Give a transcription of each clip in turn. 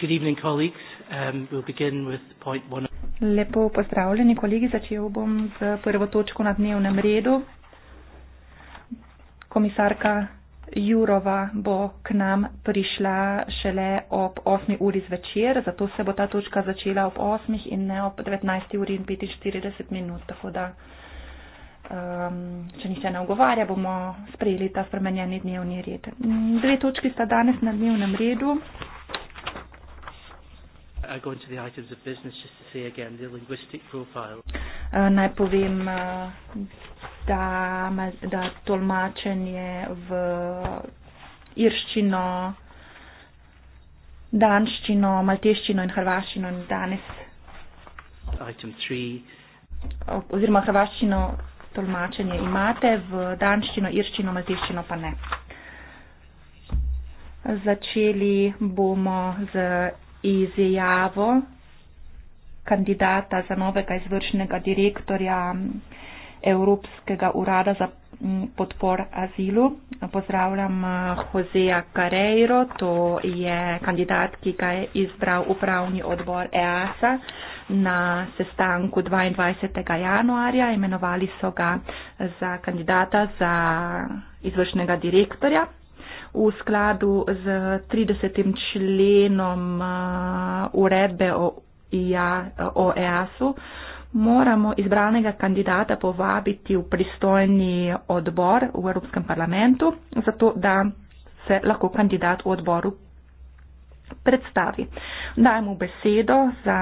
Good evening, colleagues. Um, we'll begin with point one. Lepo pozdravljeni, kolegi. Začel bom z prvo točko na dnevnem redu. Komisarka Jurova bo k nam prišla šele ob 8. uri zvečer, zato se bo ta točka začela ob 8. in ne ob 19. uri in 45 minut. Tako da, um, če nihče ne ogovarja, bomo sprejeli ta spremenjeni dnevni red. Dve točki sta danes na dnevnem redu. I go into the items of business just to see again the linguistic profile. Uh, naj povem, uh, da, da tolmačenje v irščino, danščino, malteščino in hrvaščino in danes. Item Oziroma hrvaščino tolmačenje imate, v danščino, irščino, malteščino pa ne. Začeli bomo z izjavo kandidata za novega izvršnega direktorja Evropskega urada za podpor azilu. Pozdravljam Joseja Carreiro, to je kandidat, ki ga je izbral upravni odbor EASA na sestanku 22. januarja. Imenovali so ga za kandidata za izvršnega direktorja v skladu z 30. členom uredbe o EAS-u moramo izbranega kandidata povabiti v pristojni odbor v Evropskem parlamentu, zato da se lahko kandidat v odboru predstavi. Dajemo besedo za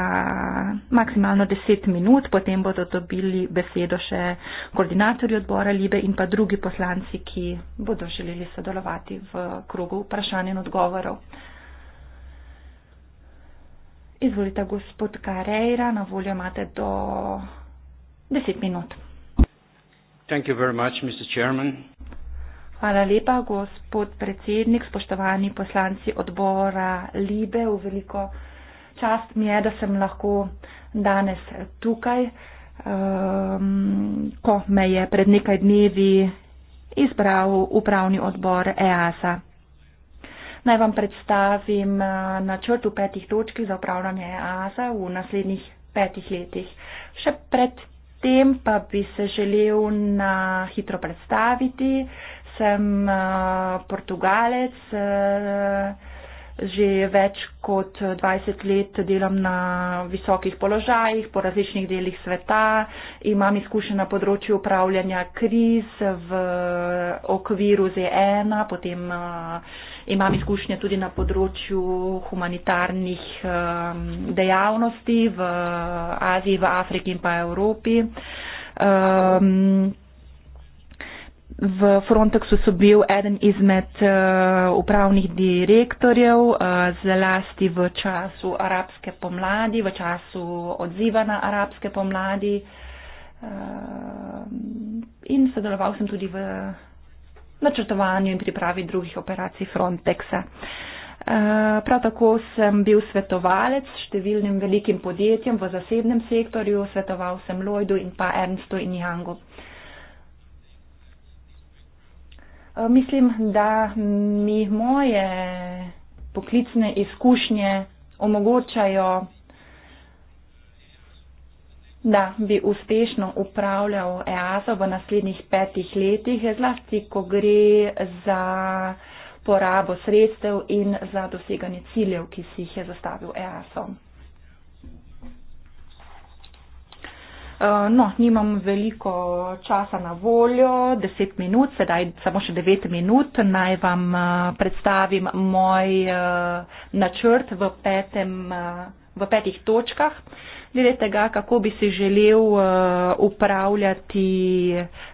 maksimalno 10 minut, potem bodo dobili besedo še koordinatorji odbora Libe in pa drugi poslanci, ki bodo želeli sodelovati v krogu vprašanj in odgovorov. Izvolite, gospod Karejra, na voljo imate do 10 minut. Thank you very much, Mr. Chairman. Hvala lepa, gospod predsednik, spoštovani poslanci odbora Libe. V veliko čast mi je, da sem lahko danes tukaj, um, ko me je pred nekaj dnevi izbral upravni odbor EASA. Naj vam predstavim eh, načrt v petih točkih za upravljanje EASA v naslednjih petih letih. Še pred tem pa bi se želel na hitro predstaviti. Uh, sem eh, portugalec, eh, že več kot 20 let delam na visokih položajih po različnih delih sveta, imam izkušnje na področju upravljanja kriz v okviru ZN, potem eh, imam izkušnje tudi na področju humanitarnih dejavnosti v Aziji, v Afriki in pa Evropi. Um, V Frontexu so bil eden izmed uh, upravnih direktorjev, uh, zlasti v času arabske pomladi, v času odziva na arabske pomladi uh, in sodeloval sem tudi v načrtovanju in pripravi drugih operacij Frontexa. Prav tako sem bil svetovalec številnim velikim podjetjem v zasebnem sektorju, svetoval sem Lloydu in pa Ernstu in Jangu. Uh, Eh, mislim, da mi moje poklicne izkušnje omogočajo, da bi uspešno upravljal EASO v naslednjih petih letih, zlasti, ko gre za porabo sredstev in za doseganje ciljev, ki si jih je zastavil EASO. Eh, no, nimam veliko časa na voljo, 10 minut, sedaj samo še 9 minut. Naj vam eh, predstavim moj eh, načrt v, petem, v petih točkah. Glede tega, kako bi si želel upravljati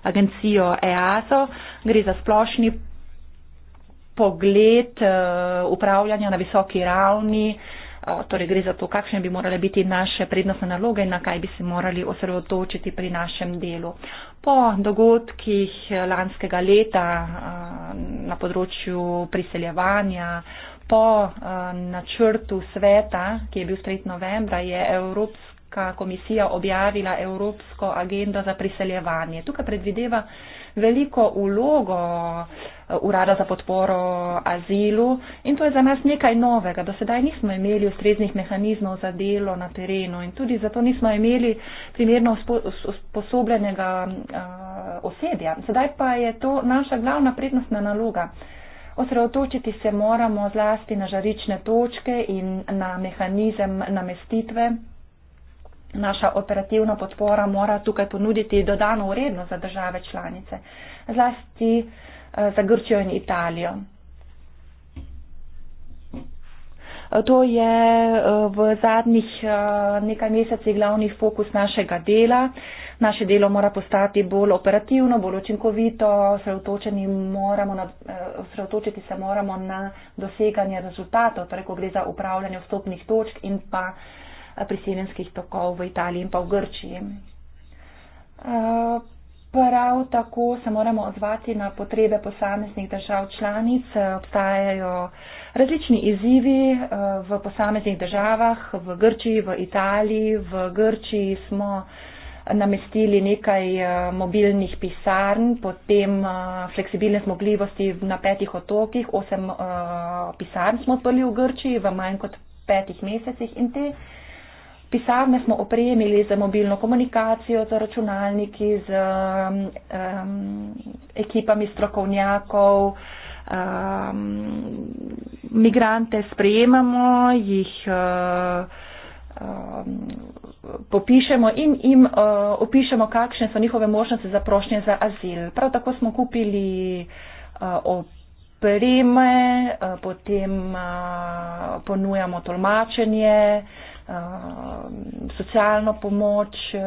agencijo EASO, gre za splošni pogled upravljanja na visoki ravni, torej gre za to, kakšne bi morale biti naše prednostne naloge in na kaj bi se morali osredotočiti pri našem delu. Po dogodkih lanskega leta na področju priseljevanja, po načrtu sveta, ki je bil sprejet novembra, je Evropska komisija objavila Evropsko agendo za priseljevanje. Tukaj predvideva veliko ulogo eh, urada za podporo azilu in to je za nas nekaj novega. Do sedaj nismo imeli ustreznih mehanizmov za delo na terenu in tudi zato nismo imeli primerno usposobljenega eh, osebja. Sedaj pa je to naša glavna prednostna naloga. Osredotočiti se moramo zlasti na žarične točke in na mehanizem namestitve naša operativna podpora mora tukaj ponuditi dodano vrednost za države članice, zlasti eh, za Grčijo in Italijo. To je eh, v zadnjih eh, nekaj mesecih glavni fokus našega dela. Naše delo mora postati bolj operativno, bolj učinkovito, osredotočiti se moramo na doseganje rezultatov, torej ko gre za upravljanje vstopnih točk in pa uh, priseljenskih tokov v Italiji in pa v Grčiji. Eh, prav tako se moramo odzvati na potrebe posameznih držav članic. Obstajajo različni izzivi eh, v posameznih državah, v Grčiji, v Italiji. V Grčiji smo namestili nekaj eh, mobilnih pisarn, potem fleksibilne zmogljivosti na petih otokih. Osem pisarn smo odprli v Grčiji v manj kot petih mesecih in te Pisarne smo opremili za mobilno komunikacijo, za računalniki, z um, um, ekipami strokovnjakov. Um, migrante sprejemamo, jih uh, um, popišemo in jim uh, opišemo, kakšne so njihove možnosti za prošnje za azil. Prav tako smo kupili uh, opreme, uh, potem uh, ponujamo tolmačenje. Uh, Um, socialno pomoč uh,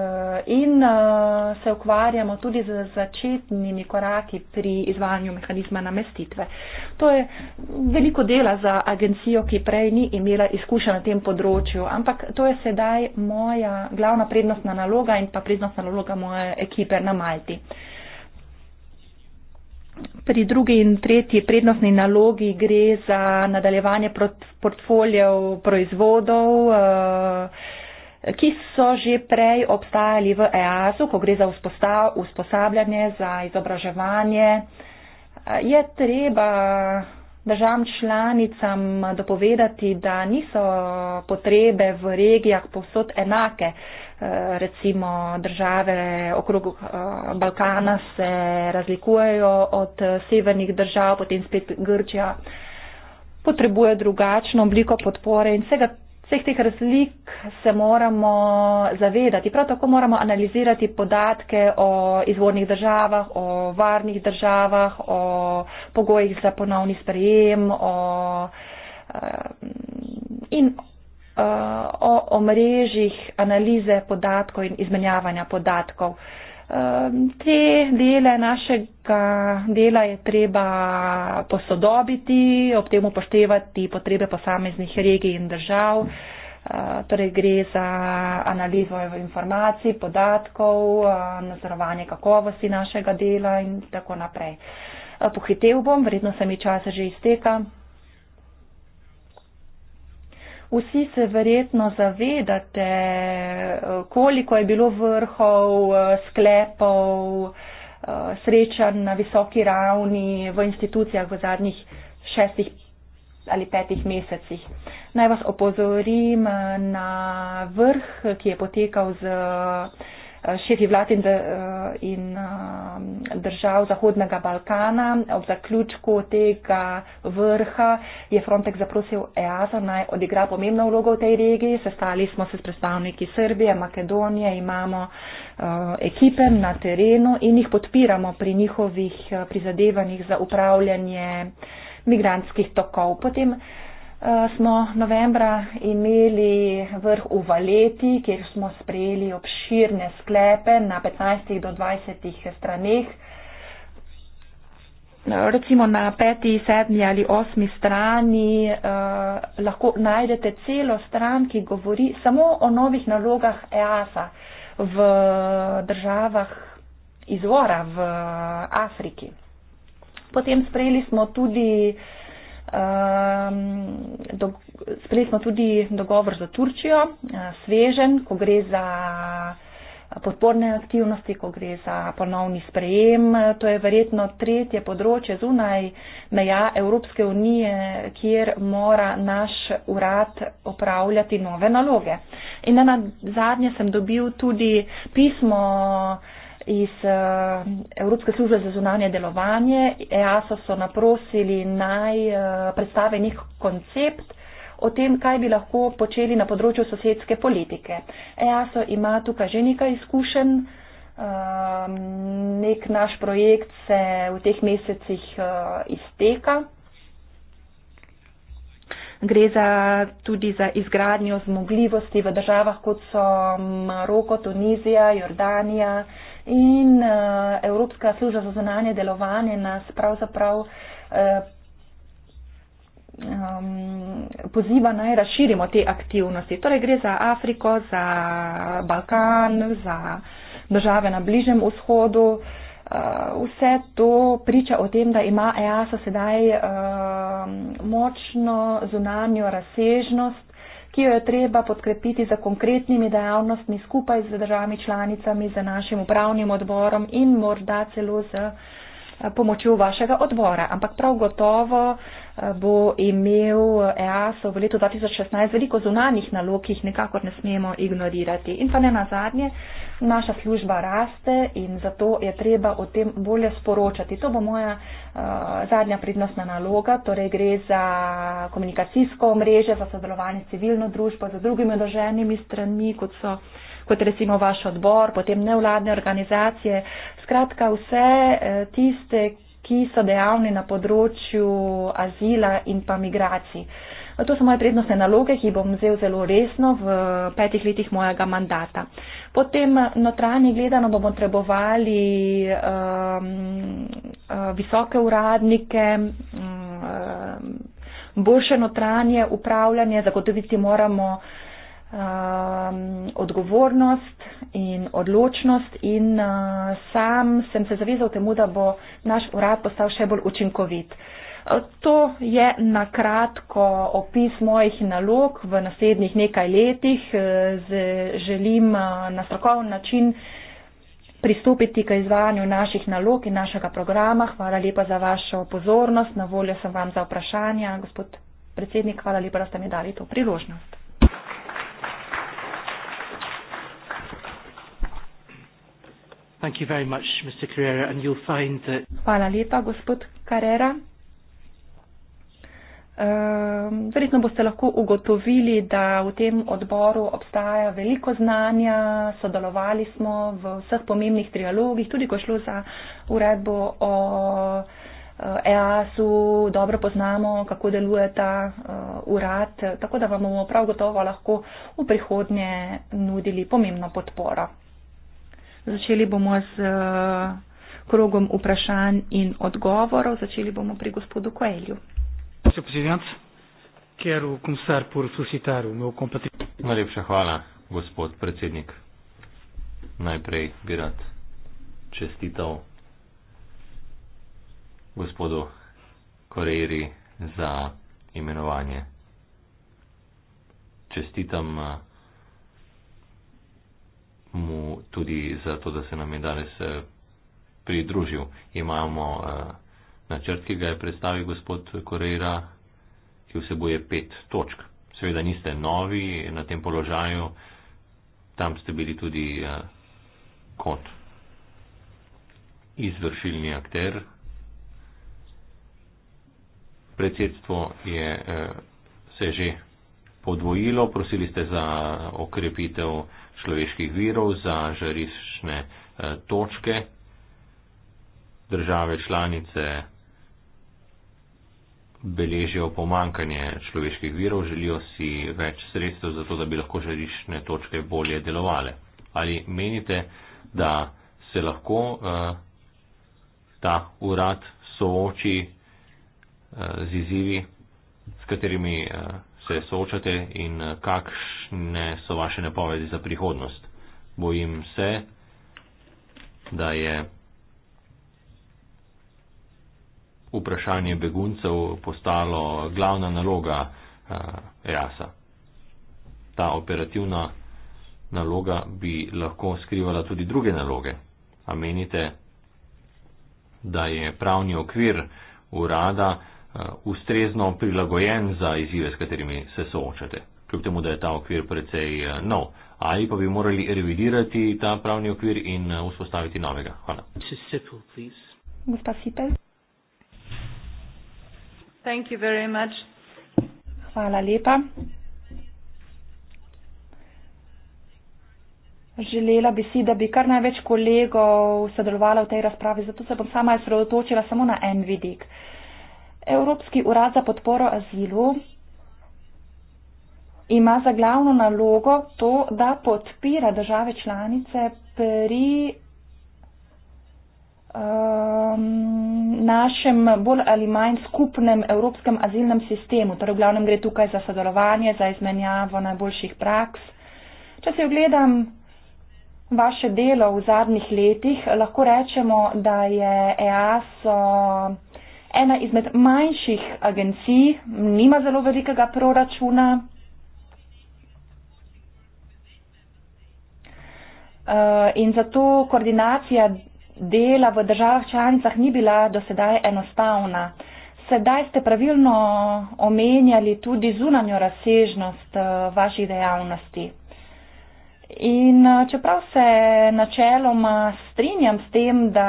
in uh, se ukvarjamo tudi z začetnimi koraki pri izvajanju mehanizma namestitve. To je veliko dela za agencijo, ki prej ni imela izkušenj na tem področju, ampak to je sedaj moja glavna prednostna naloga in pa prednostna naloga moje ekipe na Malti. Pri drugi in tretji prednostni nalogi gre za nadaljevanje portfoljev proizvodov, eh, ki so že prej obstajali v EASU, ko gre za usposabljanje, za izobraževanje. Eh, je treba državam članicam dopovedati, da niso potrebe v regijah povsod enake recimo države okrog eh, Balkana se razlikujejo od severnih držav, potem spet Grčija potrebuje drugačno obliko podpore in vsega, vseh teh razlik se moramo zavedati. Prav tako moramo analizirati podatke o izvornih državah, o varnih državah, o pogojih za ponovni sprejem o, eh, in o omrežjih analize podatkov in izmenjavanja podatkov. Ehm, te dele našega dela je treba posodobiti, ob tem upoštevati potrebe posameznih regij in držav. Ehm, torej gre za analizo informacij, podatkov, ehm, nazorovanje kakovosti našega dela in tako naprej. Pohitev bom, vredno se mi časa že izteka. Vsi se verjetno zavedate, koliko je bilo vrhov, sklepov, srečanj na visoki ravni v institucijah v zadnjih šestih ali petih mesecih. Naj vas opozorim na vrh, ki je potekal z Eh, širi vlad in, eh, in eh, držav Zahodnega Balkana. Ob zaključku tega vrha je Frontex zaprosil EASA naj odigra pomembno vlogo v tej regiji. Sestali smo se s predstavniki Srbije, Makedonije, imamo ekipe na terenu in jih podpiramo pri njihovih prizadevanjih za upravljanje migranskih tokov. Potem, uh, smo novembra imeli vrh v Valeti, kjer smo sprejeli obširne sklepe na 15 do 20 straneh. Recimo na peti, sedmi ali osmi strani eh, lahko najdete celo stran, ki govori samo o novih nalogah EASA v državah izvora v Afriki. Potem sprejeli smo tudi eh, Um, Sprejeli smo tudi dogovor za Turčijo, eh, svežen, ko gre za podporne aktivnosti, ko gre za ponovni sprejem. To je verjetno tretje področje zunaj meja Evropske unije, kjer mora naš urad opravljati nove naloge. In na zadnje sem dobil tudi pismo iz eh, Evropske službe za zunanje delovanje. EASO so naprosili naj eh, predstave njih koncept o tem, kaj bi lahko počeli na področju sosedske politike. EASO ima tukaj že nekaj izkušenj. Ehm, nek naš projekt se v teh mesecih eh, izteka. Gre za, tudi za izgradnjo zmogljivosti v državah, kot so mm, Maroko, Tunizija, Jordanija, uh, in uh, Evropska služba za zunanje delovanje nas pravzaprav uh, um, poziva naj razširimo te aktivnosti. Torej gre za Afriko, za Balkan, za države na Bližnem vzhodu. Eh, vse to priča o tem, da ima EASA sedaj uh, močno zunanjo razsežnost ki jo je treba podkrepiti za konkretnimi dejavnostmi skupaj z državami članicami, z našim upravnim odborom in morda celo z eh, pomočjo vašega odbora. Ampak prav gotovo eh, bo imel eh, EASO v letu 2016 veliko zunanjih nalog, ki jih nekako ne smemo ignorirati. In pa ne na zadnje, naša služba raste in zato je treba o tem bolje sporočati. To bo moja uh, zadnja prednostna naloga, torej gre za komunikacijsko mreže, za sodelovanje s civilno družbo, za drugimi odloženimi stranmi, kot so kot recimo vaš odbor, potem nevladne organizacije. Skratka, vse uh, tiste, ki so dejavni na področju azila in pa migracij. Uh, To so moje prednostne naloge, ki bom vzel zelo resno v petih letih mojega mandata. Potem notranji gledano bomo trebovali um, uh, visoke uradnike, um, uh, boljše notranje upravljanje, zagotoviti moramo um, odgovornost in odločnost in uh, sam sem se zavezal temu, da bo naš urad postal še bolj učinkovit. Uh, To je na kratko opis mojih nalog v naslednjih nekaj letih. Želim eh, na strokoven način pristopiti k izvajanju naših nalog in našega programa. Hvala lepa za vašo pozornost. Na voljo sem vam za vprašanja. Gospod predsednik, hvala lepa, da ste mi dali to priložnost. Hvala lepa, gospod Carrera. Ehm, verjetno boste lahko ugotovili, da v tem odboru obstaja veliko znanja, sodelovali smo v vseh pomembnih trialogih, tudi ko šlo za uredbo o EAS-u, eh, e dobro poznamo, kako deluje ta eh, urad, tako da vam bomo prav gotovo lahko v prihodnje nudili pomembno podporo. Začeli bomo z eh, krogom vprašanj in odgovorov, začeli bomo pri gospodu Koelju. Sr. Presidente, quero começar por felicitar o meu compatriota. Najlepša hvala, gospod predsednik. Najprej bi rad čestital gospodu Koreiri za imenovanje. Čestitam eh, mu tudi za to, da se nam je danes eh, pridružil. Imamo uh, načrt, ki ga je predstavil gospod Korejra, ki vseboje pet točk. Seveda niste novi na tem položaju, tam ste bili tudi uh, kot izvršilni akter. Predsedstvo je uh, se že podvojilo, prosili ste za okrepitev človeških virov, za žarišne uh, eh, točke. Države članice beležijo pomankanje človeških virov, želijo si več sredstev za to, da bi lahko žarišne točke bolje delovale. Ali menite, da se lahko uh, ta urad sooči uh, z izzivi, s katerimi uh, se soočate in uh, kakšne so vaše napovedi za prihodnost? Bojim se, da je vprašanje beguncev postalo glavna naloga EASA. Eh, ta operativna naloga bi lahko skrivala tudi druge naloge. A menite, da je pravni okvir urada eh, ustrezno prilagojen za izzive, s katerimi se soočate, kljub temu, da je ta okvir precej eh, nov. Ali pa bi morali revidirati ta pravni okvir in vzpostaviti novega? Hvala. Gospa Sipel. Thank you very much. Hvala lepa. Želela bi si, da bi kar največ kolegov sodelovalo v tej razpravi, zato se bom sama izredotočila samo na en vidik. Evropski urad za podporo azilu ima za glavno nalogo to, da podpira države članice pri um, našem bolj ali manj skupnem evropskem azilnem sistemu. Torej, v glavnem gre tukaj za sodelovanje, za izmenjavo najboljših praks. Če se ogledam vaše delo v zadnjih letih, lahko rečemo, da je EASO ena izmed manjših agencij, nima zelo velikega proračuna. Uh, in zato koordinacija dela v državah članicah ni bila dosedaj enostavna. Sedaj ste pravilno omenjali tudi zunanjo razsežnost eh, vaših dejavnosti. In eh, čeprav se načeloma strinjam s tem, da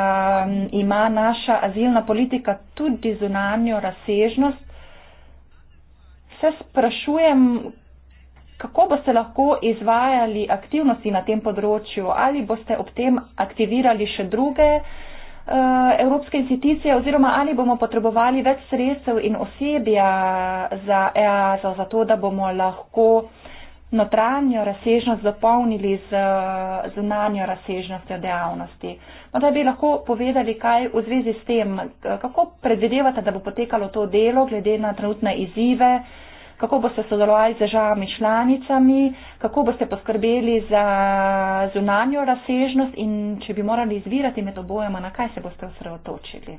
ima naša azilna politika tudi zunanjo razsežnost, se sprašujem, kako boste lahko izvajali aktivnosti na tem področju, ali boste ob tem aktivirali še druge eh, evropske institucije oziroma ali bomo potrebovali več sredstev in osebja za EASO, zato da bomo lahko notranjo razsežnost dopolnili z zunanjo razsežnostjo dejavnosti. No, da bi lahko povedali, kaj v zvezi s tem, eh, kako predvidevate, da bo potekalo to delo glede na trenutne izzive, kako boste sodelovali z državami članicami, kako boste poskrbeli za zunanjo razsežnost in če bi morali izvirati med obojema, na kaj se boste osredotočili.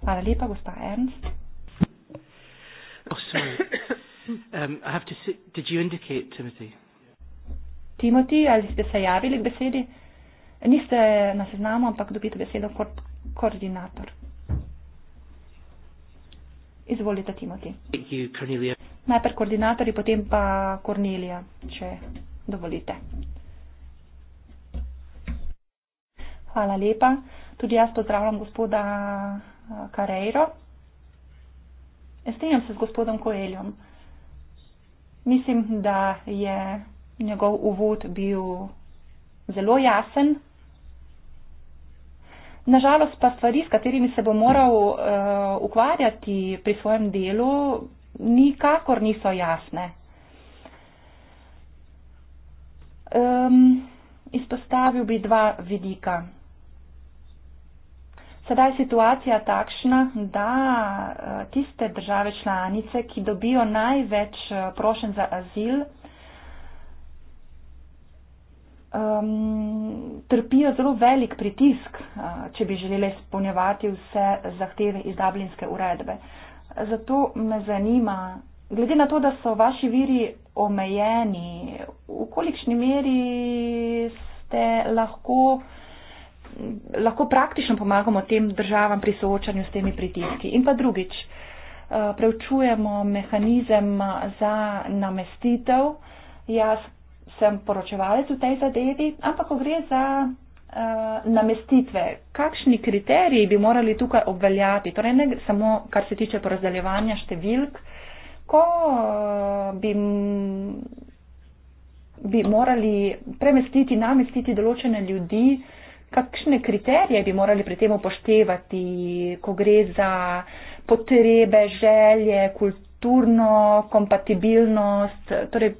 Hvala lepa, gospa Ernst. Oh, um, Timothy? Timothy, ali ste se javili k besedi? Niste na seznamu, ampak dobite besedo kot koordinator. Izvolite, Timothy. Thank you, Cornelia. Najprej koordinatorji, potem pa Kornelija, če dovolite. Hvala lepa. Tudi jaz pozdravljam gospoda Karejro. Eh, eh, Strenjam se z gospodom Koeljom. Mislim, da je njegov uvod bil zelo jasen. Nažalost pa stvari, s katerimi se bo moral uh, ukvarjati pri svojem delu, nikakor niso jasne. Um, izpostavil bi dva vidika. Sedaj je situacija takšna, da eh, tiste države članice, ki dobijo največ eh, prošen za azil, um, trpijo zelo velik pritisk, eh, če bi želeli spolnjevati vse zahteve iz Dublinske uredbe. Uh, Zato me zanima, glede na to, da so vaši viri omejeni, v kolikšni meri ste lahko, lahko praktično pomagamo tem državam pri soočanju s temi pritiski. In pa drugič, eh, preučujemo mehanizem za namestitev. Jaz sem poročevalec v tej zadevi, ampak ko gre za Eh, namestitve, kakšni kriteriji bi morali tukaj obveljati, torej ne samo kar se tiče porazdeljevanja številk, ko eh, bi, bi morali premestiti, namestiti določene ljudi, kakšne kriterije bi morali pri tem upoštevati, ko gre za potrebe, želje, kulturno kompatibilnost, torej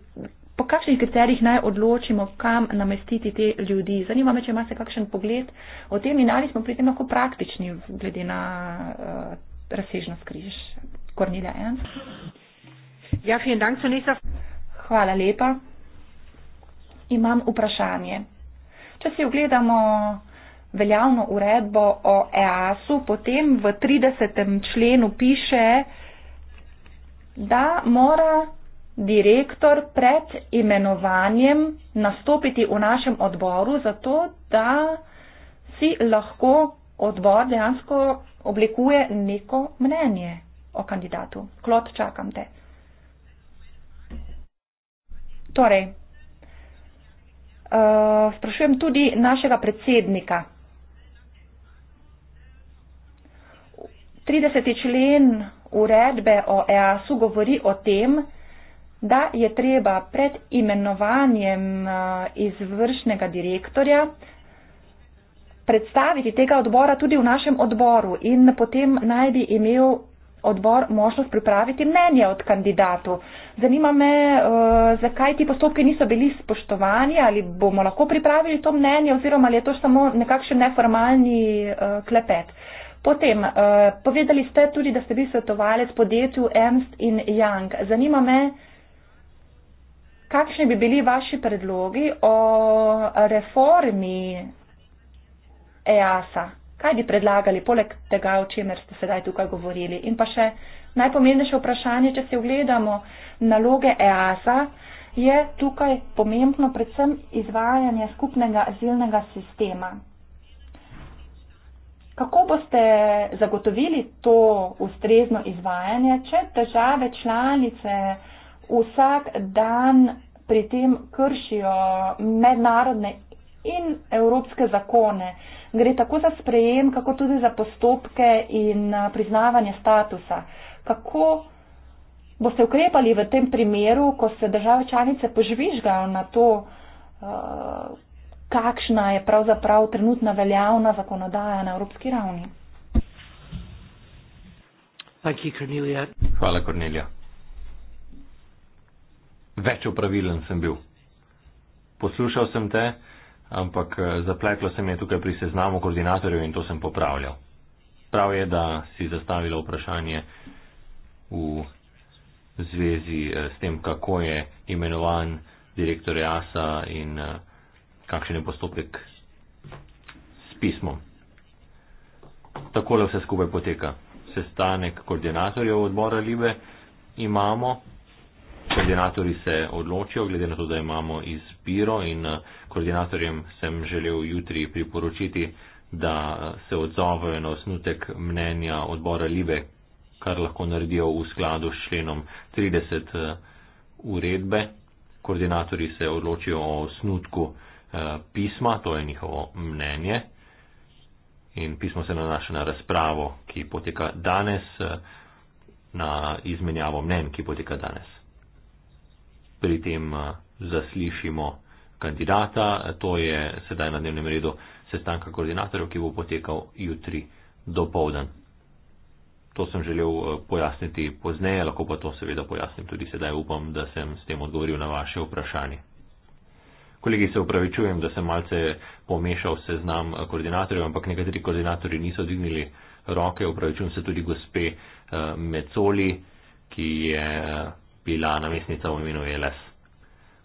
po kakšnih kriterijih naj odločimo, kam namestiti te ljudi. Zanima me, če imate kakšen pogled o tem in ali smo pri tem lahko praktični, glede na uh, razsežnost križ. Kornilja, en. Ja, vielen Dank, Sonisa. Hvala lepa. Imam vprašanje. Če si ogledamo veljavno uredbo o EAS-u, potem v 30. členu piše, da mora direktor pred imenovanjem nastopiti v našem odboru, zato da si lahko odbor dejansko oblikuje neko mnenje o kandidatu. Klot, čakam te. Torej, uh, sprašujem tudi našega predsednika. 30. člen uredbe o EASU govori o tem, da je treba pred imenovanjem eh, izvršnega direktorja predstaviti tega odbora tudi v našem odboru in potem naj bi imel odbor možnost pripraviti mnenje od kandidatu. Zanima me, eh, zakaj ti postopki niso bili spoštovani, ali bomo lahko pripravili to mnenje oziroma ali je to samo nekakšen neformalni eh, klepet. Potem, povedali ste tudi, da ste bili svetovalec podjetju Ernst in Young. Zanima me, kakšni bi bili vaši predlogi o reformi EASA? Kaj bi predlagali, poleg tega, o čemer ste sedaj tukaj govorili? In pa še najpomembnejše vprašanje, če si ogledamo naloge EASA, je tukaj pomembno predvsem izvajanje skupnega azilnega sistema. Kako boste zagotovili to ustrezno izvajanje, če države članice vsak dan pri tem kršijo mednarodne in evropske zakone. Gre tako za sprejem, kako tudi za postopke in priznavanje statusa. Kako boste ukrepali v tem primeru, ko se države članice požvižgajo na to, kakšna je pravzaprav trenutna veljavna zakonodaja na evropski ravni? Hvala, Kornelija več upravilen sem bil. Poslušal sem te, ampak eh, zapleklo se mi je tukaj pri seznamu koordinatorjev in to sem popravljal. Prav je, da si zastavila vprašanje v zvezi eh, s tem, kako je imenovan direktor JASA e in eh, kakšen je postopek s pismom. Takole vse skupaj poteka. Sestanek koordinatorjev odbora Libe imamo, koordinatorji se odločijo, glede na to, da imamo izbiro in eh, koordinatorjem sem želel jutri priporočiti, da eh, se odzovejo na osnutek mnenja odbora Libe, kar lahko naredijo v skladu s členom 30 eh, uredbe. Koordinatorji se odločijo o osnutku pisma, to je njihovo mnenje. In pismo se nanaša na razpravo, ki poteka danes, na izmenjavo mnen, ki poteka danes pri tem eh, zaslišimo kandidata. To je sedaj na dnevnem redu sestanka koordinatorjev, ki bo potekal jutri do povdan. To sem želel eh, pojasniti pozneje, lahko pa to seveda pojasnim tudi sedaj. Upam, da sem s tem odgovoril na vaše vprašanje. Kolegi, se upravičujem, da sem malce pomešal seznam eh, koordinatorjev, ampak nekateri koordinatorji niso dvignili roke. Upravičujem se tudi gospe Mecoli, ki je bila namestnica v imenu e LS.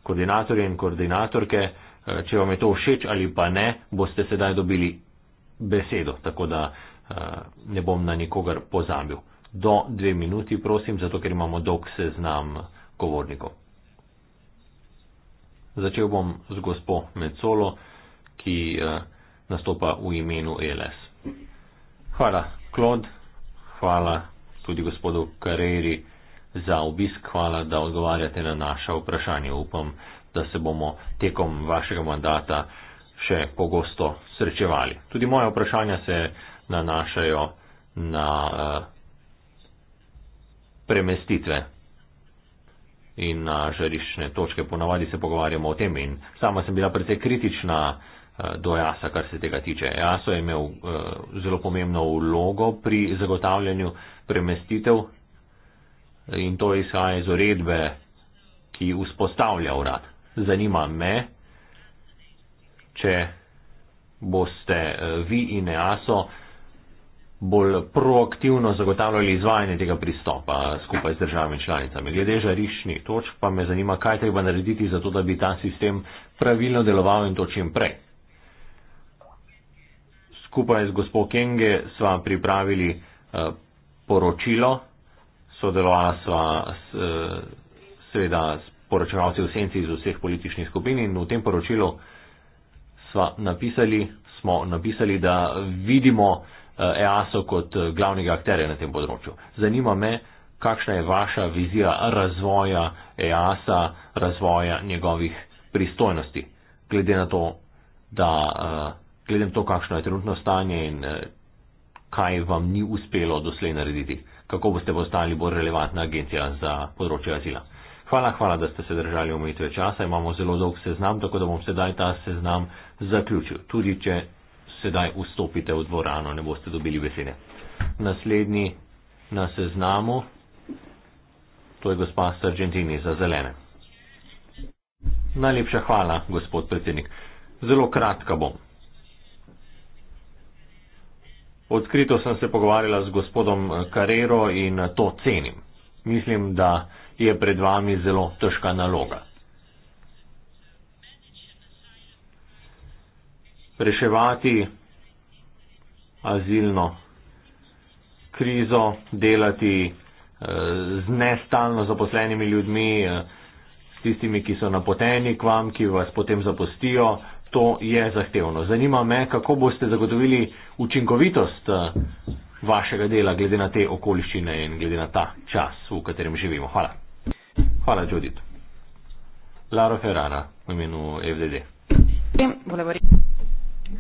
Koordinatorje in koordinatorke, eh, če vam je to všeč ali pa ne, boste sedaj dobili besedo, tako da eh, ne bom na nikogar pozabil. Do dve minuti, prosim, zato ker imamo dolg seznam govornikov. Začel bom z gospo Mecolo, ki eh, nastopa v imenu e LS. Hvala, Klod, hvala tudi gospodu Kareri za obisk, hvala, da odgovarjate na naša vprašanja. Upam, da se bomo tekom vašega mandata še pogosto srečevali. Tudi moje vprašanja se nanašajo na eh, premestitve in na žarišne točke. Ponavadi se pogovarjamo o tem in sama sem bila precej kritična eh, do Jasa, kar se tega tiče. Jaso je imel eh, zelo pomembno vlogo pri zagotavljanju premestitev in to izhaja iz uredbe, ki vzpostavlja urad. Zanima me, če boste eh, vi in EASO bolj proaktivno zagotavljali izvajanje tega pristopa skupaj z državami članicami. Glede žariščnih točk pa me zanima, kaj treba narediti za to, da bi ta sistem pravilno deloval in to čim prej. Skupaj z gospod Kenge sva pripravili eh, poročilo sodelovala sva s, eh, seveda s poročevalci v senci iz vseh političnih skupin in v tem poročilu napisali, smo napisali, da vidimo eh, EASO kot eh, glavnega akterja na tem področju. Zanima me, kakšna je vaša vizija razvoja EASA, razvoja njegovih pristojnosti, glede na to, da glede na to, kakšno je trenutno stanje in kaj vam ni uspelo doslej narediti kako boste postali bolj relevantna agencija za področje azila. Hvala, hvala, da ste se držali omejitve časa. Imamo zelo dolg seznam, tako da bom sedaj ta seznam zaključil. Tudi če sedaj vstopite v dvorano, ne boste dobili besede. Naslednji na seznamu, to je gospa Sargentini za zelene. Najlepša hvala, gospod predsednik. Zelo kratka bom. Odkrito sem se pogovarjala z gospodom eh, Carrero in eh, to cenim. Mislim, da je pred vami zelo težka naloga. Reševati azilno krizo, delati eh, z nestalno zaposlenimi ljudmi, s tistimi, ki so napoteni k vam, ki vas potem zapustijo, to je zahtevno. Zanima me, kako boste zagotovili učinkovitost eh, vašega dela glede na te okoliščine in glede na ta čas, v katerem živimo. Hvala. Hvala, Judith. Laro Ferrara, v imenu FDD.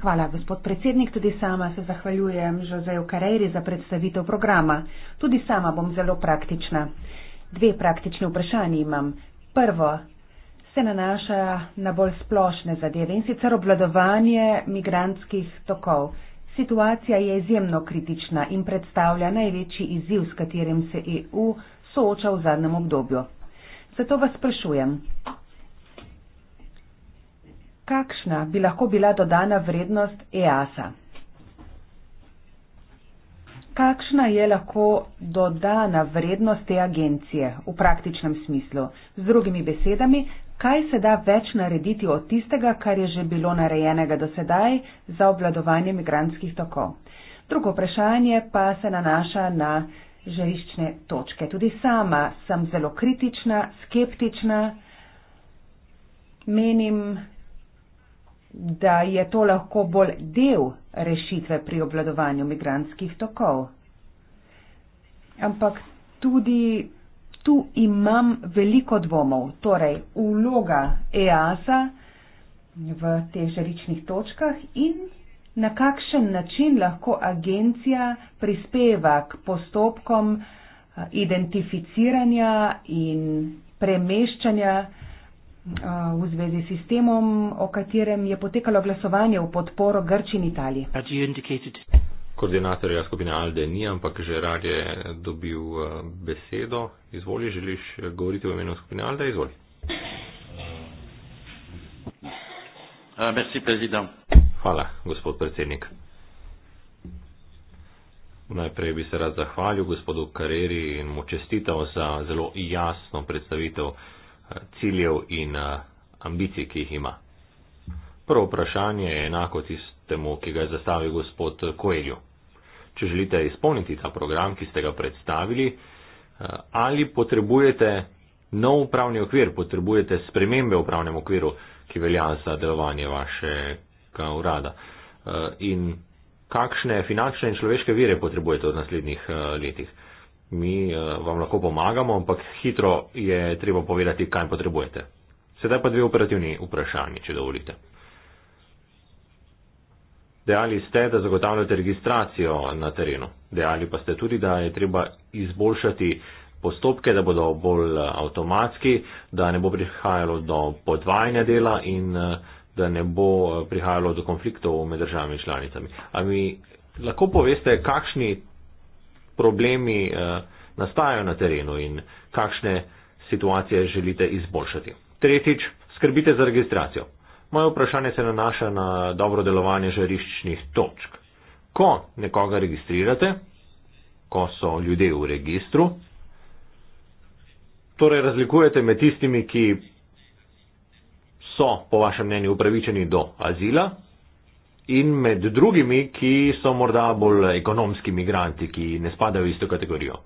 Hvala, gospod predsednik. Tudi sama se zahvaljujem Žozeju Karejri za predstavitev programa. Tudi sama bom zelo praktična. Dve praktične vprašanje imam. Prvo, se nanaša na bolj splošne zadeve in sicer obvladovanje migrantskih tokov. Situacija je izjemno kritična in predstavlja največji izziv, s katerim se EU sooča v zadnjem obdobju. Zato vas sprašujem, kakšna bi lahko bila dodana vrednost EASA? Kakšna je lahko dodana vrednost te agencije v praktičnem smislu? Z drugimi besedami, kaj se da več narediti od tistega, kar je že bilo narejenega do sedaj za obvladovanje migranskih tokov. Drugo vprašanje pa se nanaša na žariščne točke. Tudi sama sem zelo kritična, skeptična. Menim, da je to lahko bolj del rešitve pri obvladovanju migranskih tokov. Ampak tudi tu imam veliko dvomov. Torej, vloga EASA v teh žaričnih točkah in na kakšen način lahko agencija prispeva k postopkom identificiranja in premeščanja v zvezi s sistemom, o katerem je potekalo glasovanje v podporo Grči in Italiji koordinatorja skupine Alde ni, ampak že rad je dobil eh, besedo. Izvoli, želiš eh, govoriti v imenu skupine Alde? Izvoli. Eh, merci, prezident. Hvala, gospod predsednik. Najprej bi se rad zahvalil gospodu Kareri in mu čestital za zelo jasno predstavitev ciljev in ambicij, ki jih ima. Prvo vprašanje je enako tistemu, ki ga je zastavil gospod Koeljo če želite izpolniti ta program, ki ste ga predstavili, eh, ali potrebujete nov upravni okvir, potrebujete spremembe v upravnem okviru, ki velja za delovanje vašega urada. Eh, in kakšne finančne in človeške vire potrebujete v naslednjih eh, letih. Mi vam lahko pomagamo, ampak hitro je treba povedati, kaj potrebujete. Sedaj pa dve operativni vprašanje, če dovolite. Dejali ste, da zagotavljate registracijo na terenu. Dejali pa ste tudi, da je treba izboljšati postopke, da bodo bolj eh, avtomatski, da ne bo prihajalo do podvajanja dela in eh, da ne bo eh, prihajalo do konfliktov med državami in članicami. A mi lahko poveste, kakšni problemi nastajajo na terenu in kakšne situacije želite izboljšati. Tretjič, skrbite za registracijo. Moje vprašanje se nanaša na dobro delovanje žariščnih točk. Ko nekoga registrirate, ko so ljudje v registru, torej razlikujete med tistimi, ki so po vašem mnenju upravičeni do azila in med drugimi, ki so morda bolj ekonomski migranti, ki ne spadajo v isto kategorijo.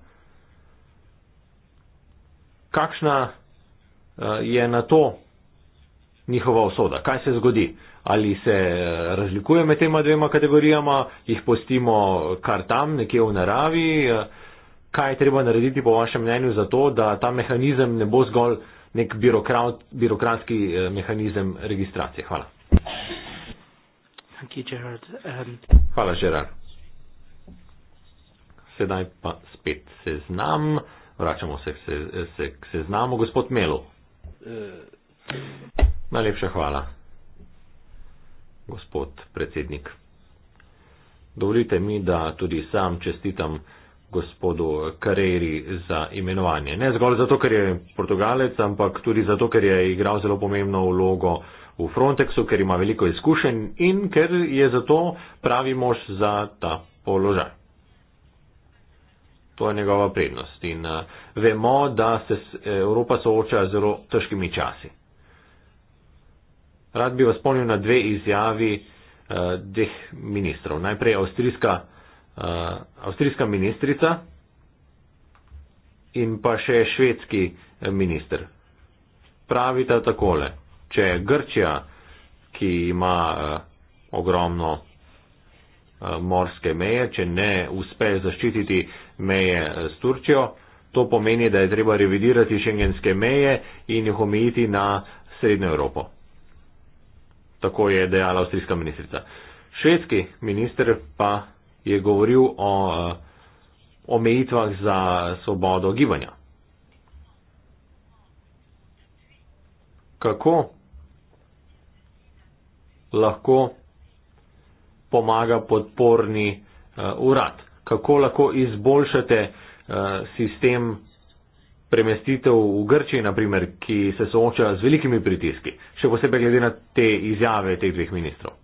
Kakšna eh, je na to njihova osoda, kaj se zgodi. Ali se eh, razlikuje med tema dvema kategorijama, jih postimo kar tam, nekje v naravi, eh, kaj je treba narediti po vašem mnenju za to, da ta mehanizem ne bo zgolj nek birokrat, birokratski eh, mehanizem registracije. Hvala. Um, Hvala, Žerar. Sedaj pa spet seznam. Vračamo se k seznamu. Se, se Gospod Melo. Uh. Najlepša hvala, gospod predsednik. Dovolite mi, da tudi sam čestitam gospodu Kareri za imenovanje. Ne zgolj zato, ker je portugalec, ampak tudi zato, ker je igral zelo pomembno vlogo v Frontexu, ker ima veliko izkušenj in ker je zato pravi mož za ta položaj. To je njegova prednost in eh, vemo, da se eh, Evropa sooča z zelo težkimi časi. Rad bi vas spomnil na dve izjavi uh, dveh ministrov. Najprej avstrijska, uh, avstrijska ministrica in pa še švedski eh, minister. Pravita takole, če je Grčija, ki ima uh, ogromno uh, morske meje, če ne uspe zaščititi meje s Turčijo, to pomeni, da je treba revidirati šengenske meje in jih omejiti na Srednjo Evropo tako je dejala avstrijska ministrica. Švedski minister pa je govoril o eh, omejitvah za svobodo gibanja. Kako lahko pomaga podporni uh, urad? Kako lahko izboljšate uh, sistem premestitev v Grčiji, naprimer, ki se sooča z velikimi pritiski, še posebej glede na te izjave teh dveh ministrov.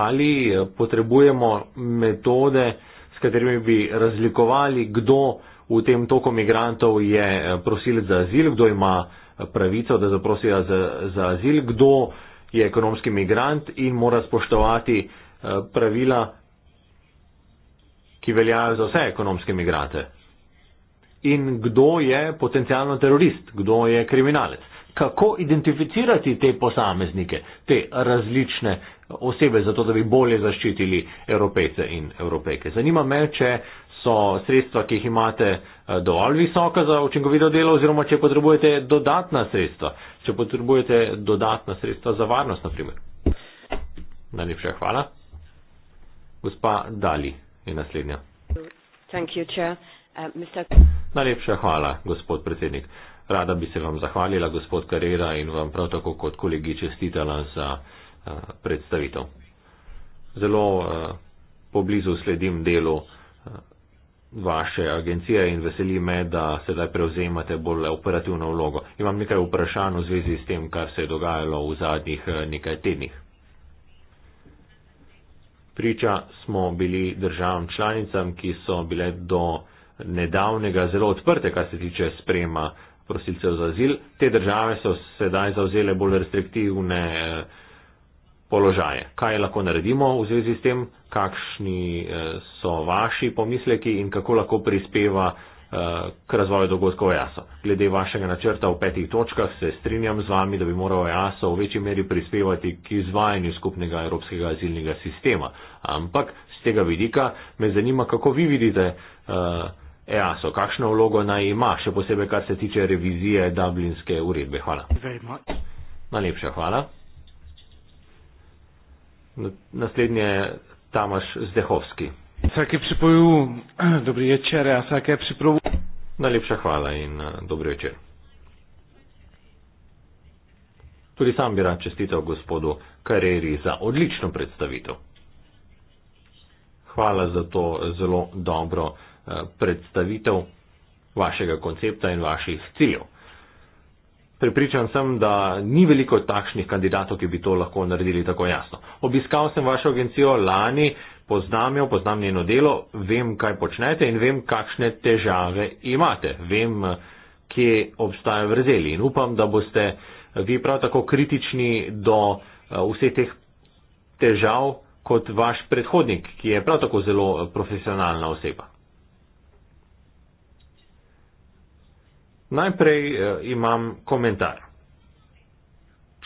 Ali eh, potrebujemo metode, s katerimi bi razlikovali, kdo v tem toku migrantov je eh, prosilec za azil, kdo ima eh, pravico, da zaprosijo za, za azil, kdo je ekonomski migrant in mora spoštovati pravila ki veljajo za vse ekonomske migrante. In kdo je potencijalno terorist, kdo je kriminalec? Kako identificirati te posameznike, te različne osebe, zato da bi bolje zaščitili evropejce in evropejke? Zanima me, če so sredstva, ki jih imate, eh, dovolj visoka za učinkovito delo oziroma če potrebujete dodatna sredstva, če potrebujete dodatna sredstva za varnost, na primer. Najlepša hvala. Gospa Dali je naslednja. Uh, Najlepša hvala, gospod predsednik. Rada bi se vam zahvalila, gospod Karera, in vam prav tako kot kolegi čestitala za uh, predstavitev. Zelo uh, poblizu sledim delu vaše agencije in veseli me, da sedaj prevzemate bolj operativno vlogo. Imam nekaj vprašanj v zvezi s tem, kar se je dogajalo v zadnjih nekaj tednih priča smo bili državam članicam, ki so bile do nedavnega zelo odprte, kar se tiče sprema prosilcev za azil. Te države so sedaj zauzele bolj restriktivne eh, položaje. Kaj lahko naredimo v zvezi s tem, kakšni eh, so vaši pomisleki in kako lahko prispeva k razvoju dogodkov EASO. Glede vašega načrta v petih točkah se strinjam z vami, da bi moral EASO v večji meri prispevati k izvajanju skupnega evropskega azilnega sistema. Ampak z tega vidika me zanima, kako vi vidite uh, EASO, kakšno vlogo naj ima, še posebej kar se tiče revizije Dublinske uredbe. Hvala. Najlepša hvala. Naslednje je Tamaš Zdehovski. Já se také připoju. Dobrý večer. Já se také připravu. Najlepša hvala in eh, dobrý večer. Tudi sam bi rad čestital gospodu Kareri za odlično predstavitev. Hvala za to zelo dobro eh, predstavitev vašega koncepta in vaših ciljev. Pripričan sem, da ni veliko takšnih kandidatov, ki bi to lahko naredili tako jasno. Obiskal sem vašo agencijo lani, poznam jo, poznam njeno delo, vem, kaj počnete in vem, kakšne težave imate. Vem, kje obstajajo vrzeli in upam, da boste eh, vi prav tako kritični do eh, vseh teh težav kot vaš predhodnik, ki je prav tako zelo eh, profesionalna oseba. Najprej imam komentar.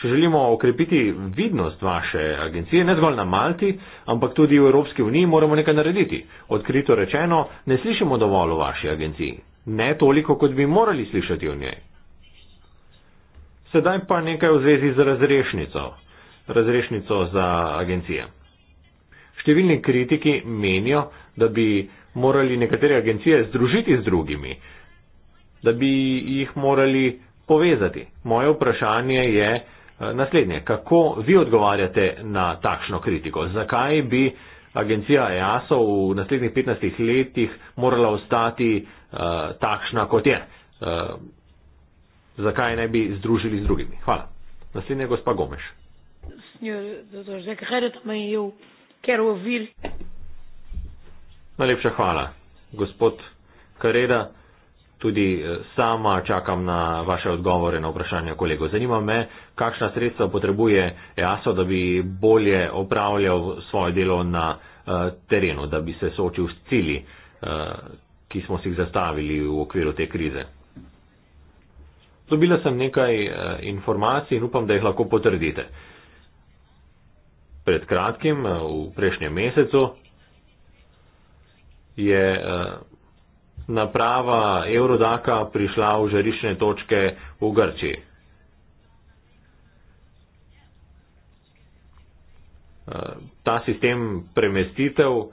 Če želimo okrepiti vidnost vaše agencije, ne zgolj na Malti, ampak tudi v Evropski uniji, moramo nekaj narediti. Odkrito rečeno, ne slišimo dovolj o vaši agenciji. Ne toliko, kot bi morali slišati o njej. Sedaj pa nekaj v zvezi z razrešnico. Razrešnico za agencije. Številni kritiki menijo, da bi morali nekatere agencije združiti z drugimi, da bi jih morali povezati. Moje vprašanje je, Eh, naslednje, kako vi odgovarjate na takšno kritiko? Zakaj bi agencija EASO v naslednjih 15 letih morala ostati uh, takšna, kot je? Uh, zakaj ne bi združili z drugimi? Hvala. Naslednje, gospa Gomeš. Najlepša hvala, gospod Kareda tudi eh, sama čakam na vaše odgovore na vprašanje kolego. Zanima me, kakšna sredstva potrebuje EASO, da bi bolje opravljal svoje delo na eh, terenu, da bi se soočil s cili, eh, ki smo si jih zastavili v okviru te krize. Dobila sem nekaj informacij in upam, da jih lahko potrdite. Pred kratkim, v prejšnjem mesecu, je naprava Eurodaka prišla v žarišne točke v Grčiji. Eh, ta sistem premestitev eh,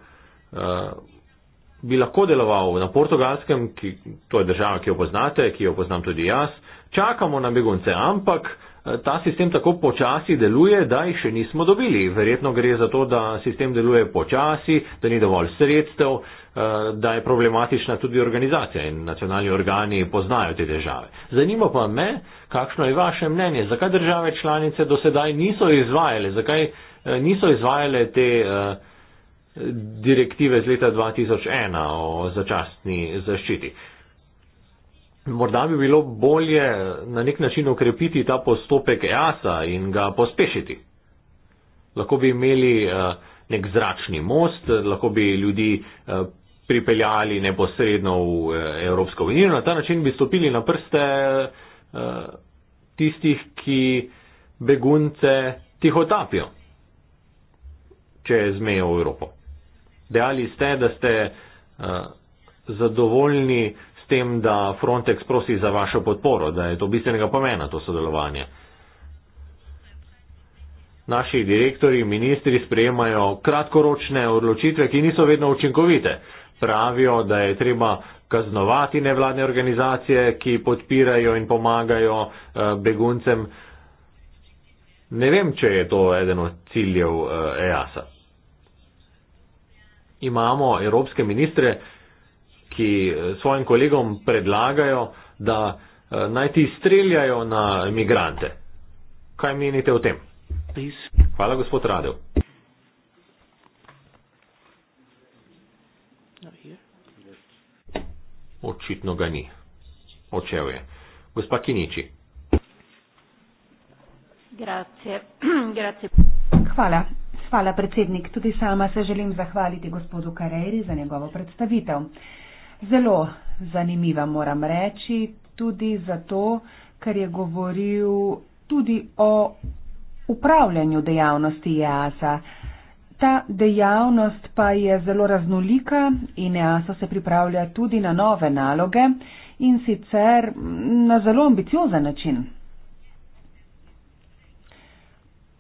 bi lahko deloval na portugalskem, ki, to je država, ki jo poznate, ki jo poznam tudi jaz. Čakamo na begunce, ampak eh, ta sistem tako počasi deluje, da jih še nismo dobili. Verjetno gre za to, da sistem deluje počasi, da ni dovolj sredstev, Eh, da je problematična tudi organizacija in nacionalni organi poznajo te težave. Zanima pa me, kakšno je vaše mnenje, zakaj države članice do sedaj niso izvajale, zakaj eh, niso izvajale te eh, direktive z leta 2001 o začastni zaščiti. Morda bi bilo bolje na nek način ukrepiti ta postopek EASA in ga pospešiti. Lahko bi imeli nek zračni most, lahko bi ljudi pripeljali neposredno v eh, Evropsko unijo. Na ta način bi stopili na prste eh, tistih, ki begunce tihotapijo, če zmejo v Evropo. Dejali ste, da ste eh, zadovoljni s tem, da Frontex prosi za vašo podporo, da je to bistvenega pomena, to sodelovanje. Naši direktori in ministri sprejemajo kratkoročne odločitve, ki niso vedno učinkovite pravijo, da je treba kaznovati nevladne organizacije, ki podpirajo in pomagajo eh, beguncem. Ne vem, če je to eden od ciljev EASA. Eh, e Imamo evropske ministre, ki eh, svojim kolegom predlagajo, da naj ti streljajo na migrante. Kaj menite o tem? Hvala, gospod Radev. Očitno ga ni. Očev je. Gospa Kiniči. Grazie. Grazie. Hvala. Hvala, predsednik. Tudi sama se želim zahvaliti gospodu Kareri za njegovo predstavitev. Zelo zanimiva moram reči, tudi zato, ker je govoril tudi o upravljanju dejavnosti JASA. E Ta dejavnost pa je zelo raznolika in EASO se pripravlja tudi na nove naloge in sicer mm, na zelo ambiciozen način.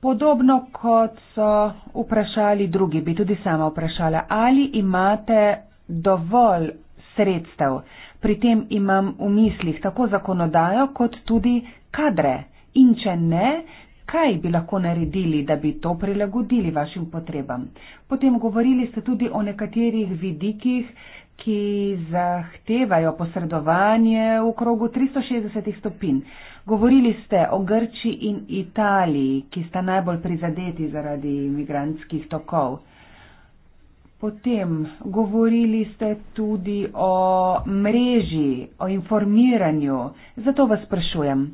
Podobno kot so vprašali drugi, bi tudi sama vprašala, ali imate dovolj sredstev. Pri tem imam v mislih tako zakonodajo kot tudi kadre. In če ne, kaj bi lahko naredili, da bi to prilagodili vašim potrebam. Potem govorili ste tudi o nekaterih vidikih, ki zahtevajo posredovanje v krogu 360 stopin. Govorili ste o Grči in Italiji, ki sta najbolj prizadeti zaradi imigranskih tokov. Potem govorili ste tudi o mreži, o informiranju. Zato vas sprašujem,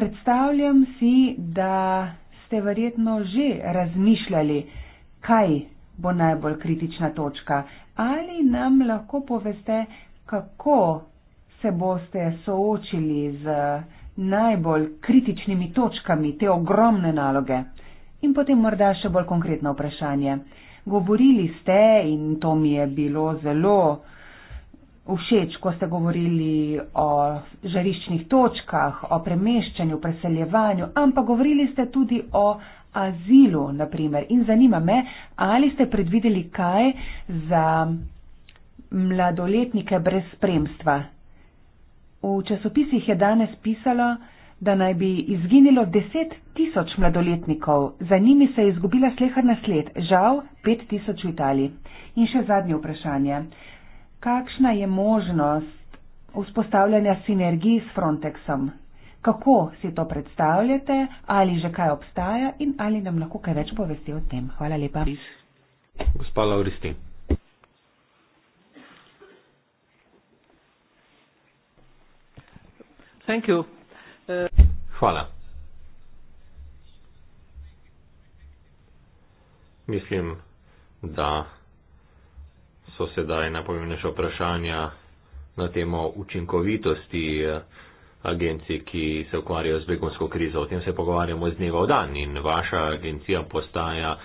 Predstavljam si, da ste verjetno že razmišljali, kaj bo najbolj kritična točka. Ali nam lahko poveste, kako se boste soočili z najbolj kritičnimi točkami te ogromne naloge? In potem morda še bolj konkretno vprašanje. Govorili ste, in to mi je bilo zelo všeč, ko ste govorili o žariščnih točkah, o premeščanju, preseljevanju, ampak govorili ste tudi o azilu, naprimer. In zanima me, ali ste predvideli kaj za mladoletnike brez spremstva. V časopisih je danes pisalo, da naj bi izginilo deset tisoč mladoletnikov, za njimi se je izgubila sleha na sled, žal pet tisoč v Italiji. In še zadnje vprašanje kakšna je možnost vzpostavljanja sinergij s Frontexom? Kako si to predstavljate, ali že kaj obstaja in ali nam lahko kaj več povesti o tem? Hvala lepa. Gospa Lauristi. Thank you. Uh, Hvala. Mislim, da so sedaj najpomembnejša vprašanja na temo učinkovitosti eh, agencij, ki se ukvarjajo z begunsko krizo. O tem se pogovarjamo z dneva v dan in vaša agencija postaja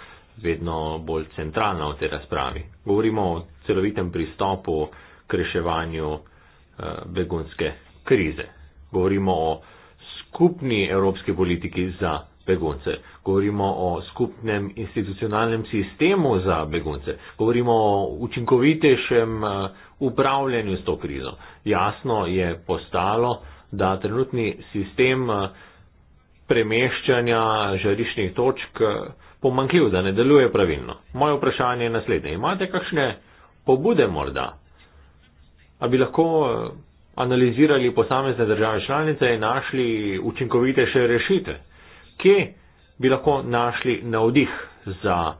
vedno bolj centralna v tej razpravi. Govorimo o celovitem pristopu k reševanju eh, begunske krize. Govorimo o skupni evropski politiki za begunce. Govorimo o skupnem institucionalnem sistemu za begunce. Govorimo o učinkovitejšem eh, upravljanju s to krizo. Jasno je postalo, da trenutni sistem eh, premeščanja žariščnih točk eh, pomankljiv, da ne deluje pravilno. Moje vprašanje je naslednje. Imate kakšne pobude morda? A bi lahko analizirali posamezne države članice in našli učinkovitejše rešitve? kje bi lahko našli navdih za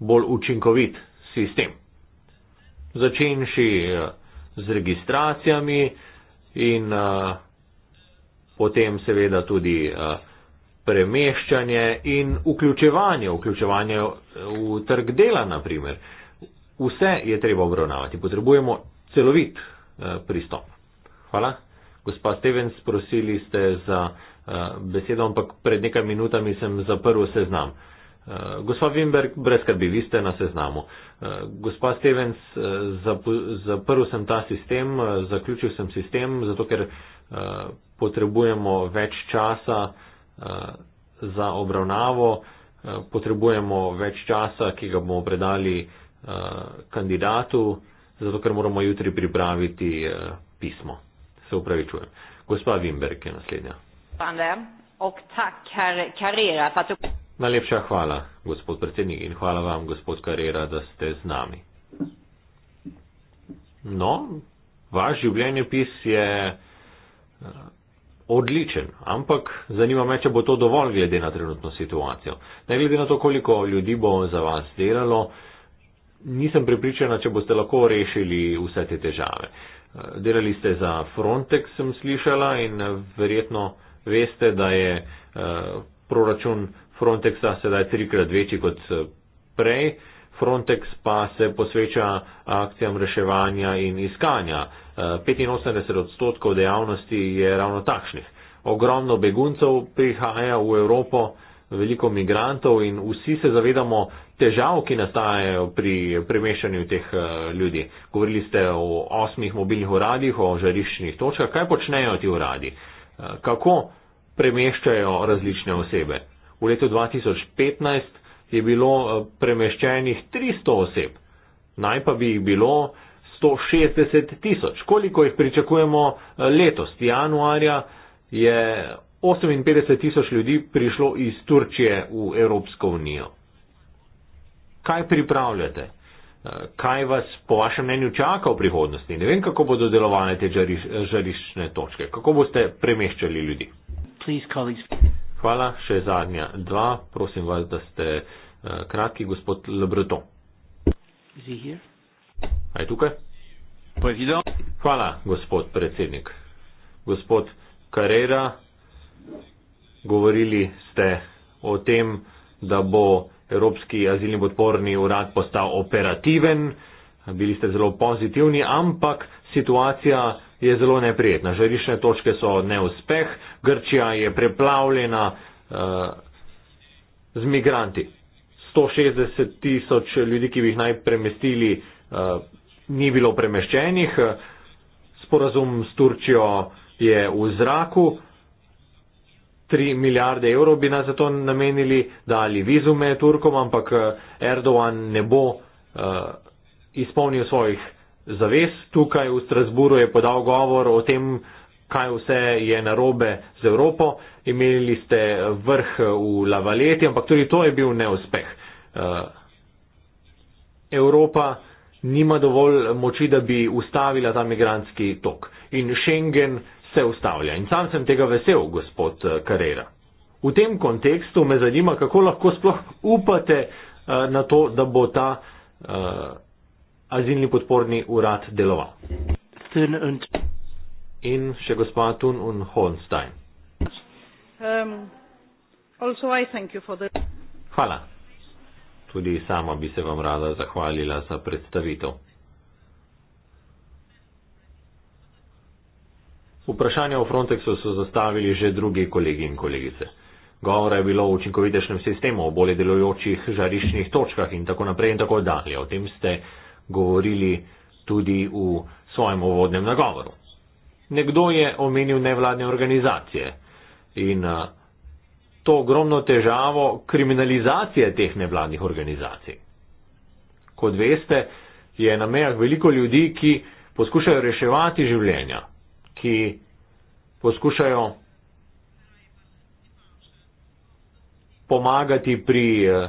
bolj učinkovit sistem. Začenši eh, z registracijami in eh, potem seveda tudi eh, premeščanje in vključevanje, vključevanje v trg dela, naprimer. Vse je treba obravnavati, potrebujemo celovit pristop. Hvala. Gospa Stevens, prosili ste za Eh, besedo, ampak pred nekaj minutami sem zaprl seznam. Eh, gospa Wimberg, brez skrbi, vi ste na seznamu. Eh, gospa Stevens, zaprl sem ta sistem, zaključil sem sistem, zato ker potrebujemo več časa za obravnavo, potrebujemo več časa, ki ga bomo predali kandidatu, zato ker moramo jutri pripraviti pismo. Se upravičujem. Gospa Wimberg je naslednja ordförande och tack herr Carrera för att du Najlepša hvala, gospod predsednik, in hvala vam, gospod Karera, da ste z nami. No, vaš življenjepis je eh, odličen, ampak zanima me, če bo to dovolj glede na trenutno situacijo. Ne glede na to, koliko ljudi bo za vas delalo, nisem pripričana, če boste lahko rešili vse te težave. Eh, delali ste za Frontex, sem slišala, in eh, verjetno veste, da je eh, proračun Frontexa sedaj trikrat večji kot eh, prej. Frontex pa se posveča akcijam reševanja in iskanja. 85 eh, odstotkov dejavnosti je ravno takšnih. Ogromno beguncev prihaja v Evropo, veliko migrantov in vsi se zavedamo težav, ki nastajajo pri premešanju teh ljudi. Govorili ste o osmih mobilnih uradih, o žariščnih točkah. Kaj počnejo ti uradi? Eh, kako premeščajo različne osebe. V letu 2015 je bilo eh, premeščenih 300 oseb, naj pa bi jih bilo 160 tisoč. Koliko jih pričakujemo eh, letos? Januarja je 58 tisoč ljudi prišlo iz Turčije v Evropsko unijo. Kaj pripravljate? kaj vas po vašem mnenju čaka v prihodnosti. Ne vem, kako bodo delovane te žariščne točke, kako boste premeščali ljudi. Hvala, še zadnja dva. Prosim vas, da ste eh, kratki, gospod Lebreto. Je tukaj? Hvala, gospod predsednik. Gospod Carrera, govorili ste o tem, da bo Evropski azilni podporni urad postal operativen, bili ste zelo pozitivni, ampak situacija je zelo neprijetna. Žarišne točke so neuspeh, Grčija je preplavljena uh, z migranti. 160 tisoč ljudi, ki bi jih naj premestili, uh, ni bilo premeščenih. Sporazum s Turčijo je v zraku. Uh, 3 milijarde evrov bi nas za to namenili, dali vizume Turkom, ampak eh, Erdogan ne bo uh, izpolnil svojih zavez. Tukaj v Strasburu je podal govor o tem, kaj vse je narobe z Evropo. Imeli ste vrh eh, v Lavaleti, ampak tudi to je bil neuspeh. Uh, Evropa nima dovolj moči, da bi ustavila ta migranski tok. In Schengen. Uh, se ustavlja in sam sem tega vesel, gospod Karera. Eh, v tem kontekstu me zanima, kako lahko sploh upate eh, na to, da bo ta uh, azilni podporni urad deloval. In še gospa Tun und Holstein. Um, Hvala. Tudi sama bi se vam rada zahvalila za predstavitev. Vprašanja o Frontexu so zastavili že drugi kolegi in kolegice. Govora je bilo o učinkovitejšem sistemu, o bolje delujočih žariščnih točkah in tako naprej in tako dalje. O tem ste govorili tudi v svojem uvodnem nagovoru. Nekdo je omenil nevladne organizacije in to ogromno težavo kriminalizacije teh nevladnih organizacij. Kot veste, je na mejah veliko ljudi, ki poskušajo reševati življenja, ki poskušajo pomagati pri eh,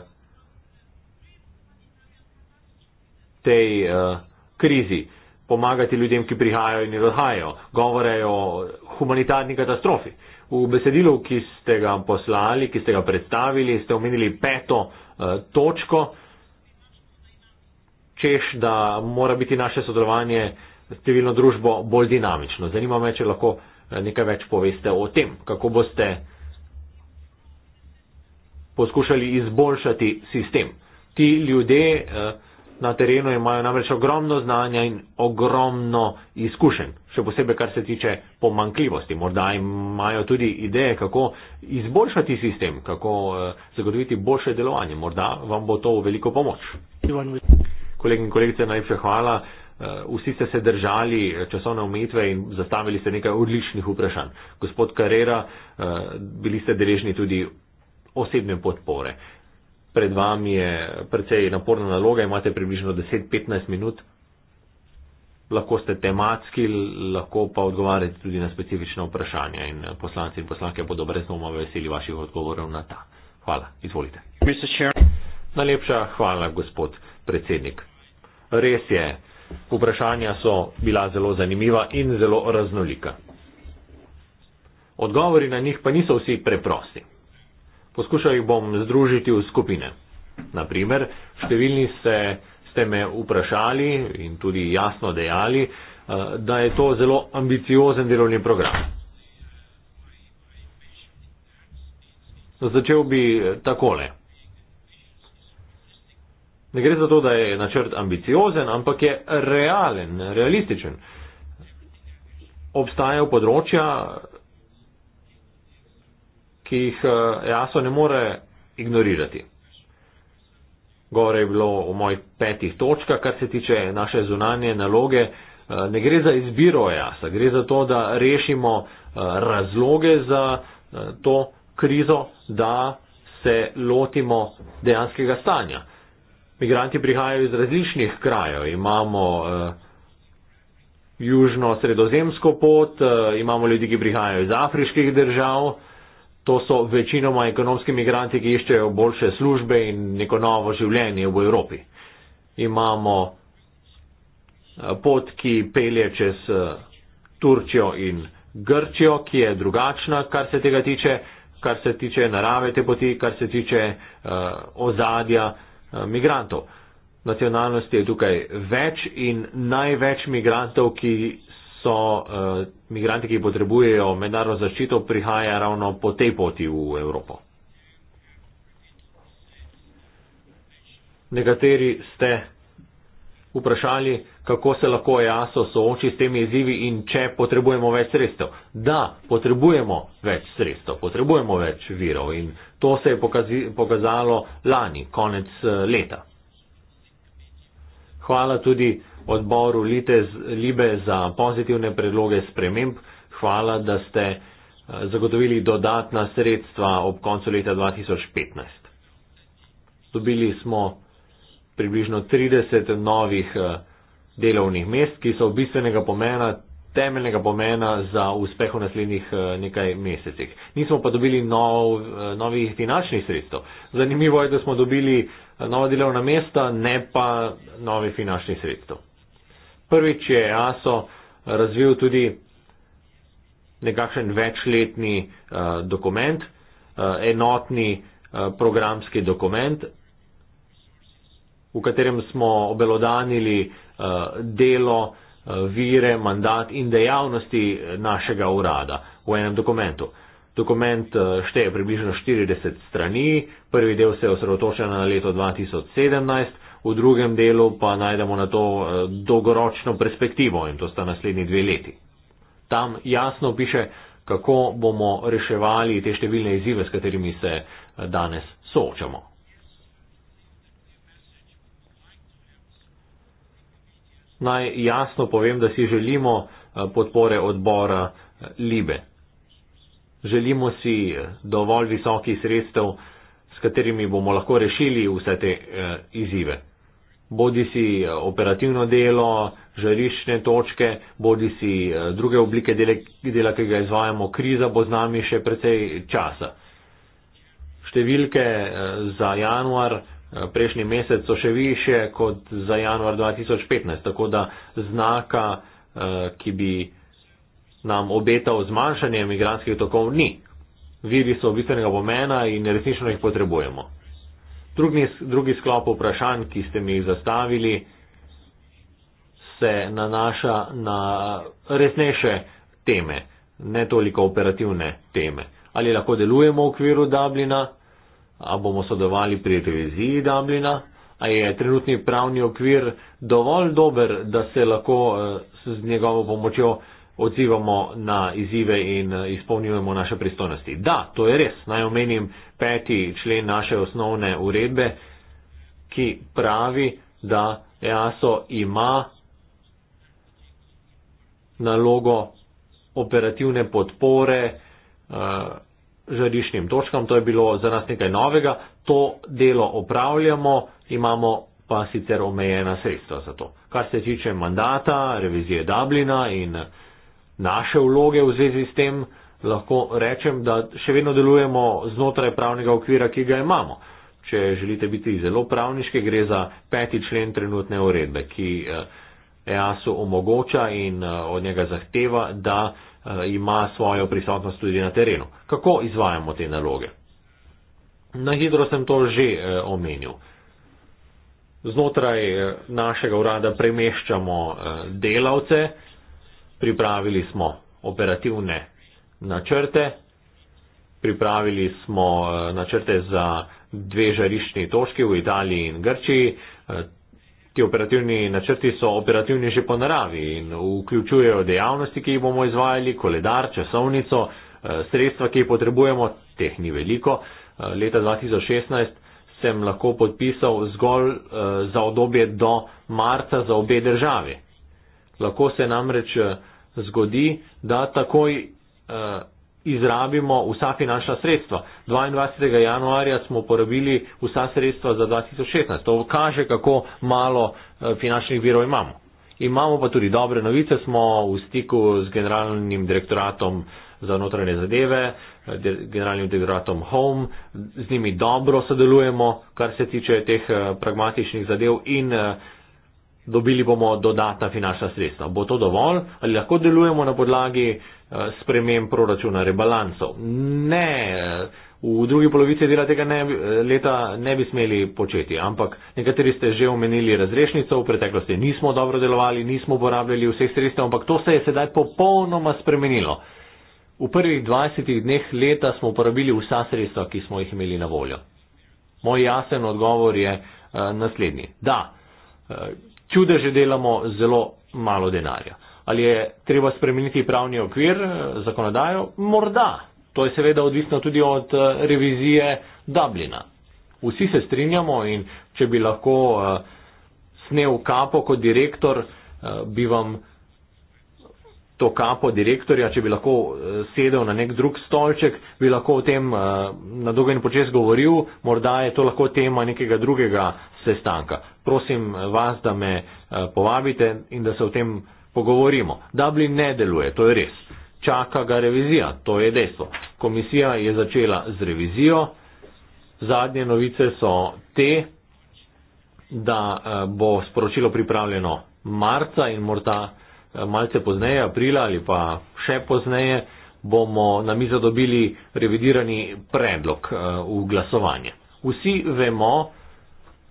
tej eh, krizi, pomagati ljudem, ki prihajajo in odhajajo, govorejo o humanitarni katastrofi. V besedilu, ki ste ga poslali, ki ste ga predstavili, ste omenili peto eh, točko, češ, da mora biti naše sodelovanje civilno družbo bolj dinamično. Zanima me, če lahko eh, nekaj več poveste o tem, kako boste poskušali izboljšati sistem. Ti ljudje eh, na terenu imajo namreč ogromno znanja in ogromno izkušenj, še posebej kar se tiče pomankljivosti. Morda imajo tudi ideje, kako izboljšati sistem, kako eh, zagotoviti boljše delovanje. Morda vam bo to v veliko pomoč. Kolegi in kolegice, najprej hvala. Eh, vsi ste se držali eh, časovne umetve in zastavili ste nekaj odličnih vprašanj. Gospod Karera, eh, bili ste deležni tudi osebne podpore. Pred vami je precej naporna naloga, imate približno 10-15 minut. Lahko ste tematski, lahko pa odgovarjate tudi na specifična vprašanja in poslanci in poslanke bodo brez dvoma veseli vaših odgovorov na ta. Hvala. Izvolite. Najlepša hvala, gospod predsednik. Res je. Vprašanja so bila zelo zanimiva in zelo raznolika. Odgovori na njih pa niso vsi preprosti. Poskušal jih bom združiti v skupine. Naprimer, številni se, ste me vprašali in tudi jasno dejali, eh, da je to zelo ambiciozen delovni program. Začel bi eh, takole. Ne gre za to, da je načrt ambiciozen, ampak je realen, realističen. Obstajajo področja, ki jih eh, jaso ne more ignorirati. Gore je bilo v mojih petih točkah, kar se tiče naše zunanje naloge. Eh, ne gre za izbiro jasa, gre za to, da rešimo eh, razloge za to krizo, da se lotimo dejanskega stanja. Migranti prihajajo iz različnih krajev. Imamo uh, eh, južno-sredozemsko pot, uh, imamo ljudi, ki prihajajo iz afriških držav. To so večinoma ekonomski migranti, ki iščejo boljše službe in neko novo življenje v Evropi. Imamo eh, pot, ki pelje čez Turčjo in Grčjo, ki je drugačna, kar se tega tiče, kar se tiče narave te poti, kar se tiče uh, ozadja. Uh, Eh, migrantov. Nacionalnosti je tukaj več in največ migrantov, ki so uh, migranti, ki potrebujejo mednarodno zaščito, prihaja ravno po tej poti v Evropo. Nekateri ste vprašali, kako se lahko jaso sooči s temi izzivi in če potrebujemo več sredstev. Da, potrebujemo več sredstev, potrebujemo več virov in to se je pokazalo lani, konec eh, leta. Hvala tudi odboru Litez Libe za pozitivne predloge sprememb. Hvala, da ste eh, zagotovili dodatna sredstva ob koncu leta 2015. Dobili smo približno 30 novih eh, delovnih mest, ki so bistvenega pomena, temeljnega pomena za uspeh v naslednjih eh, nekaj mesecih. Nismo pa dobili nov, eh, novih finančnih sredstev. Zanimivo je, da smo dobili nova delovna mesta, ne pa nove finančne sredstev. Prvič je ASO razvil tudi nekakšen večletni uh, dokument, uh, enotni uh, programski dokument, v katerem smo obelodanili eh, delo, eh, vire, mandat in dejavnosti našega urada v enem dokumentu. Dokument eh, šteje približno 40 strani, prvi del se osredotoča na leto 2017, v drugem delu pa najdemo na to dolgoročno perspektivo in to sta naslednji dve leti. Tam jasno piše, kako bomo reševali te številne izzive, s katerimi se danes soočamo. naj jasno povem, da si želimo eh, podpore odbora eh, Libe. Želimo si eh, dovolj visokih sredstev, s katerimi bomo lahko rešili vse te izzive. Bodi si operativno delo, žariščne točke, bodi si druge oblike dela, ki ga izvajamo, kriza bo z nami še precej časa. Številke za januar Eh, prejšnji mesec so še više kot za januar 2015, tako da znaka, eh, ki bi nam obetal zmanjšanje imigranskih tokov, ni. Viri so bistvenega pomena in resnično jih potrebujemo. Drugi, drugi sklop vprašanj, ki ste mi jih zastavili, se nanaša na resnejše teme, ne toliko operativne teme. Ali lahko delujemo v okviru Dublina, A bomo sodelovali pri reviziji Dublina? A je trenutni pravni okvir dovolj dober, da se lahko eh, z njegovo pomočjo odzivamo na izzive in eh, izpolnjujemo naše pristojnosti? Da, to je res. Naj omenim peti člen naše osnovne uredbe, ki pravi, da EASO ima nalogo operativne podpore. Uh, žariščnim točkam, to je bilo za nas nekaj novega, to delo opravljamo, imamo pa sicer omejena sredstva za to. Kar se tiče mandata, revizije Dublina in naše vloge v zvezi s tem, lahko rečem, da še vedno delujemo znotraj pravnega okvira, ki ga imamo. Če želite biti zelo pravniški, gre za peti člen trenutne uredbe, ki eh, EASO omogoča in eh, od njega zahteva, da Eh, ima svojo prisotnost tudi na terenu. Kako izvajamo te naloge? Na hidro sem to že eh, omenil. Znotraj eh, našega urada premeščamo delavce, pripravili smo operativne načrte, pripravili smo načrte za dve žariščni točki v Italiji in Grčiji, programski operativni načrti so operativni že po naravi in vključujejo dejavnosti, ki jih bomo izvajali, koledar, časovnico, eh, sredstva, ki jih potrebujemo, teh ni veliko. Eh, leta 2016 sem lahko podpisal zgolj eh, za obdobje do marca za obe državi. Lahko se namreč zgodi, da takoj izrabimo vsa finančna sredstva. 22. januarja smo porabili vsa sredstva za 2016. To kaže, kako malo eh, finančnih virov imamo. Imamo pa tudi dobre novice, smo v stiku z generalnim direktoratom za notranje zadeve, eh, generalnim direktoratom Home, z njimi dobro sodelujemo, kar se tiče teh eh, pragmatičnih zadev in dobili bomo dodatna finančna sredstva. Bo to dovolj ali lahko delujemo na podlagi eh, sprememb proračuna rebalancov? Ne, eh, v drugi polovici dela tega ne, eh, leta ne bi smeli početi, ampak nekateri ste že omenili razrešnico, v preteklosti nismo dobro delovali, nismo uporabljali vseh sredstev, ampak to se je sedaj popolnoma spremenilo. V prvih 20 dneh leta smo uporabili vsa sredstva, ki smo jih imeli na voljo. Moj jasen odgovor je naslednji. Da, čude že delamo zelo malo denarja. Ali je treba spremeniti pravni okvir, eh, zakonodajo? Morda. To je seveda odvisno tudi od eh, revizije Dublina. Vsi se strinjamo in če bi lahko eh, snel kapo kot direktor, bi vam to kapo direktorja, če bi lahko eh, sedel na nek drug stolček, bi lahko o tem eh, na dolgo in počes govoril, morda je to lahko tema nekega drugega sestanka. Prosim eh, vas, da me povabite in da se o tem pogovorimo. Dublin ne deluje, to je res. Čaka ga revizija, to je dejstvo. Komisija je začela z revizijo, zadnje novice so te, da bo sporočilo pripravljeno marca in morda. Eh, malce pozneje, aprila ali pa še pozneje, bomo na mizo dobili revidirani predlog eh, v glasovanje. Vsi vemo,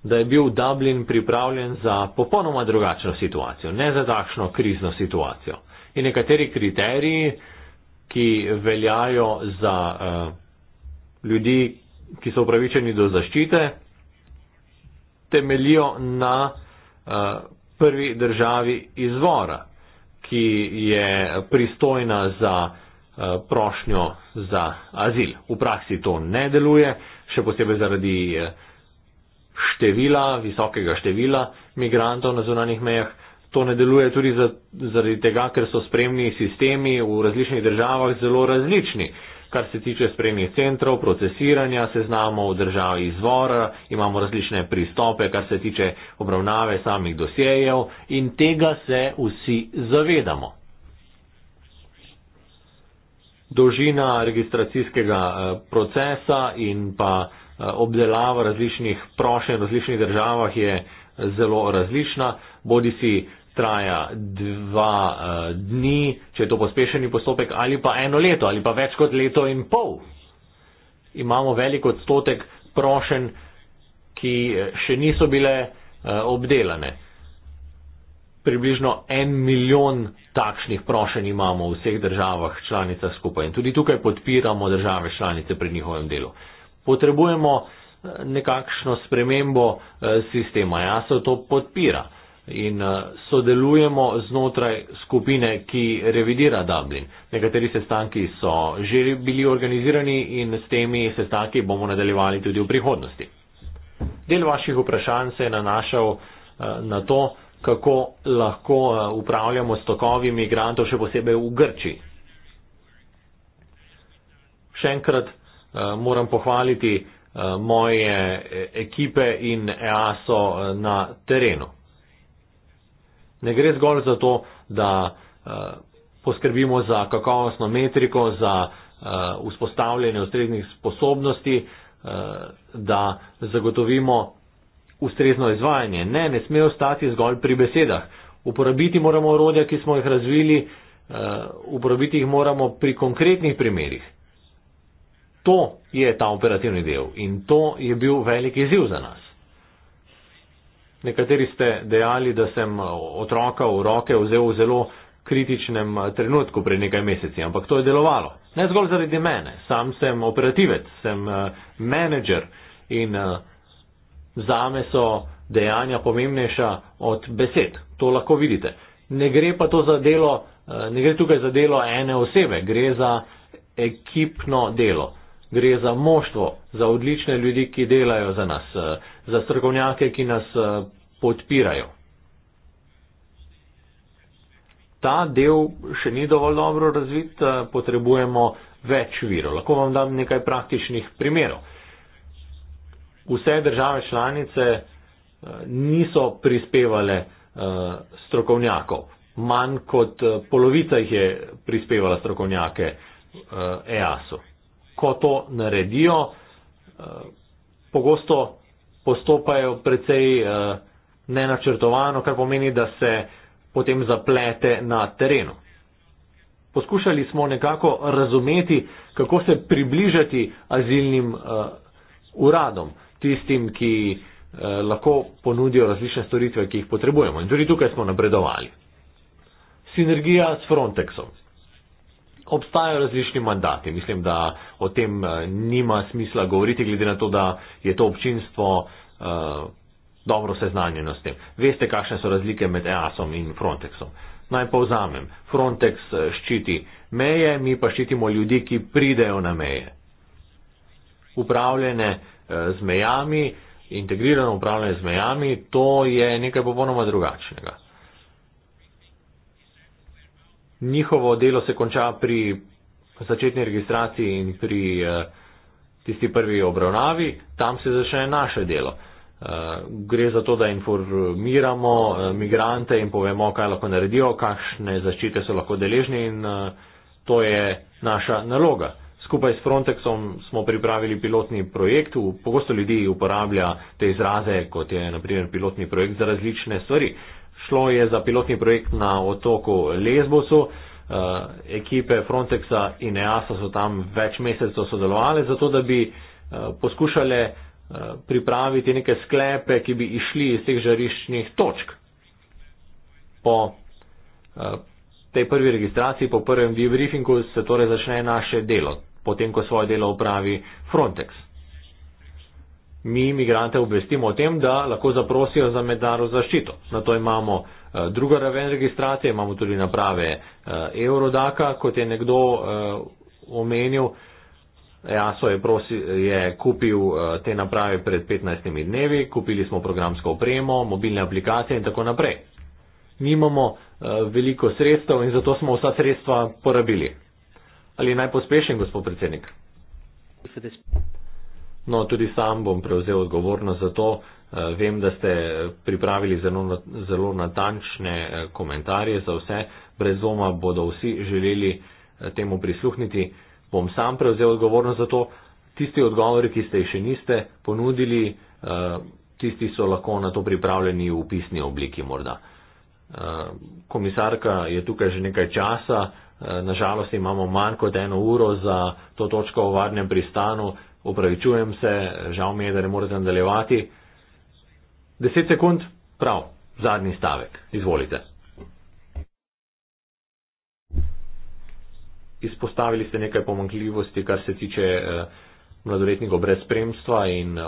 da je bil Dublin pripravljen za popolnoma drugačno situacijo, ne za takšno krizno situacijo. In nekateri kriteriji, ki veljajo za uh, ljudi, ki so upravičeni do zaščite, temelijo na uh, prvi državi izvora ki je pristojna za eh, prošnjo za azil. V praksi to ne deluje, še posebej zaradi eh, števila, visokega števila migrantov na zunanih mejah. To ne deluje tudi zaradi tega, ker so spremni sistemi v različnih državah zelo različni kar se tiče spremnih centrov, procesiranja, seznamov držav izvora, imamo različne pristope, kar se tiče obravnave samih dosjejev in tega se vsi zavedamo. Dolžina registracijskega eh, procesa in pa eh, obdelava različnih prošenj v različnih državah je eh, zelo različna, bodi si traja dva uh, dni, če je to pospešeni postopek, ali pa eno leto, ali pa več kot leto in pol. Imamo velik odstotek prošen, ki eh, še niso bile uh, obdelane. Približno en milijon takšnih prošen imamo v vseh državah članicah skupaj in tudi tukaj podpiramo države članice pri njihovem delu. Potrebujemo nekakšno spremembo sistema. Jaz se to podpira in eh, sodelujemo znotraj skupine, ki revidira Dublin. Nekateri sestanki so že bili organizirani in s temi sestanki bomo nadaljevali tudi v prihodnosti. Del vaših vprašanj se je nanašal eh, na to, kako lahko eh, upravljamo s tokovi imigrantov, še posebej v Grči. Še enkrat moram pohvaliti moje e-, ekipe in EASO na terenu. Ne gre zgolj za to, da eh, poskrbimo za kakovostno metriko, za eh, vzpostavljanje ustreznih sposobnosti, eh, da zagotovimo ustrezno izvajanje. Ne, ne sme ostati zgolj pri besedah. Uporabiti moramo orodja, ki smo jih razvili, uporabiti jih moramo pri konkretnih primerih. To je ta operativni del in to je bil velik izziv za nas. Nekateri ste dejali, da sem otroka v roke vzel v zelo kritičnem eh, trenutku pred nekaj meseci, ampak to je delovalo. Ne zgolj zaradi mene, sam sem operativec, sem eh, menedžer in eh, zame so dejanja pomembnejša od besed. To lahko vidite. Ne gre pa to za delo, ne gre tukaj za delo ene osebe, gre za ekipno delo gre za moštvo, za odlične ljudi, ki delajo za nas, eh, za strokovnjake, ki nas eh, podpirajo. Ta del še ni dovolj dobro razvit, eh, potrebujemo več virov. Lahko vam dam nekaj praktičnih primerov. Vse države članice niso prispevale strokovnjakov. Manj kot polovica jih je prispevala strokovnjake EAS-u ko to naredijo, eh, pogosto postopajo precej eh, nenačrtovano, kar pomeni, da se potem zaplete na terenu. Poskušali smo nekako razumeti, kako se približati azilnim uh, uradom, tistim, ki uh, lahko ponudijo različne storitve, ki jih potrebujemo. In tudi tukaj smo napredovali. Sinergija s Frontexom obstajajo različni mandati. Mislim, da o tem eh, nima smisla govoriti, glede na to, da je to občinstvo uh, dobro seznanjeno s tem. Veste, kakšne so razlike med EAS-om in Frontexom. Naj povzamem. Frontex eh, ščiti meje, mi pa ščitimo ljudi, ki pridejo na meje. Upravljene z mejami, integrirano upravljanje z mejami, to je nekaj popolnoma drugačnega njihovo delo se konča pri začetni registraciji in pri eh, tisti prvi obravnavi, tam se začne naše delo. Eh, gre za to, da informiramo eh, migrante in povemo, kaj lahko naredijo, kakšne zaščite so lahko deležni in to je naša naloga. Skupaj s Frontexom smo pripravili pilotni projekt, pogosto ljudi uporablja te izraze, kot je naprimer pilotni projekt za različne stvari šlo je za pilotni projekt na otoku Lesbosu. Uh, ekipe Frontexa in EASA so tam več mesecev sodelovali, zato da bi uh, poskušale uh, pripraviti neke sklepe, ki bi išli iz teh žariščnih točk. Po uh, tej prvi registraciji, po prvem debriefingu se torej začne naše delo, potem ko svoje delo upravi Frontex mi imigrante obvestimo o tem, da lahko zaprosijo za mednarodno zaščito. Na to imamo eh, druga raven registracije, imamo tudi naprave eh, Eurodaka, kot je nekdo eh, omenil. EASO je, prosi, je kupil te naprave pred 15 dnevi, kupili smo programsko opremo, mobilne aplikacije in tako naprej. Nimamo veliko sredstev in zato smo vsa sredstva porabili. Ali naj pospešim, gospod predsednik? No, tudi sam bom prevzel odgovornost za to. Eh, vem, da ste pripravili zelo, zelo natančne eh, komentarje za vse. Brez doma bodo vsi želeli eh, temu prisluhniti. Bom sam prevzel odgovornost za to. Tisti odgovori, ki ste jih še niste ponudili, tisti so lahko na to pripravljeni v pisni obliki morda. Komisarka je tukaj že nekaj časa. Nažalost imamo manj kot eno uro za to točko o varnem pristanu, upravičujem se, žal mi je, da ne morete nadaljevati. Deset sekund, prav, zadnji stavek, izvolite. Izpostavili ste nekaj pomankljivosti, kar se tiče eh, mladoletnikov brez spremstva in eh,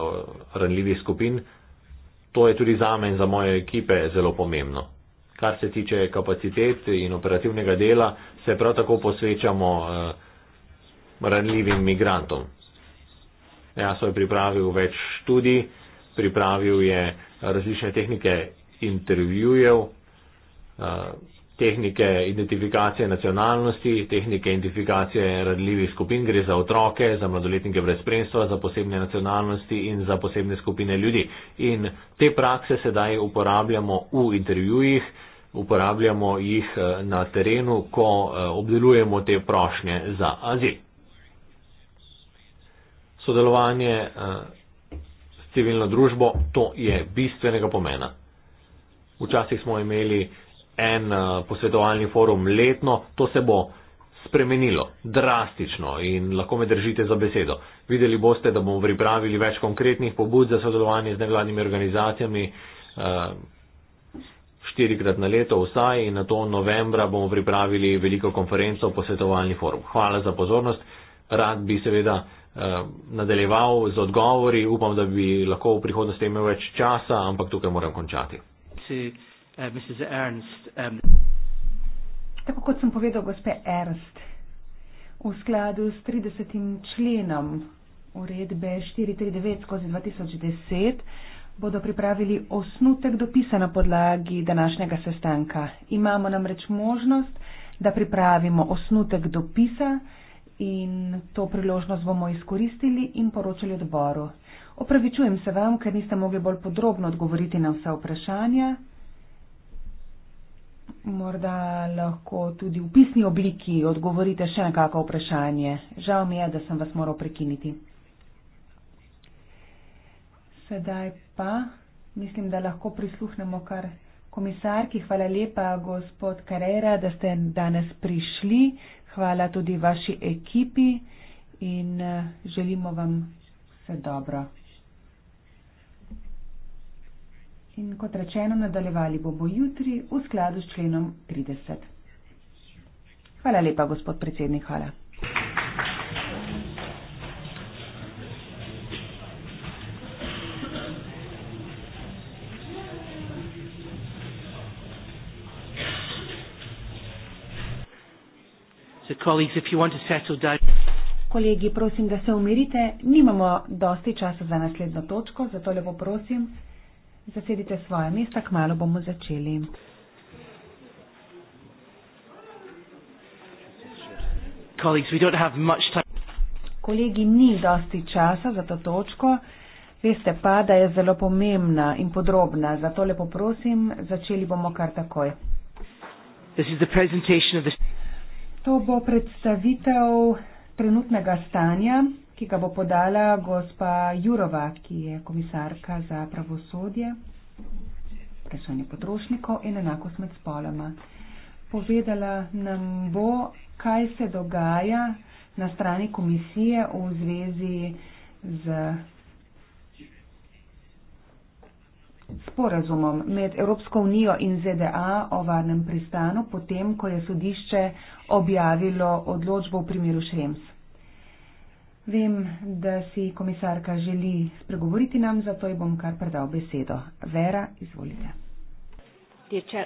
ranljivih skupin. To je tudi zame in za moje ekipe zelo pomembno. Kar se tiče kapacitet in operativnega dela, se prav tako posvečamo eh, ranljivim migrantom, Jaso je pripravil več študij, pripravil je različne tehnike intervjujev, eh, tehnike identifikacije nacionalnosti, tehnike identifikacije radljivih skupin, gre za otroke, za mladoletnike brez spremstva, za posebne nacionalnosti in za posebne skupine ljudi. In te prakse sedaj uporabljamo v intervjujih, uporabljamo jih eh, na terenu, ko eh, obdelujemo te prošnje za azil sodelovanje eh, s civilno družbo, to je bistvenega pomena. Včasih smo imeli en eh, posvetovalni forum letno, to se bo spremenilo drastično in lahko me držite za besedo. Videli boste, da bomo pripravili več konkretnih pobud za sodelovanje z nevladnimi organizacijami eh, štirikrat na leto vsaj in na to novembra bomo pripravili veliko konferenco o posvetovalni forum. Hvala za pozornost. Rad bi seveda. Eh, nadaljeval z odgovori. Upam, da bi lahko v prihodnosti imel več časa, ampak tukaj moram končati. Eh, Tako kot sem povedal, gospe Ernst, v skladu s 30. členom uredbe 439 skozi 2010 bodo pripravili osnutek dopisa na podlagi današnjega sestanka. Imamo namreč možnost, da pripravimo osnutek dopisa, in to priložnost bomo izkoristili in poročali odboru. Opravičujem se vam, ker niste mogli bolj podrobno odgovoriti na vse vprašanja. Morda lahko tudi v pisni obliki odgovorite še na kakšno vprašanje. Žal mi je, da sem vas moral prekiniti. Sedaj pa mislim, da lahko prisluhnemo kar komisarki. Hvala lepa, gospod Karera, da ste danes prišli hvala tudi vaši ekipi in eh, želimo vam vse dobro. In kot rečeno, nadaljevali bomo jutri v skladu s členom 30. Hvala lepa, gospod predsednik. Hvala. Kolegi, prosim, da se umirite. Nimamo dosti časa za naslednjo točko, zato lepo prosim, zasedite svoje mesta, kmalo bomo začeli. Kolegi, ni dosti časa za to točko. Veste pa, da je zelo pomembna in podrobna. Zato lepo prosim, začeli bomo kar takoj. This is the presentation of the... To bo predstavitev trenutnega stanja, ki ga bo podala gospa Jurova, ki je komisarka za pravosodje, vprašanje potrošnikov in enakost med spoloma. Povedala nam bo, kaj se dogaja na strani komisije v zvezi z sporazumom med Evropsko unijo in ZDA o varnem pristanu, potem, ko je sodišče objavilo odločbo v primeru Šrems. Vem, da si komisarka želi spregovoriti nam, zato ji bom kar predal besedo. Vera, izvolite. Teče,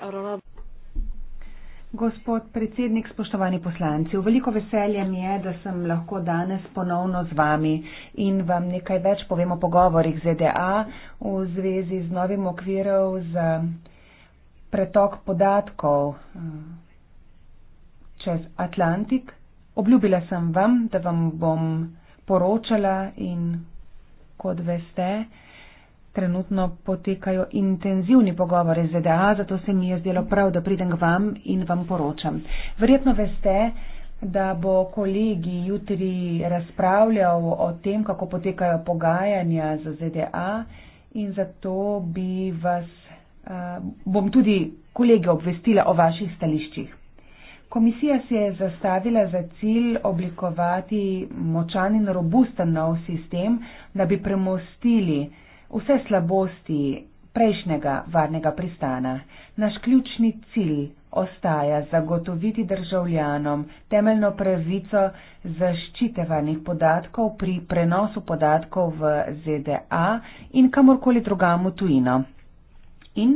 Gospod predsednik, spoštovani poslanci, veliko veselje mi je, da sem lahko danes ponovno z vami in vam nekaj več povem o pogovorih ZDA v zvezi z novim okvirom za pretok podatkov eh, čez Atlantik. Obljubila sem vam, da vam bom poročala in kot veste, Trenutno potekajo intenzivni pogovori z ZDA, zato se mi je zdelo prav, da pridem k vam in vam poročam. Verjetno veste, da bo kolegi jutri razpravljal o tem, kako potekajo pogajanja z ZDA in zato bi vas, eh, bom tudi kolege obvestila o vaših stališčih. Komisija se je zastavila za cilj oblikovati močan in robusten nov sistem, da bi premostili vse slabosti prejšnjega varnega pristana. Naš ključni cilj ostaja zagotoviti državljanom temeljno pravico zaščitevanih podatkov pri prenosu podatkov v ZDA in kamorkoli drugamu tujino. In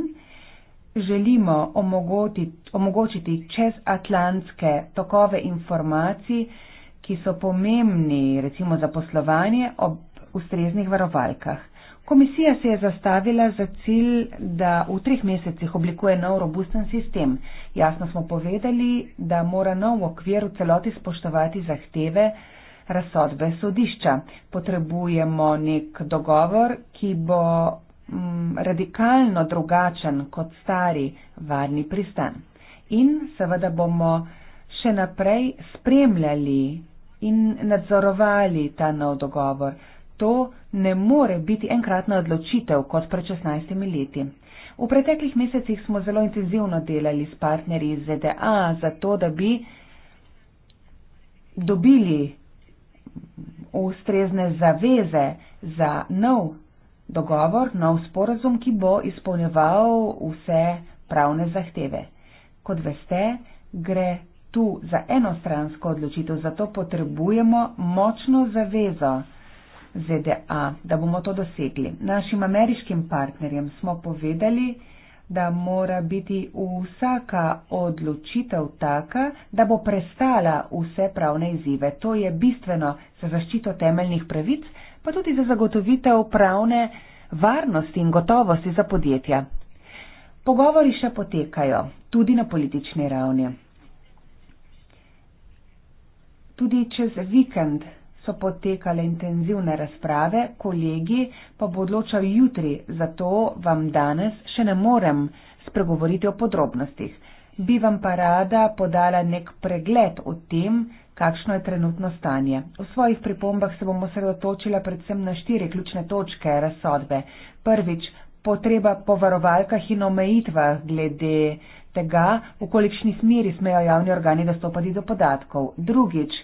želimo omogočiti, omogočiti čezatlantske tokove informacij, ki so pomembni recimo za poslovanje ob ustreznih varovalkah. Komisija se je zastavila za cilj, da v treh mesecih oblikuje nov robusten sistem. Jasno smo povedali, da mora nov okvir v celoti spoštovati zahteve razsodbe sodišča. Potrebujemo nek dogovor, ki bo m, mm, radikalno drugačen kot stari varni pristan. In seveda bomo še naprej spremljali in nadzorovali ta nov dogovor to ne more biti enkratna odločitev kot pred 16 leti. V preteklih mesecih smo zelo intenzivno delali s partnerji iz ZDA za to, da bi dobili ustrezne zaveze za nov dogovor, nov sporazum, ki bo izpolnjeval vse pravne zahteve. Kot veste, gre tu za enostransko odločitev, zato potrebujemo močno zavezo. ZDA, da bomo to dosegli. Našim ameriškim partnerjem smo povedali, da mora biti vsaka odločitev taka, da bo prestala vse pravne izzive. To je bistveno za zaščito temeljnih pravic, pa tudi za zagotovitev pravne varnosti in gotovosti za podjetja. Pogovori še potekajo, tudi na politični ravni. Tudi čez vikend so potekale intenzivne razprave, kolegi pa bo odločal jutri, zato vam danes še ne morem spregovoriti o podrobnostih. Bi vam pa rada podala nek pregled o tem, kakšno je trenutno stanje. V svojih pripombah se bomo sredotočila predvsem na štiri ključne točke razsodbe. Prvič, potreba po varovalkah in omejitvah glede tega, v kolikšni smeri smejo javni organi dostopati do podatkov. Drugič,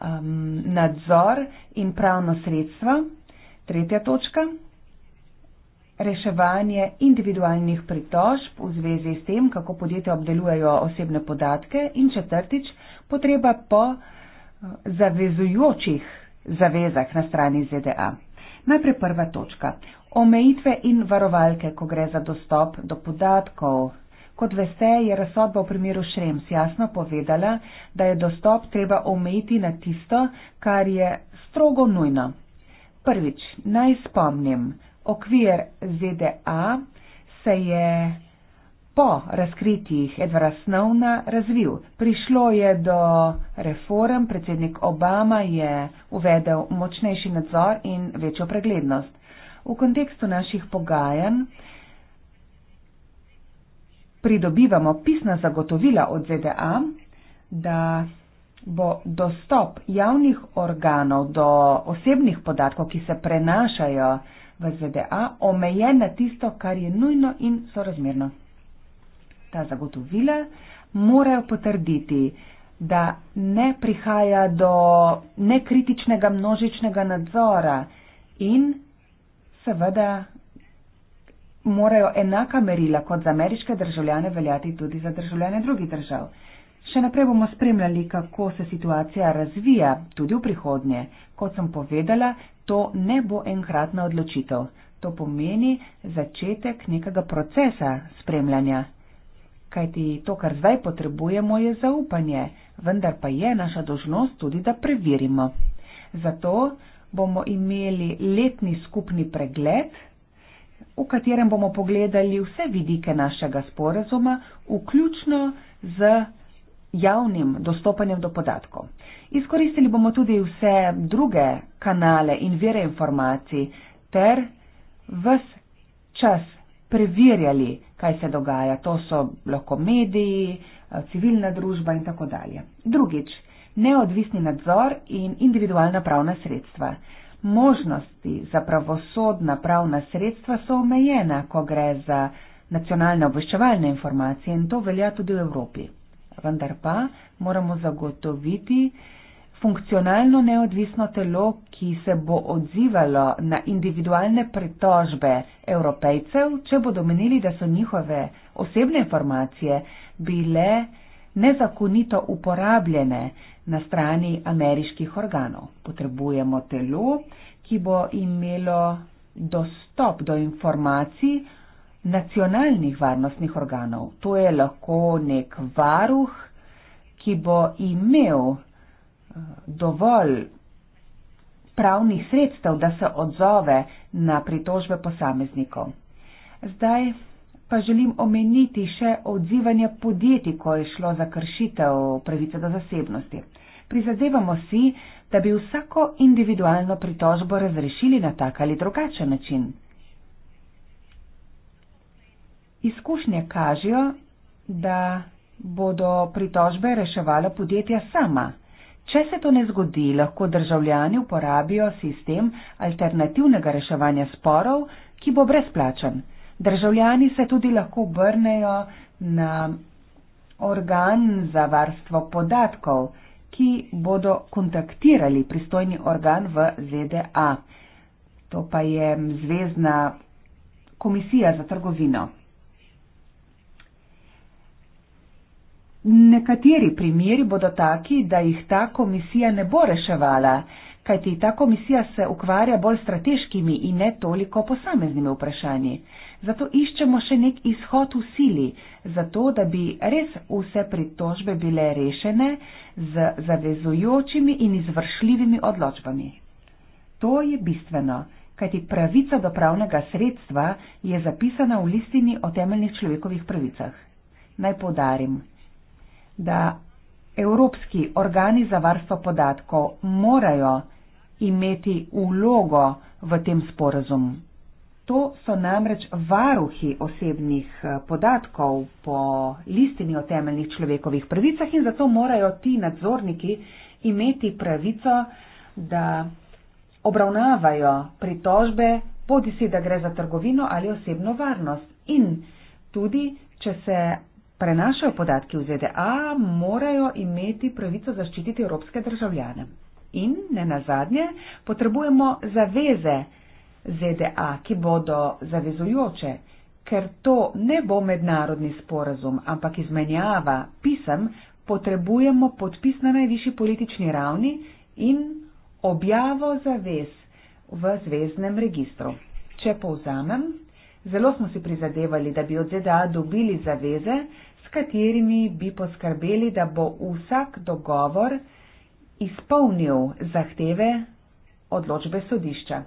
um, nadzor in pravno sredstvo. Tretja točka. Reševanje individualnih pritožb v zvezi s tem, kako podjetja obdelujejo osebne podatke. In četrtič, potreba po uh, zavezujočih zavezah na strani ZDA. Najprej prva točka. Omejitve in varovalke, ko gre za dostop do podatkov Kot veste, je razsodba v primeru Šrems jasno povedala, da je dostop treba omejiti na tisto, kar je strogo nujno. Prvič, naj spomnim, okvir ZDA se je po razkritjih Edvara Snovna razvil. Prišlo je do reform, predsednik Obama je uvedel močnejši nadzor in večjo preglednost. V kontekstu naših pogajanj pridobivamo pisna zagotovila od ZDA, da bo dostop javnih organov do osebnih podatkov, ki se prenašajo v ZDA, omejen na tisto, kar je nujno in sorazmerno. Ta zagotovila morajo potrditi, da ne prihaja do nekritičnega množičnega nadzora in seveda morajo enaka merila kot za ameriške državljane veljati tudi za državljane drugih držav. Še naprej bomo spremljali, kako se situacija razvija tudi v prihodnje. Kot sem povedala, to ne bo enkratna odločitev. To pomeni začetek nekega procesa spremljanja. Kajti to, kar zdaj potrebujemo, je zaupanje, vendar pa je naša dožnost tudi, da preverimo. Zato bomo imeli letni skupni pregled v katerem bomo pogledali vse vidike našega sporazuma, vključno z javnim dostopanjem do podatkov. Izkoristili bomo tudi vse druge kanale in vire informacij ter ves čas preverjali, kaj se dogaja. To so lahko mediji, civilna družba in tako dalje. Drugič, neodvisni nadzor in individualna pravna sredstva možnosti za pravosodna pravna sredstva so omejena, ko gre za nacionalne obveščevalne informacije in to velja tudi v Evropi. Vendar pa moramo zagotoviti funkcionalno neodvisno telo, ki se bo odzivalo na individualne pritožbe evropejcev, če bodo menili, da so njihove osebne informacije bile nezakonito uporabljene na strani ameriških organov. Potrebujemo telo, ki bo imelo dostop do informacij nacionalnih varnostnih organov. To je lahko nek varuh, ki bo imel eh, dovolj pravnih sredstev, da se odzove na pritožbe posameznikov. Zdaj pa želim omeniti še odzivanje podjetij, ko je šlo za kršitev pravice do zasebnosti. Prizadevamo si, da bi vsako individualno pritožbo razrešili na tak ali drugačen način. Izkušnje kažejo, da bodo pritožbe reševala podjetja sama. Če se to ne zgodi, lahko državljani uporabijo sistem alternativnega reševanja sporov, ki bo brezplačen. Državljani se tudi lahko obrnejo na organ za varstvo podatkov, ki bodo kontaktirali pristojni organ v ZDA. To pa je Zvezdna komisija za trgovino. Nekateri primeri bodo taki, da jih ta komisija ne bo reševala, kajti ta komisija se ukvarja bolj strateškimi in ne toliko posameznimi vprašanji. Zato iščemo še nek izhod v sili, zato da bi res vse pritožbe bile rešene z zavezujočimi in izvršljivimi odločbami. To je bistveno, kajti pravica do pravnega sredstva je zapisana v listini o temeljnih človekovih pravicah. Naj podarim, da evropski organi za varstvo podatkov morajo imeti vlogo v tem sporazumu to so namreč varuhi osebnih eh, podatkov po listini o temeljnih človekovih pravicah in zato morajo ti nadzorniki imeti pravico, da obravnavajo pritožbe, bodi si, da gre za trgovino ali osebno varnost. In tudi, če se prenašajo podatki v ZDA, morajo imeti pravico zaščititi evropske državljane. In ne nazadnje, potrebujemo zaveze ZDA, ki bodo zavezujoče, ker to ne bo mednarodni sporazum, ampak izmenjava pisem, potrebujemo podpis na najvišji politični ravni in objavo zavez v zvezdnem registru. Če povzamem, zelo smo si prizadevali, da bi od ZDA dobili zaveze, s katerimi bi poskrbeli, da bo vsak dogovor izpolnil zahteve odločbe sodišča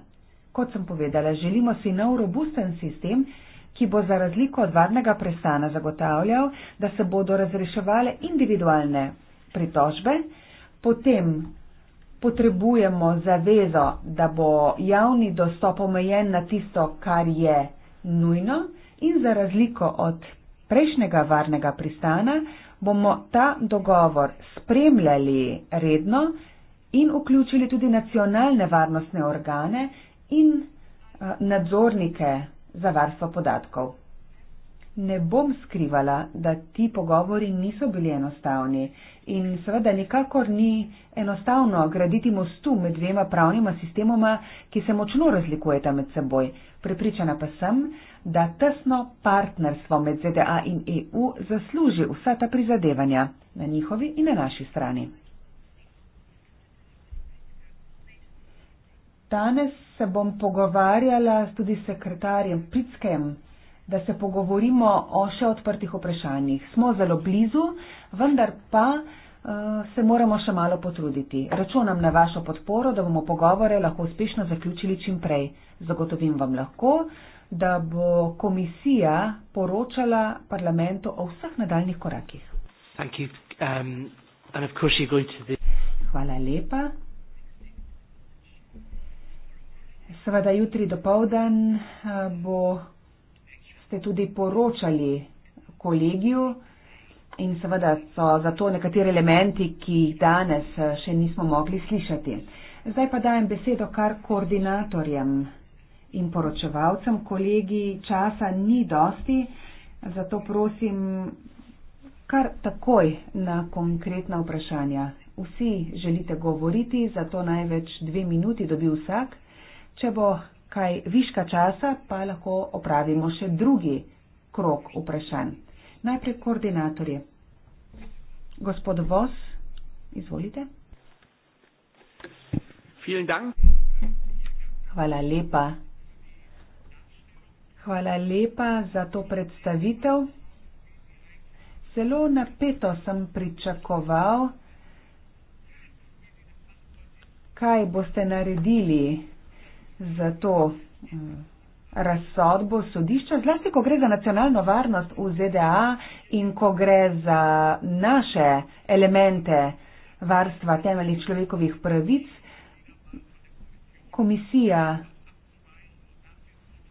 kot sem povedala, želimo si nov robusten sistem, ki bo za razliko od varnega prestana zagotavljal, da se bodo razreševale individualne pritožbe, potem potrebujemo zavezo, da bo javni dostop omejen na tisto, kar je nujno in za razliko od prejšnjega varnega pristana bomo ta dogovor spremljali redno in vključili tudi nacionalne varnostne organe, in nadzornike za varstvo podatkov. Ne bom skrivala, da ti pogovori niso bili enostavni in seveda nikakor ni enostavno graditi mostu med dvema pravnima sistemoma, ki se močno razlikujeta med seboj. Pripričana pa sem, da tesno partnerstvo med ZDA in EU zasluži vsa ta prizadevanja na njihovi in na naši strani. Danes se bom pogovarjala tudi s sekretarjem Pickem, da se pogovorimo o še odprtih vprašanjih. Smo zelo blizu, vendar pa uh, se moramo še malo potruditi. Računam na vašo podporo, da bomo pogovore lahko uspešno zaključili čim prej. Zagotovim vam lahko, da bo komisija poročala parlamentu o vseh nadaljnih korakih. Um, Hvala lepa. Seveda jutri do povdan eh, bo, ste tudi poročali kolegiju in seveda so zato nekateri elementi, ki jih danes eh, še nismo mogli slišati. Zdaj pa dajem besedo kar koordinatorjem in poročevalcem. Kolegi, časa ni dosti, zato prosim kar takoj na konkretna vprašanja. Vsi želite govoriti, zato največ dve minuti dobi vsak. Če bo kaj viška časa, pa lahko opravimo še drugi krok vprašanj. Najprej koordinatorje. Gospod Vos, izvolite. Hvala lepa. Hvala lepa za to predstavitev. Zelo napeto sem pričakoval, kaj boste naredili za to eh, razsodbo sodišča, zlasti ko gre za nacionalno varnost v ZDA in ko gre za naše elemente varstva temeljih človekovih pravic, komisija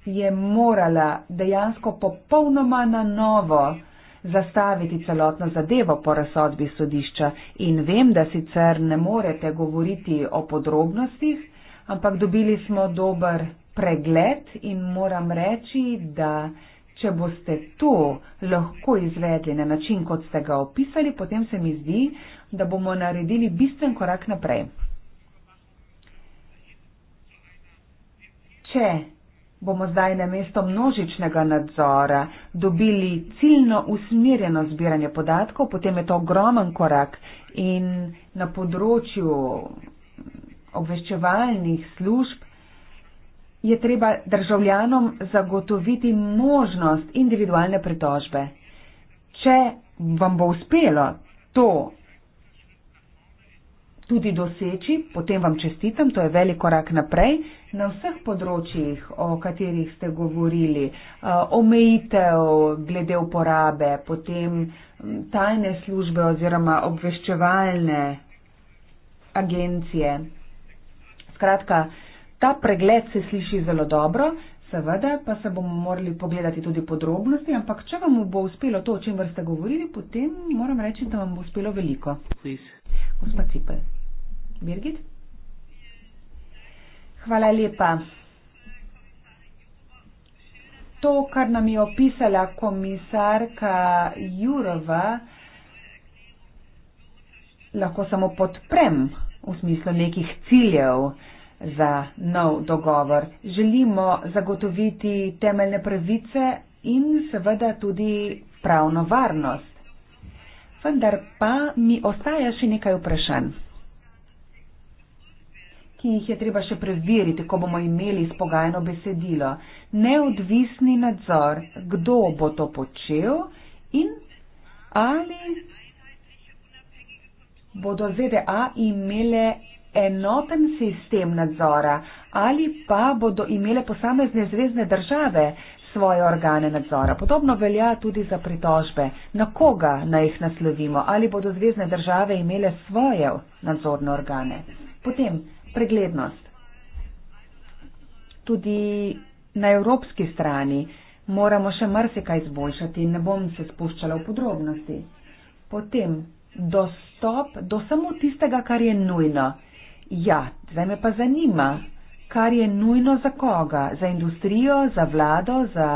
je morala dejansko popolnoma na novo zastaviti celotno zadevo po razsodbi sodišča. In vem, da sicer ne morete govoriti o podrobnostih, ampak dobili smo dober pregled in moram reči, da če boste to lahko izvedli na način, kot ste ga opisali, potem se mi zdi, da bomo naredili bistven korak naprej. Če bomo zdaj na mesto množičnega nadzora dobili ciljno usmerjeno zbiranje podatkov, potem je to ogromen korak in na področju obveščevalnih služb, je treba državljanom zagotoviti možnost individualne pritožbe. Če vam bo uspelo to tudi doseči, potem vam čestitam, to je velik korak naprej. Na vseh področjih, o katerih ste govorili, eh, omejitev glede uporabe, potem tajne službe oziroma obveščevalne agencije, Skratka, ta pregled se sliši zelo dobro, seveda pa se bomo morali pogledati tudi podrobnosti, ampak če vam bo uspelo to, o čem ste govorili, potem moram reči, da vam bo uspelo veliko. Gospod Cipel. Birgit? Hvala lepa. To, kar nam je opisala komisarka Jurova, lahko samo podprem v smislu nekih ciljev za nov dogovor. Želimo zagotoviti temeljne pravice in seveda tudi pravno varnost. Vendar pa mi ostaja še nekaj vprašanj, ki jih je treba še preveriti, ko bomo imeli spogajno besedilo. Neodvisni nadzor, kdo bo to počel in ali bodo ZDA imele enoten sistem nadzora ali pa bodo imele posamezne zvezdne države svoje organe nadzora. Podobno velja tudi za pritožbe. Na koga naj jih naslovimo? Ali bodo zvezdne države imele svoje nadzorne organe? Potem preglednost. Tudi na evropski strani moramo še marsikaj izboljšati in ne bom se spuščala v podrobnosti. Potem dostop do samo tistega, kar je nujno. Ja, zdaj me pa zanima, kar je nujno za koga? Za industrijo, za vlado, za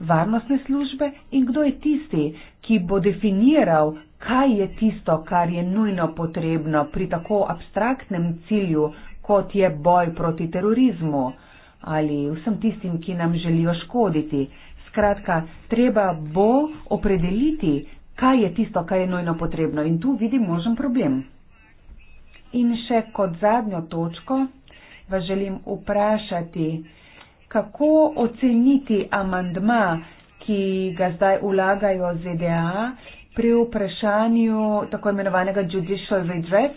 varnostne službe in kdo je tisti, ki bo definiral, kaj je tisto, kar je nujno potrebno pri tako abstraktnem cilju, kot je boj proti terorizmu ali vsem tistim, ki nam želijo škoditi. Skratka, treba bo opredeliti, kaj je tisto, kaj je nujno potrebno. In tu vidim možen problem. In še kot zadnjo točko vas želim vprašati, kako oceniti amandma, ki ga zdaj ulagajo ZDA pri vprašanju tako imenovanega judicial redress.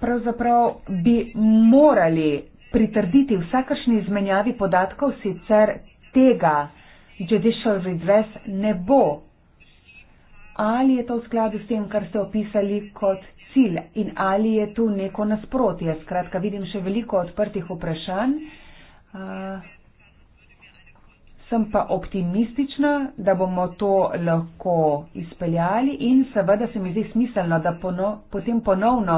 Pravzaprav bi morali pritrditi vsakršni izmenjavi podatkov, sicer tega judicial redress ne bo. Ali je to v skladu s tem, kar ste opisali kot cilj in ali je tu neko nasprotje? Skratka, vidim še veliko odprtih vprašanj. Uh, sem pa optimistična, da bomo to lahko izpeljali in seveda se mi zdi smiselno, da pono, potem ponovno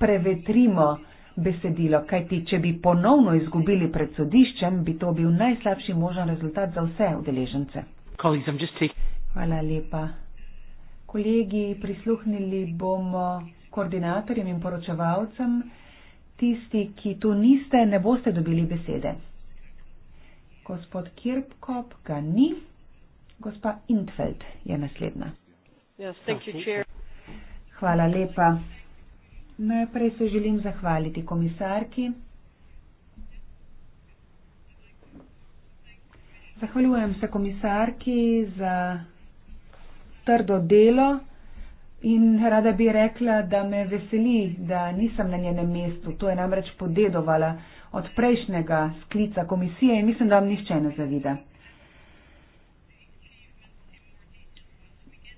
prevetrimo besedilo, kajti če bi ponovno izgubili pred sodiščem, bi to bil najslabši možen rezultat za vse udeležence. Hvala lepa. Kolegi, prisluhnili bomo koordinatorjem in poročevalcem. Tisti, ki tu niste, ne boste dobili besede. Gospod Kirkop ga ni. Gospa Intfeld je naslednja. Yes, Hvala lepa. Najprej se želim zahvaliti komisarki. Zahvaljujem se komisarki za trdo delo in rada bi rekla, da me veseli, da nisem na njenem mestu. To je namreč podedovala od prejšnjega sklica komisije in mislim, da vam nihče ne zavida.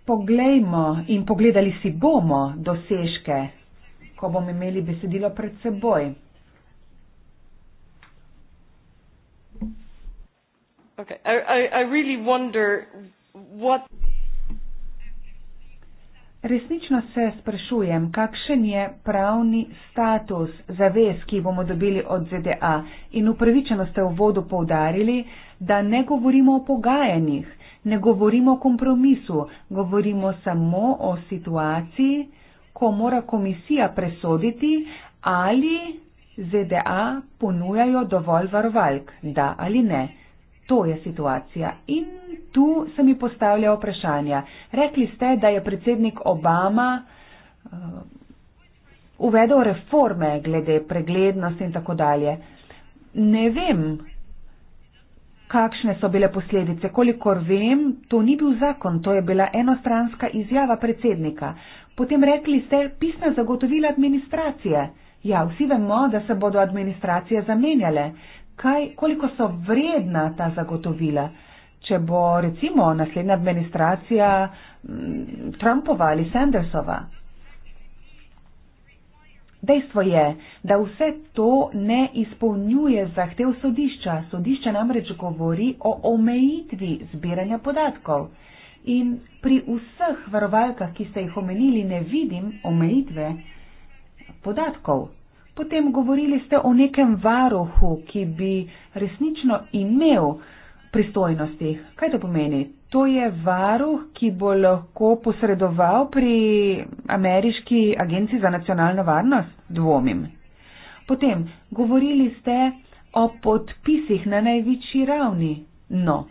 Poglejmo in pogledali si bomo dosežke ko bomo imeli besedilo pred seboj. Okay. I, I, I really what... Resnično se sprašujem, kakšen je pravni status zavez, ki bomo dobili od ZDA. In upravičeno ste v vodu poudarili, da ne govorimo o pogajanjih, ne govorimo o kompromisu, govorimo samo o situaciji, ko mora komisija presoditi, ali ZDA ponujajo dovolj varovalk, da ali ne. To je situacija. In tu se mi postavlja vprašanja. Rekli ste, da je predsednik Obama eh, uvedel reforme glede preglednosti in tako dalje. Ne vem, kakšne so bile posledice. Kolikor vem, to ni bil zakon, to je bila enostranska izjava predsednika. Potem rekli ste pisna zagotovila administracije. Ja, vsi vemo, da se bodo administracije zamenjale. Kaj, koliko so vredna ta zagotovila? Če bo recimo naslednja administracija mm, Trumpova ali Sandersova. Dejstvo je, da vse to ne izpolnjuje zahtev sodišča. Sodišče namreč govori o omejitvi zbiranja podatkov. In pri vseh varovalkah, ki ste jih omenili, ne vidim omejitve podatkov. Potem govorili ste o nekem varuhu, ki bi resnično imel pristojnosti. Kaj to pomeni? To je varuh, ki bo lahko posredoval pri ameriški agenciji za nacionalno varnost? Dvomim. Potem govorili ste o podpisih na največji ravni. No,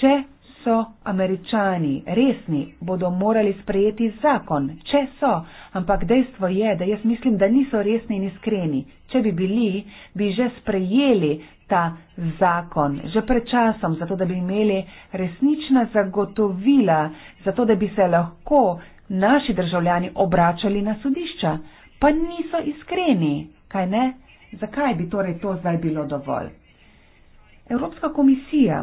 če so američani resni, bodo morali sprejeti zakon, če so, ampak dejstvo je, da jaz mislim, da niso resni in iskreni. Če bi bili, bi že sprejeli ta zakon, že pred časom, zato da bi imeli resnična zagotovila, zato da bi se lahko naši državljani obračali na sodišča. Pa niso iskreni, kaj ne? Zakaj bi torej to zdaj bilo dovolj? Evropska komisija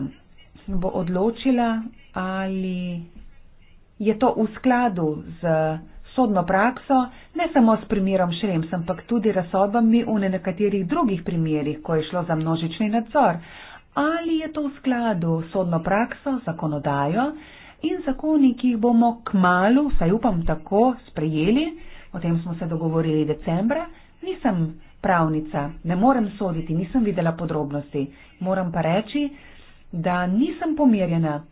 bo odločila, ali je to v skladu z sodno prakso, ne samo s primerom Šrems, ampak tudi razsodbami v nekaterih drugih primerjih, ko je šlo za množični nadzor, ali je to v skladu s sodno prakso, zakonodajo in zakoni, ki jih bomo k malu, saj upam tako, sprejeli, o tem smo se dogovorili decembra, nisem pravnica, ne morem soditi, nisem videla podrobnosti, moram pa reči, da nisem pomirjena.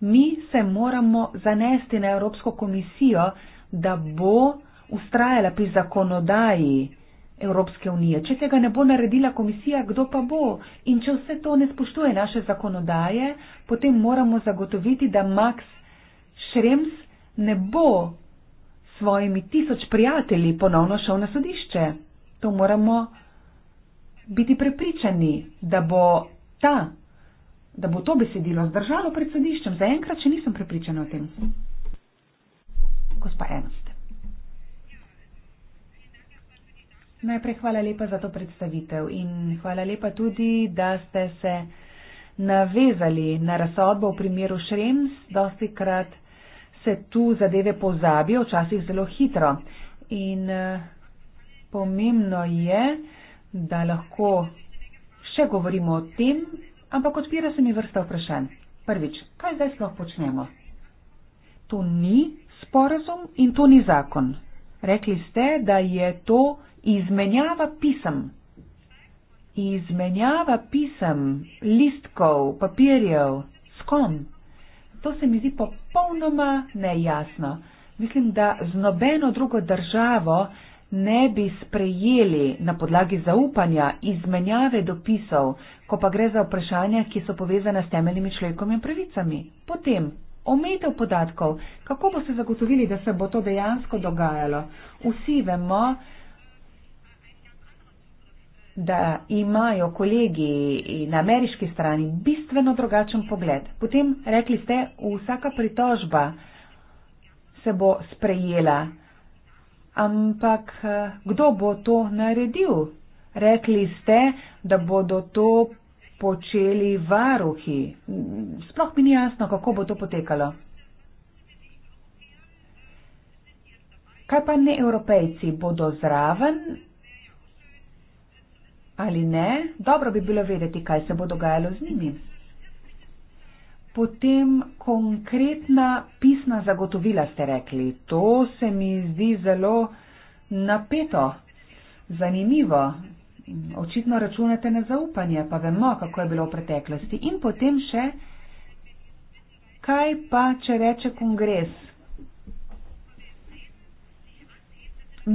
Mi se moramo zanesti na Evropsko komisijo, da bo ustrajala pri zakonodaji Evropske unije. Če tega ne bo naredila komisija, kdo pa bo? In če vse to ne spoštuje naše zakonodaje, potem moramo zagotoviti, da Max Šrems ne bo svojimi tisoč prijatelji ponovno šel na sodišče. To moramo biti prepričani, da bo ta da bo to besedilo zdržalo pred sodiščem, zaenkrat, če nisem prepričana o tem. Gospa Enoste. Najprej hvala lepa za to predstavitev in hvala lepa tudi, da ste se navezali na razsodbo v primeru Šrems. Dosti krat se tu zadeve pozabijo, včasih zelo hitro. In pomembno je, da lahko še govorimo o tem, Ampak odpira se mi vrsta vprašanj. Prvič, kaj zdaj sploh počnemo? To ni sporazum in to ni zakon. Rekli ste, da je to izmenjava pisem. Izmenjava pisem, listkov, papirjev, s kom? To se mi zdi popolnoma nejasno. Mislim, da z nobeno drugo državo ne bi sprejeli na podlagi zaupanja izmenjave dopisov, ko pa gre za vprašanja, ki so povezane s temeljnimi človekovimi pravicami. Potem ometev podatkov, kako boste zagotovili, da se bo to dejansko dogajalo. Vsi vemo, da imajo kolegi na ameriški strani bistveno drugačen pogled. Potem rekli ste, vsaka pritožba se bo sprejela. Ampak eh, kdo bo to naredil? Rekli ste, da bodo to počeli varuhi. Sploh mi ni jasno, kako bo to potekalo. Kaj pa ne evropejci bodo zraven ali ne? Dobro bi bilo vedeti, kaj se bo dogajalo z njimi. Potem konkretna pisna zagotovila ste rekli. To se mi zdi zelo napeto, zanimivo. Očitno računate na zaupanje, pa vemo, kako je bilo v preteklosti. In potem še, kaj pa, če reče kongres?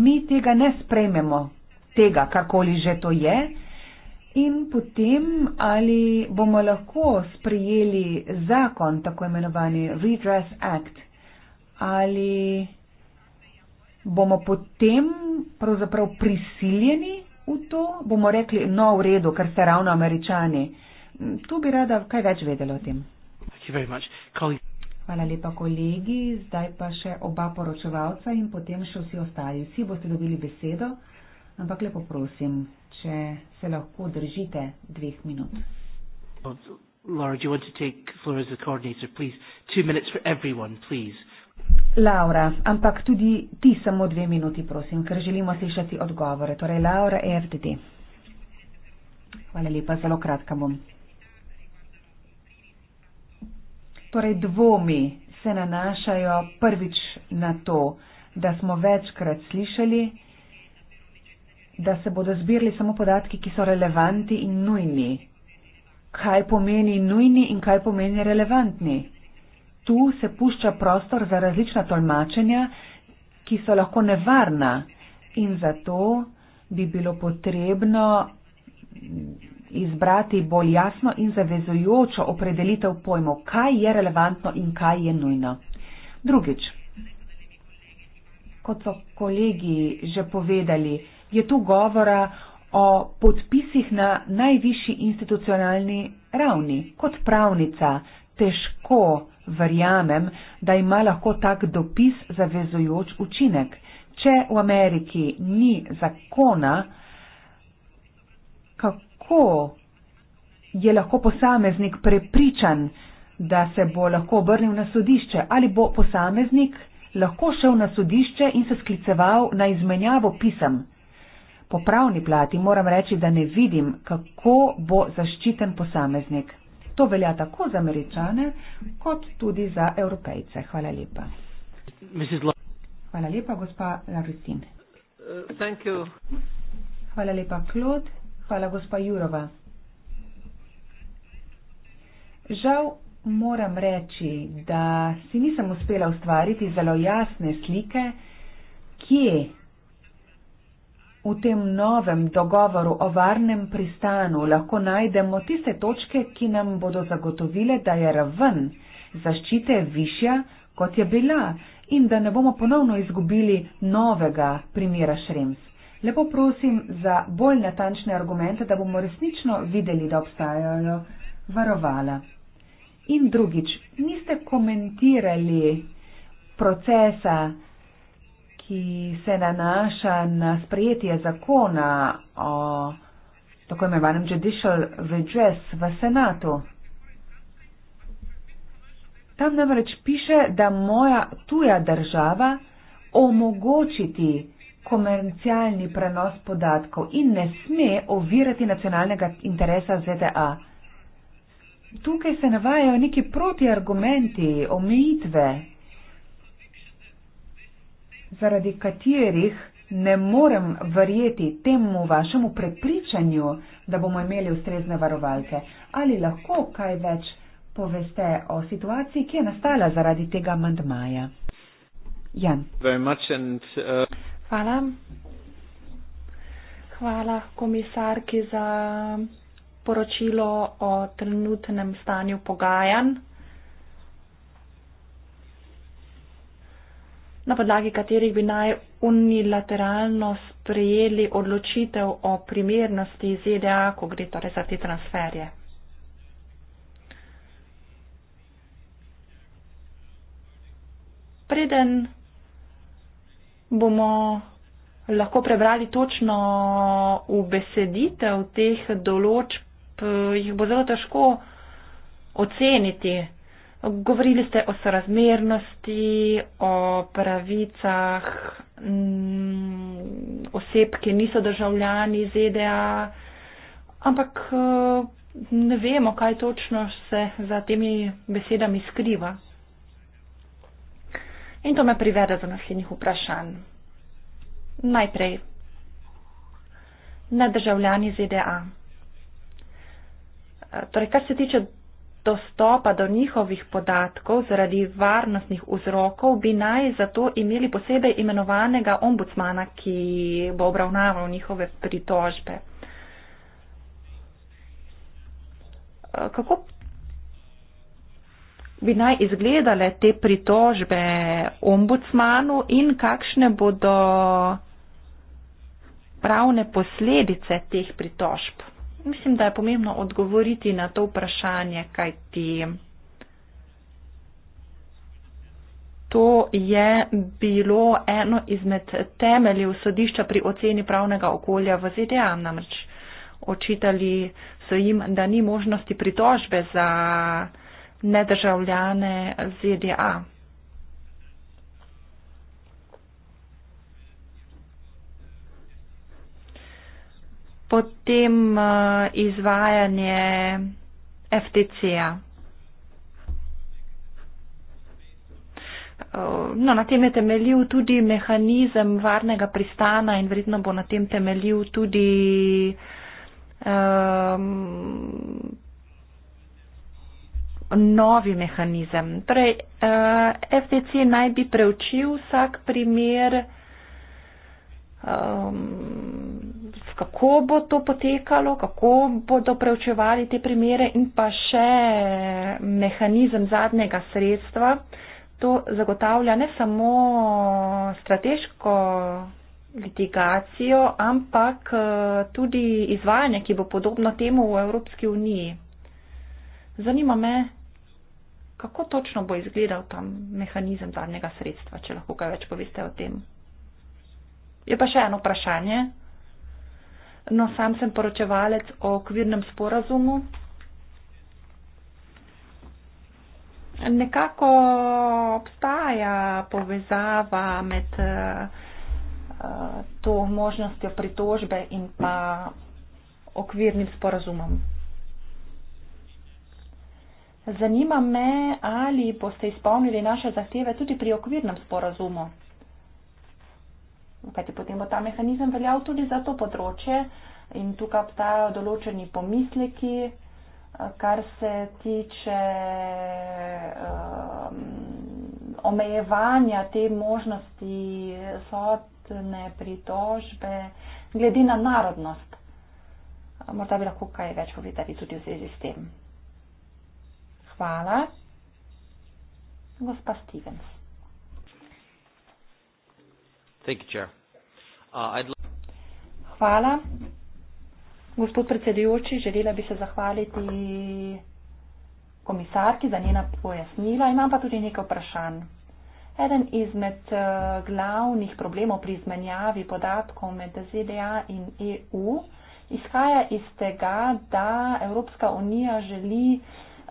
Mi tega ne sprejmemo, tega, kakoli že to je in potem ali bomo lahko sprijeli zakon, tako imenovani Redress Act, ali bomo potem pravzaprav prisiljeni v to, bomo rekli, no, v redu, ker ste ravno američani. Tu bi rada kaj več vedela o tem. Hvala lepa kolegi, zdaj pa še oba poročevalca in potem še vsi ostali. Vsi boste dobili besedo ampak lepo prosim, če se lahko držite dveh minut. Laura, ampak tudi ti samo dve minuti, prosim, ker želimo slišati odgovore. Torej, Laura, EFTT. Hvala lepa, zelo kratka bom. Torej, dvomi se nanašajo prvič na to, da smo večkrat slišali, da se bodo zbirali samo podatki, ki so relevantni in nujni. Kaj pomeni nujni in kaj pomeni relevantni? Tu se pušča prostor za različna tolmačenja, ki so lahko nevarna in zato bi bilo potrebno izbrati bolj jasno in zavezujočo opredelitev pojmov, kaj je relevantno in kaj je nujno. Drugič, kot so kolegi že povedali, je tu govora o podpisih na najvišji institucionalni ravni. Kot pravnica težko verjamem, da ima lahko tak dopis zavezujoč učinek. Če v Ameriki ni zakona, kako je lahko posameznik prepričan, da se bo lahko obrnil na sodišče ali bo posameznik lahko šel na sodišče in se skliceval na izmenjavo pisem po pravni plati moram reči, da ne vidim, kako bo zaščiten posameznik. To velja tako za američane, kot tudi za evropejce. Hvala lepa. Hvala lepa, gospa Larusin. Uh, Hvala lepa, Klod. Hvala, gospa Jurova. Žal moram reči, da si nisem uspela ustvariti zelo jasne slike, kje V tem novem dogovoru o varnem pristanu lahko najdemo tiste točke, ki nam bodo zagotovile, da je raven zaščite višja, kot je bila in da ne bomo ponovno izgubili novega primera Šrems. Lepo prosim za bolj natančne argumente, da bomo resnično videli, da obstajajo varovala. In drugič, niste komentirali procesa, ki se nanaša na sprejetje zakona o tako imenovanem judicial redress v senatu. Tam namreč piše, da moja tuja država omogočiti komercialni prenos podatkov in ne sme ovirati nacionalnega interesa ZDA. Tukaj se navajajo neki protiargumenti, omejitve, zaradi katerih ne morem verjeti temu vašemu prepričanju, da bomo imeli ustrezne varovalke. Ali lahko kaj več poveste o situaciji, ki je nastala zaradi tega mandmaja? Jan. And, uh... Hvala. Hvala komisarki za poročilo o trenutnem stanju pogajanj. na podlagi katerih bi naj unilateralno sprejeli odločitev o primernosti ZDA, ko gre torej za te transferje. Preden bomo lahko prebrali točno v beseditev teh določb, jih bo zelo težko oceniti. Govorili ste o sorazmernosti, o pravicah mm, oseb, ki niso državljani ZDA, ampak eh, ne vemo, kaj točno se za temi besedami skriva. In to me privede do naslednjih vprašanj. Najprej, ne državljani ZDA. Eh, torej, kar se tiče dostopa do njihovih podatkov zaradi varnostnih vzrokov, bi naj zato imeli posebej imenovanega ombudsmana, ki bo obravnaval njihove pritožbe. Eh, kako bi naj izgledale te pritožbe ombudsmanu in kakšne bodo pravne posledice teh pritožb? mislim, da je pomembno odgovoriti na to vprašanje, kaj ti. To je bilo eno izmed temeljev sodišča pri oceni pravnega okolja v ZDA, namreč očitali so jim, da ni možnosti pritožbe za nedržavljane ZDA. potem uh, izvajanje FTC-a. Eh, no, na tem je temeljil tudi mehanizem varnega pristana in verjetno bo na tem temeljil tudi um, novi mehanizem. Torej, uh, eh, FTC naj bi preučil vsak primer um, kako bo to potekalo, kako bodo preučevali te primere in pa še mehanizem zadnjega sredstva. To zagotavlja ne samo strateško litigacijo, ampak eh, tudi izvajanje, ki bo podobno temu v Evropski uniji. Zanima me, kako točno bo izgledal tam mehanizem zadnjega sredstva, če lahko kaj več poveste o tem. Je pa še eno vprašanje, No, sam sem poročevalec o okvirnem sporazumu. Nekako obstaja povezava med eh, to možnostjo pritožbe in pa okvirnim sporazumom. Zanima me, ali boste izpolnili naše zahteve tudi pri okvirnem sporazumu. Kajti potem bo ta mehanizem veljal tudi za to področje in tukaj obstajajo določeni pomisleki, eh, kar se tiče um, omejevanja te možnosti sodne pritožbe glede na narodnost. Eh, morda bi lahko kaj več povedali tudi v zvezi s tem. Hvala. Gospa Stevens. Thank you, Chair. Uh, I'd Hvala. Gospod predsedujoči, želela bi se zahvaliti komisarki za njena pojasnila. Imam pa tudi nekaj vprašanj. Eden izmed uh, glavnih problemov pri izmenjavi podatkov med ZDA in EU izhaja iz tega, da Evropska unija želi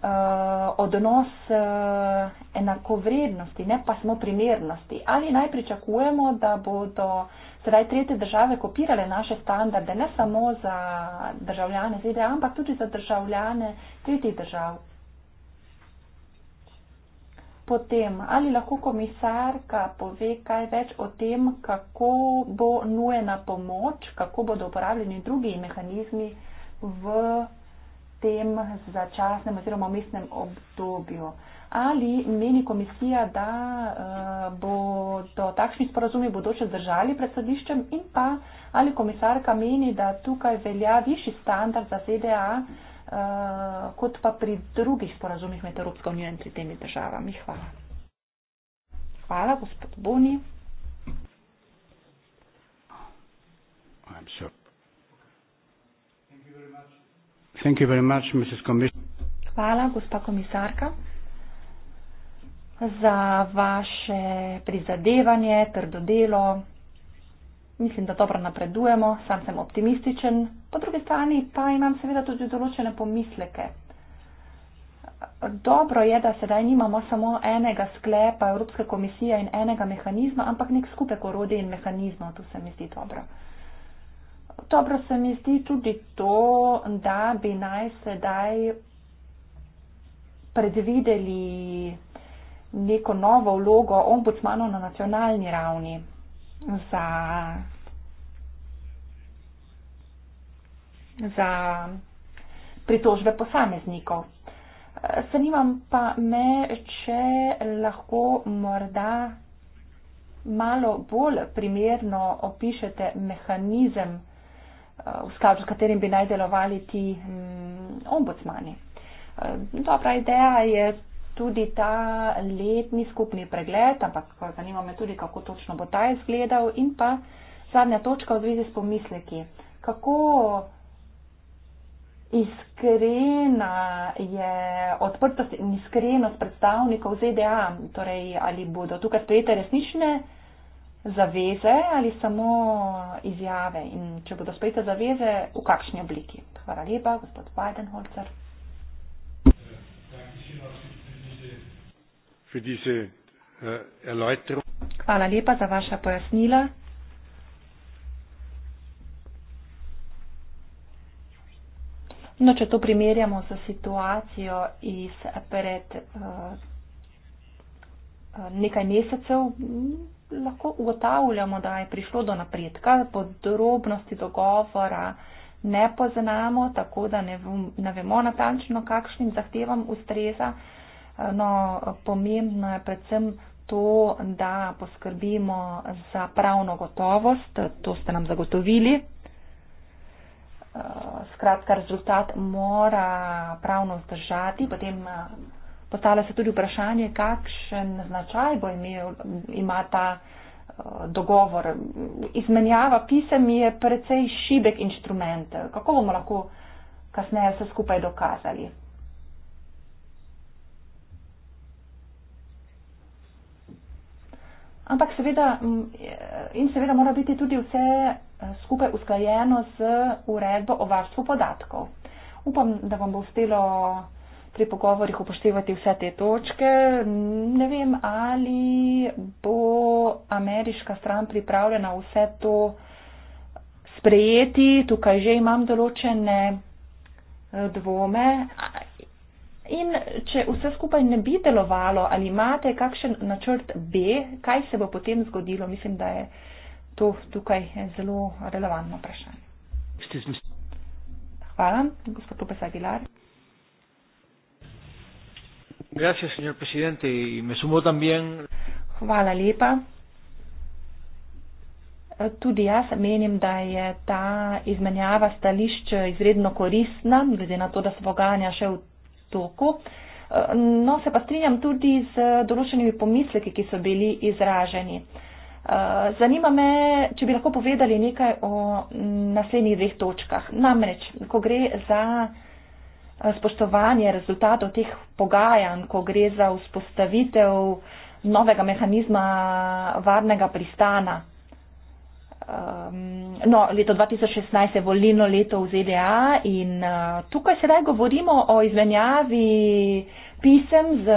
uh, odnos uh, enakovrednosti, ne pa samo primernosti. Ali naj pričakujemo, da bodo sedaj tretje države kopirale naše standarde, ne samo za državljane ZDA, ampak tudi za državljane tretjih držav? Potem, ali lahko komisarka pove kaj več o tem, kako bo nujena pomoč, kako bodo uporabljeni drugi mehanizmi v tem začasnem oziroma umestnem obdobju. Ali meni komisija, da eh, bodo takšni sporozumi bodoče zdržali pred sodiščem in pa ali komisarka meni, da tukaj velja višji standard za ZDA eh, kot pa pri drugih sporozumih med Evropsko unijo in pri temi državami. Hvala. Hvala, gospod Boni. I'm sure. Thank you very much, Mrs. Commissioner. Hvala, gospa komisarka, za vaše prizadevanje, trdo delo. Mislim, da dobro napredujemo, sam sem optimističen. Po drugi strani pa imam seveda tudi določene pomisleke. Dobro je, da sedaj nimamo samo enega sklepa Evropske komisije in enega mehanizma, ampak nek skupek orodij in mehanizmov, to se mi zdi dobro dobro se mi zdi tudi to, da bi naj sedaj predvideli neko novo vlogo ombudsmanov na nacionalni ravni za, za pritožbe posameznikov. Sanimam pa me, če lahko morda malo bolj primerno opišete mehanizem v skladu s katerim bi naj delovali ti mm, ombudsmani. Eh, dobra ideja je tudi ta letni skupni pregled, ampak eh, zanima me tudi, kako točno bo ta izgledal in pa zadnja točka v zvezi s pomisleki. Kako iskrena je odprtost in iskrenost predstavnikov ZDA, torej ali bodo tukaj sprejete resnične zaveze ali samo izjave in če bodo sprejete zaveze, v kakšni obliki. Hvala lepa, gospod Weidenholzer. Äh, Hvala lepa za vaša pojasnila. No, če to primerjamo z situacijo iz pred uh, nekaj mesecev, lahko ugotavljamo, da je prišlo do napredka, podrobnosti dogovora ne poznamo, tako da ne, ne vemo natančno, kakšnim zahtevam ustreza. No, pomembno je predvsem to, da poskrbimo za pravno gotovost, to ste nam zagotovili. Skratka, rezultat mora pravno zdržati, potem Postavlja se tudi vprašanje, kakšen značaj bo imel, ima ta eh, dogovor. Izmenjava pisem je precej šibek inštrument. Kako bomo lahko kasneje vse skupaj dokazali? Ampak seveda, in seveda mora biti tudi vse eh, skupaj usklajeno z uredbo o varstvu podatkov. Upam, da vam bo uspelo pri pogovorjih upoštevati vse te točke. Ne vem, ali bo ameriška stran pripravljena vse to sprejeti. Tukaj že imam določene eh, dvome. In če vse skupaj ne bi delovalo, ali imate kakšen načrt B, kaj se bo potem zgodilo? Mislim, da je to tukaj zelo relevantno vprašanje. Hvala, gospod Popesagilar. Gracias, señor presidente, y me sumo también. Hvala lepa. Tudi jaz menim, da je ta izmenjava stališč izredno koristna, glede na to, da se pogajanja še v toku. No, se pa strinjam tudi z določenimi pomisleki, ki so bili izraženi. Zanima me, če bi lahko povedali nekaj o naslednjih dveh točkah. Namreč, ko gre za spoštovanje rezultatov teh pogajanj, ko gre za vzpostavitev novega mehanizma varnega pristana. Um, no, leto 2016 je volilno leto v ZDA in uh, tukaj sedaj govorimo o izmenjavi pisem z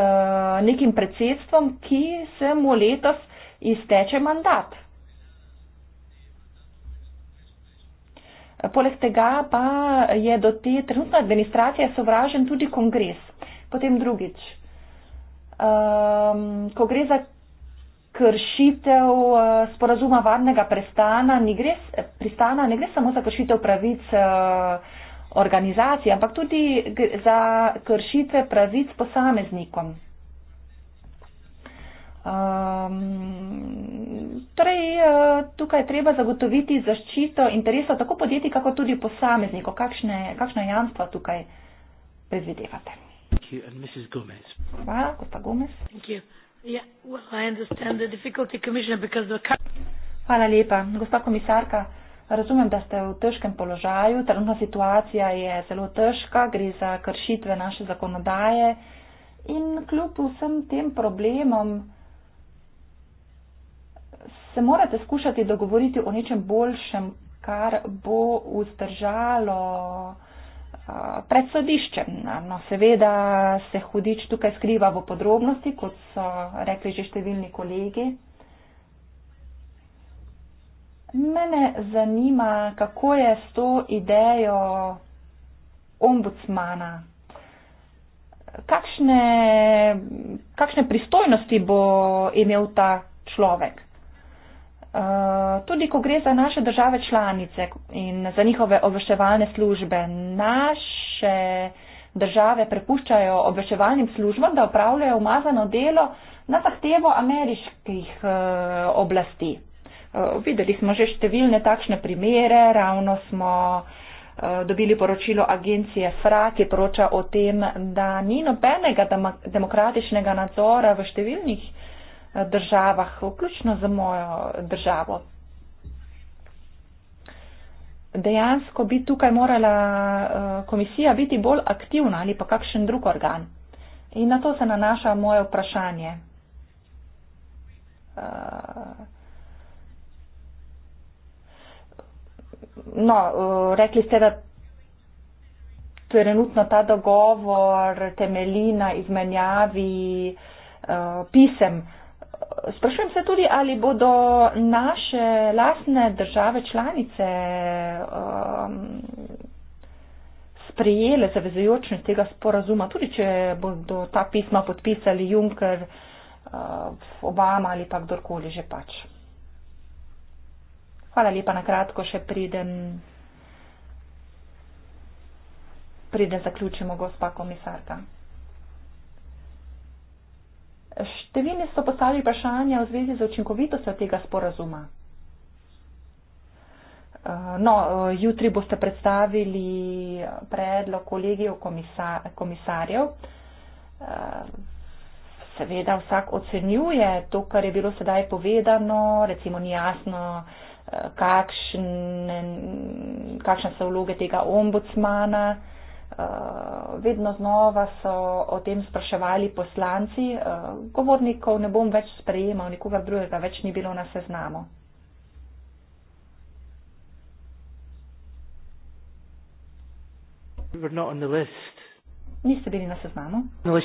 nekim predsedstvom, ki se mu letos izteče mandat. Poleg tega pa je do te trenutne administracije sovražen tudi kongres. Potem drugič, um, ko gre za kršitev eh, sporazuma varnega prestana, ni gre, pristana, ne gre samo za kršitev pravic uh, eh, organizacije, ampak tudi za kršitve pravic posameznikom. Um, torej, eh, tukaj je treba zagotoviti zaščito interesov tako podjetij, kako tudi posameznikov. Kakšne, kakšne jamstva tukaj predvidevate? Hvala, gospa Gomez. Yeah, well, Hvala lepa. Gospa komisarka, razumem, da ste v težkem položaju. Trenutna situacija je zelo težka, gre za kršitve naše zakonodaje in kljub vsem tem problemom, se morate skušati dogovoriti o nečem boljšem, kar bo vzdržalo pred sodiščem. No, seveda se hudič tukaj skriva v podrobnosti, kot so rekli že številni kolegi. Mene zanima, kako je s to idejo ombudsmana. Kakšne, kakšne pristojnosti bo imel ta človek? Eh, tudi ko gre za naše države članice in za njihove obveščevalne službe. Naše države prepuščajo obveščevalnim službam, da upravljajo umazano delo na zahtevo ameriških uh, oblasti. Uh, videli smo že številne takšne primere, ravno smo dobili poročilo agencije FRA, ki poroča o tem, da ni nobenega demokratičnega nadzora v številnih državah, vključno za mojo državo. Dejansko bi tukaj morala eh, komisija biti bolj aktivna ali pa kakšen drug organ. In na to se nanaša moje vprašanje. Eh, no, eh, rekli ste, da trenutno ta dogovor temeljina izmenjavi pisem sprašujem se tudi, ali bodo naše lastne države članice um, sprejele zavezujočnost tega sporazuma, tudi če bodo ta pisma podpisali Juncker, uh, Obama ali pa kdorkoli že pač. Hvala lepa, na kratko še pridem, pridem zaključimo, gospa komisarka. Številni so postavili vprašanja v zvezi z učinkovitostjo tega sporazuma. Eh, no, eh, jutri boste predstavili predlog kolegijev komisar, komisarjev. Eh, seveda vsak ocenjuje to, kar je bilo sedaj povedano, recimo ni jasno, kakšne, kakšne so vloge tega ombudsmana. Eh, vedno znova so o tem spraševali poslanci, eh, govornikov ne bom več sprejemal, nikogar drugega več ni bilo na seznamu. Niste bili na seznamu. No,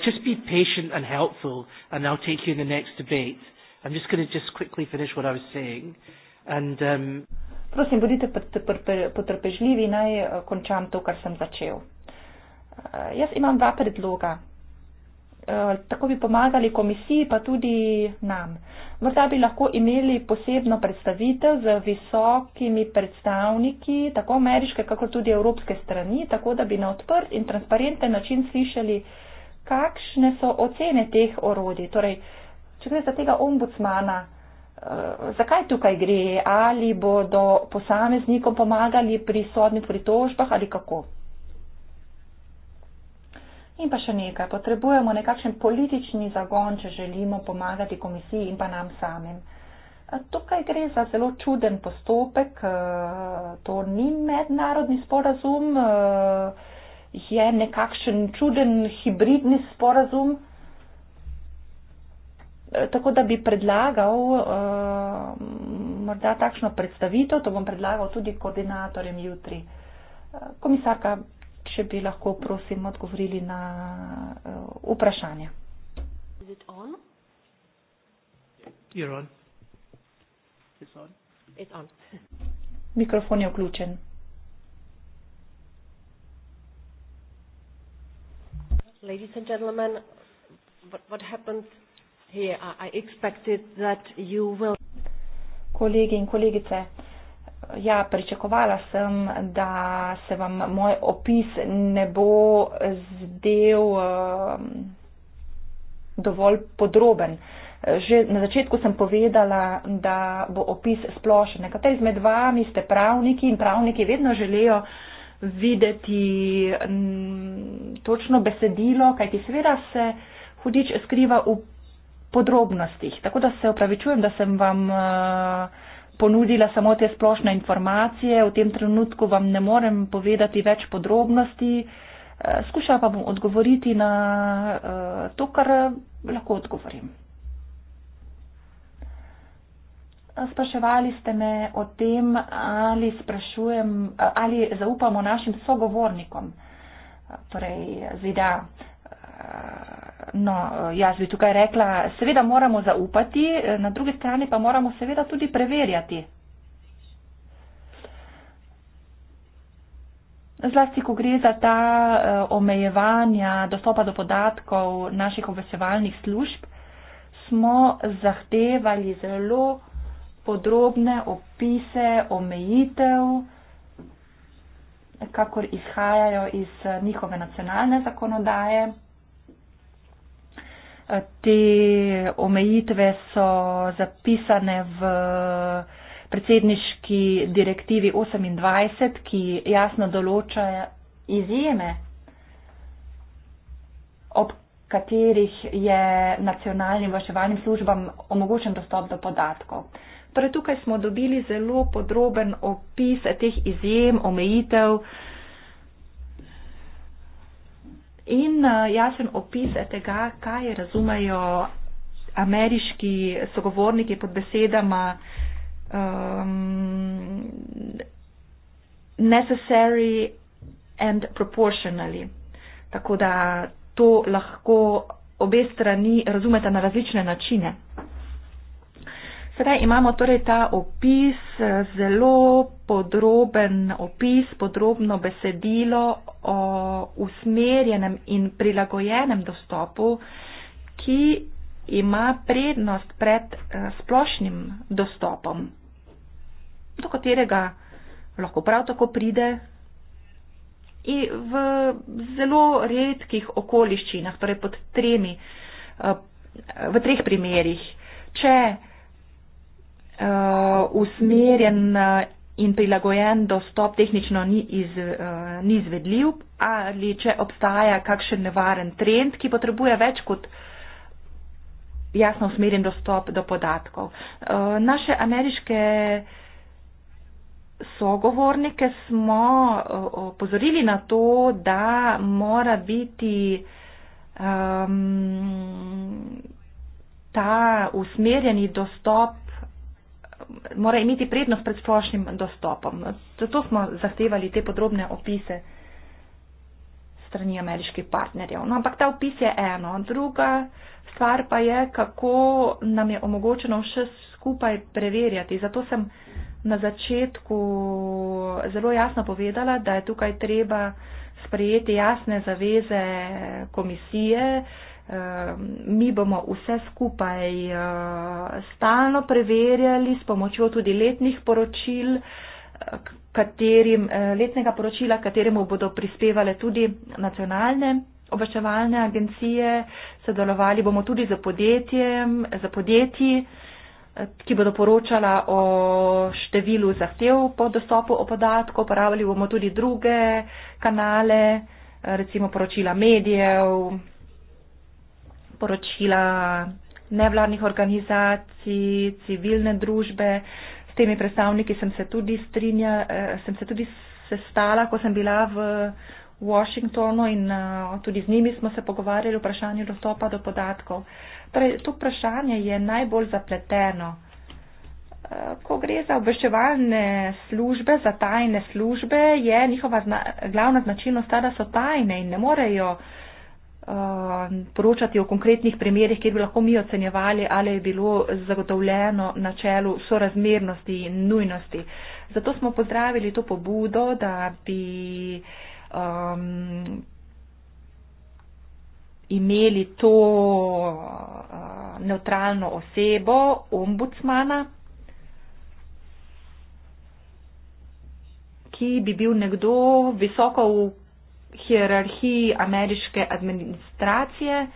I'm just going to just quickly finish what I was saying. And, um, Prosim, bodite potrpežljivi, naj eh, končam to, kar sem začel. Eh, jaz imam dva predloga. Eh, tako bi pomagali komisiji, pa tudi nam. Morda bi lahko imeli posebno predstavitev z visokimi predstavniki, tako ameriške, kako tudi evropske strani, tako da bi na odprt in transparenten način slišali, kakšne so ocene teh orodij. Torej, če gre za tega ombudsmana, eh, zakaj tukaj gre, ali bodo posameznikom pomagali pri sodnih pritožbah ali kako. In pa še nekaj, potrebujemo nekakšen politični zagon, če želimo pomagati komisiji in pa nam samim. Tukaj gre za zelo čuden postopek, e, to ni mednarodni sporazum, e, je nekakšen čuden hibridni sporazum. E, tako da bi predlagal morda takšno predstavitev, to bom predlagal tudi koordinatorjem jutri. Komisarka, če bi lahko prosim odgovorili na uh, eh, vprašanje. Mikrofon je vključen. Ladies and gentlemen, what, what happens here? I, I expected that you will. Kolegi in kolegice. Ja, pričakovala sem, da se vam moj opis ne bo zdel um, dovolj podroben. Že na začetku sem povedala, da bo opis splošen. Nekateri izmed vami ste pravniki in pravniki vedno želijo videti um, točno besedilo, kajti seveda se hudič skriva v podrobnostih. Tako da se opravičujem, da sem vam. Uh, ponudila samo te splošne informacije, v tem trenutku vam ne morem povedati več podrobnosti, eh, skušala pa bom odgovoriti na eh, to, kar eh, lahko odgovorim. Spraševali ste me o tem, ali, ali zaupamo našim sogovornikom, torej ZDA. No, jaz bi tukaj rekla, seveda moramo zaupati, na drugi strani pa moramo seveda tudi preverjati. Zlasti, ko gre za ta eh, omejevanja dostopa do podatkov naših obveševalnih služb, smo zahtevali zelo podrobne opise omejitev, kakor izhajajo iz eh, njihove nacionalne zakonodaje. Te omejitve so zapisane v predsedniški direktivi 28, ki jasno določa izjeme, ob katerih je nacionalnim vaševalnim službam omogočen dostop do podatkov. Torej, tukaj smo dobili zelo podroben opis teh izjem, omejitev, uh, in eh, jasen opis tega, kaj razumejo ameriški sogovorniki pod besedama um, necessary and proportionally. Tako da to lahko obe strani razumeta na različne načine. Sedaj imamo torej ta opis, zelo podroben opis, podrobno besedilo o usmerjenem in prilagojenem dostopu, ki ima prednost pred eh, splošnim dostopom, do katerega lahko prav tako pride in v zelo redkih okoliščinah, torej pod tremi, eh, v treh primerjih. Če uh, usmerjen eh, in prilagojen dostop tehnično ni, iz, uh, ni izvedljiv ali če obstaja kakšen nevaren trend, ki potrebuje več kot jasno usmerjen dostop do podatkov. Uh, naše ameriške sogovornike smo opozorili na to, da mora biti um, ta usmerjeni dostop mora imeti prednost pred splošnim dostopom. Zato smo zahtevali te podrobne opise strani ameriških partnerjev. No, ampak ta opis je eno. Druga stvar pa je, kako nam je omogočeno vse skupaj preverjati. Zato sem na začetku zelo jasno povedala, da je tukaj treba sprejeti jasne zaveze komisije, Ehm, mi bomo vse skupaj eh, stalno preverjali s pomočjo tudi letnih poročil, eh, katerim, eh, letnega poročila, kateremu bodo prispevale tudi nacionalne obveščevalne agencije, sodelovali bomo tudi z, podjetjem, z podjetji, ki bodo poročala o številu zahtev po dostopu o podatku, uporabljali bomo tudi druge kanale, recimo poročila medijev poročila nevladnih organizacij, civilne družbe. S temi predstavniki sem se tudi strinja, eh, sem se tudi sestala, ko sem bila v Washingtonu in eh, tudi z njimi smo se pogovarjali o vprašanju dostopa do podatkov. Torej, to vprašanje je najbolj zapleteno. Eh, ko gre za obveščevalne službe, za tajne službe, je njihova zna glavna značilnost ta, da so tajne in ne morejo uh, Eh, poročati o konkretnih primerjih, kjer bi lahko mi ocenjevali, ali je bilo zagotovljeno načelu sorazmernosti in nujnosti. Zato smo pozdravili to pobudo, da bi um, imeli to uh, eh, neutralno osebo, ombudsmana, ki bi bil nekdo visoko v hierarhiji ameriške administracije.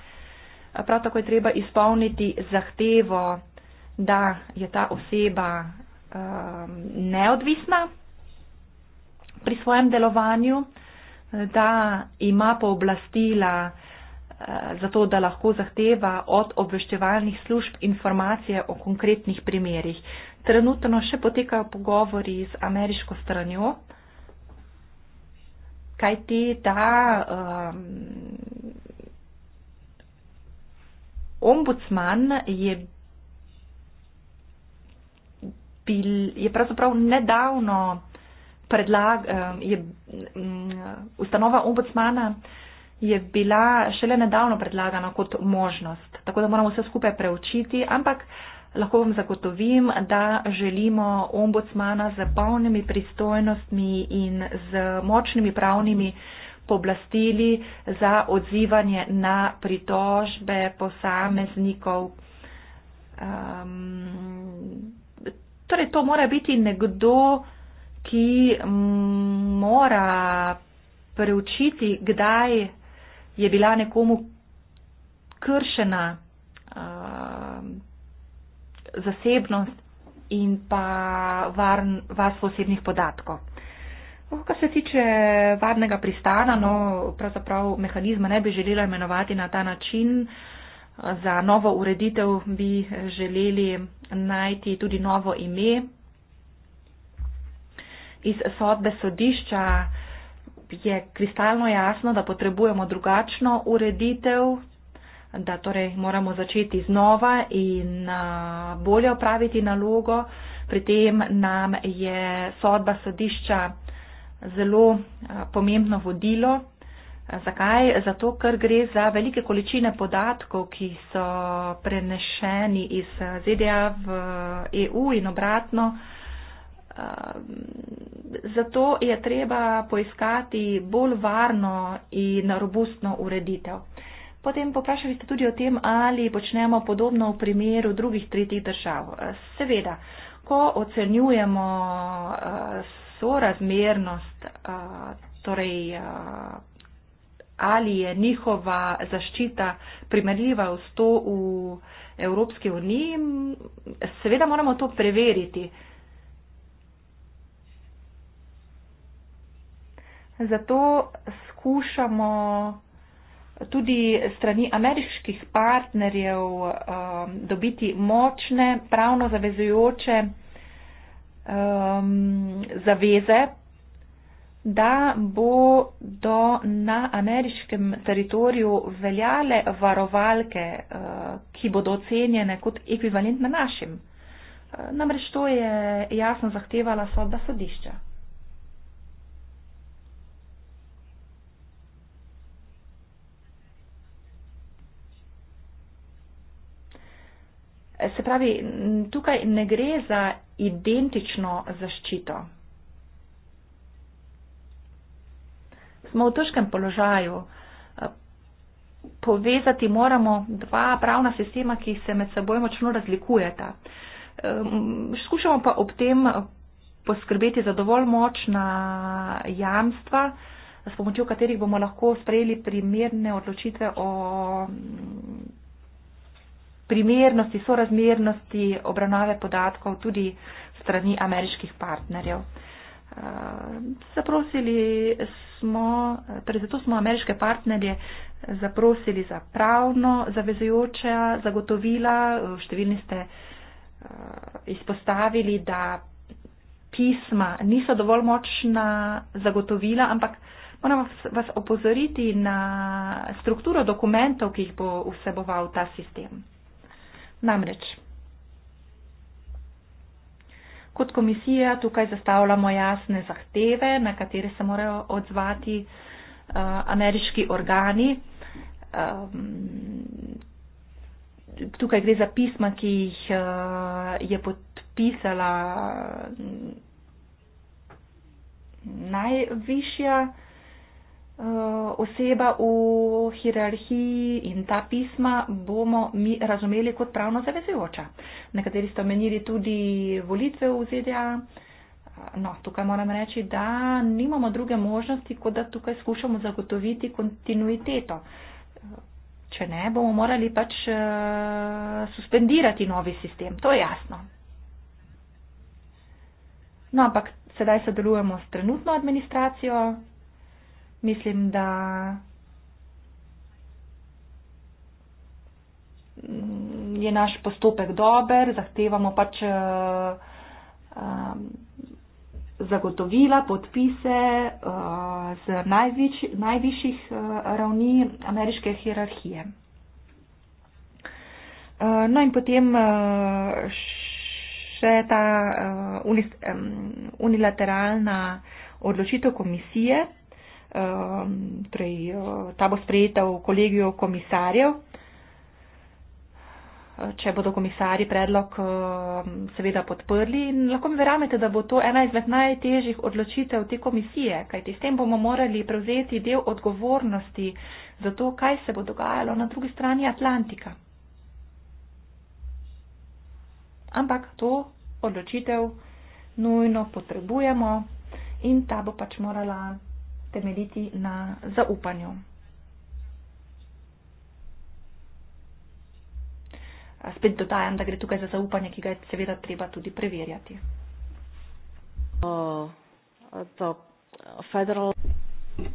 Prav tako je treba izpolniti zahtevo, da je ta oseba um, neodvisna pri svojem delovanju, da ima pooblastila uh, za to, da lahko zahteva od obveščevalnih služb informacije o konkretnih primerjih. Trenutno še potekajo pogovori z ameriško stranjo. Uh, kaj ti ta um, ombudsman je. Bil, je pravzaprav nedavno predlag, um, je, mm, ustanova ombudsmana je bila šele nedavno predlagana kot možnost. Tako da moramo vse skupaj preučiti, ampak uh, Lahko vam zagotovim, da želimo ombudsmana z polnimi pristojnostmi in z močnimi pravnimi pooblastili za odzivanje na pritožbe posameznikov. Um, torej, to mora biti nekdo, ki mm, mora preučiti, kdaj je bila nekomu kršena. Uh, zasebnost in pa varn, varstvo osebnih podatkov. No, kar se tiče varnega pristana, no, pravzaprav mehanizma ne bi želela imenovati na ta način. Za novo ureditev bi želeli najti tudi novo ime. Iz sodbe sodišča je kristalno jasno, da potrebujemo drugačno ureditev, da torej moramo začeti znova in bolje opraviti nalogo. Pri tem nam je sodba sodišča zelo pomembno vodilo. Zakaj? Zato, ker gre za velike količine podatkov, ki so prenešeni iz ZDA v EU in obratno. Zato je treba poiskati bolj varno in robustno ureditev. Potem poprašali ste tudi o tem, ali počnemo podobno v primeru drugih tretjih držav. Eh, seveda, ko ocenjujemo eh, sorazmernost, eh, torej ali je njihova zaščita primerljiva s to v Evropski uniji, seveda moramo to preveriti. Zato skušamo tudi strani ameriških partnerjev um, dobiti močne, pravno zavezujoče um, zaveze, da bo do na ameriškem teritoriju veljale varovalke, uh, ki bodo ocenjene kot ekvivalentne našim. Uh, namreč to je jasno zahtevala sodba sodišča. se pravi, tukaj ne gre za identično zaščito. Smo v težkem položaju. Povezati moramo dva pravna sistema, ki se med seboj močno razlikujeta. Skušamo pa ob tem poskrbeti za dovolj močna jamstva, s pomočjo katerih bomo lahko sprejeli primerne odločitve o primernosti, sorazmernosti obravnave podatkov tudi strani ameriških partnerjev. Eh, zaprosili smo, torej zato smo ameriške partnerje zaprosili za pravno zavezujoča zagotovila. Številni ste eh, izpostavili, da pisma niso dovolj močna zagotovila, ampak moram vas opozoriti na strukturo dokumentov, ki jih bo vseboval ta sistem. Namreč, kot komisija tukaj zastavljamo jasne zahteve, na katere se morajo odzvati uh, ameriški organi. Um, tukaj gre za pisma, ki jih uh, je podpisala mm, najvišja. Eh, oseba v hierarhiji in ta pisma bomo mi razumeli kot pravno zavezujoča. Nekateri ste omenili tudi volitve v ZDA. No, tukaj moram reči, da nimamo druge možnosti, kot da tukaj skušamo zagotoviti kontinuiteto. Če ne, bomo morali pač eh, suspendirati novi sistem, to je jasno. No, ampak sedaj sodelujemo s trenutno administracijo, mislim, da je naš postopek dober, zahtevamo pač eh, eh, zagotovila, podpise eh, z najvič, najvišjih ravni ameriške hierarhije. No in potem še ta unilateralna odločitev komisije, Ehm, torej, eh, ta bo sprejeta v kolegiju komisarjev. Eh, če bodo komisari predlog ehm, seveda podprli in lahko mi verjamete, da bo to ena izmed najtežjih odločitev te komisije, kajti s tem bomo morali prevzeti del odgovornosti za to, kaj se bo dogajalo na drugi strani Atlantika. Ampak to odločitev nujno potrebujemo in ta bo pač morala temeljiti na zaupanju. Spet dodajam, da gre tukaj za zaupanje, ki ga je seveda treba tudi preverjati.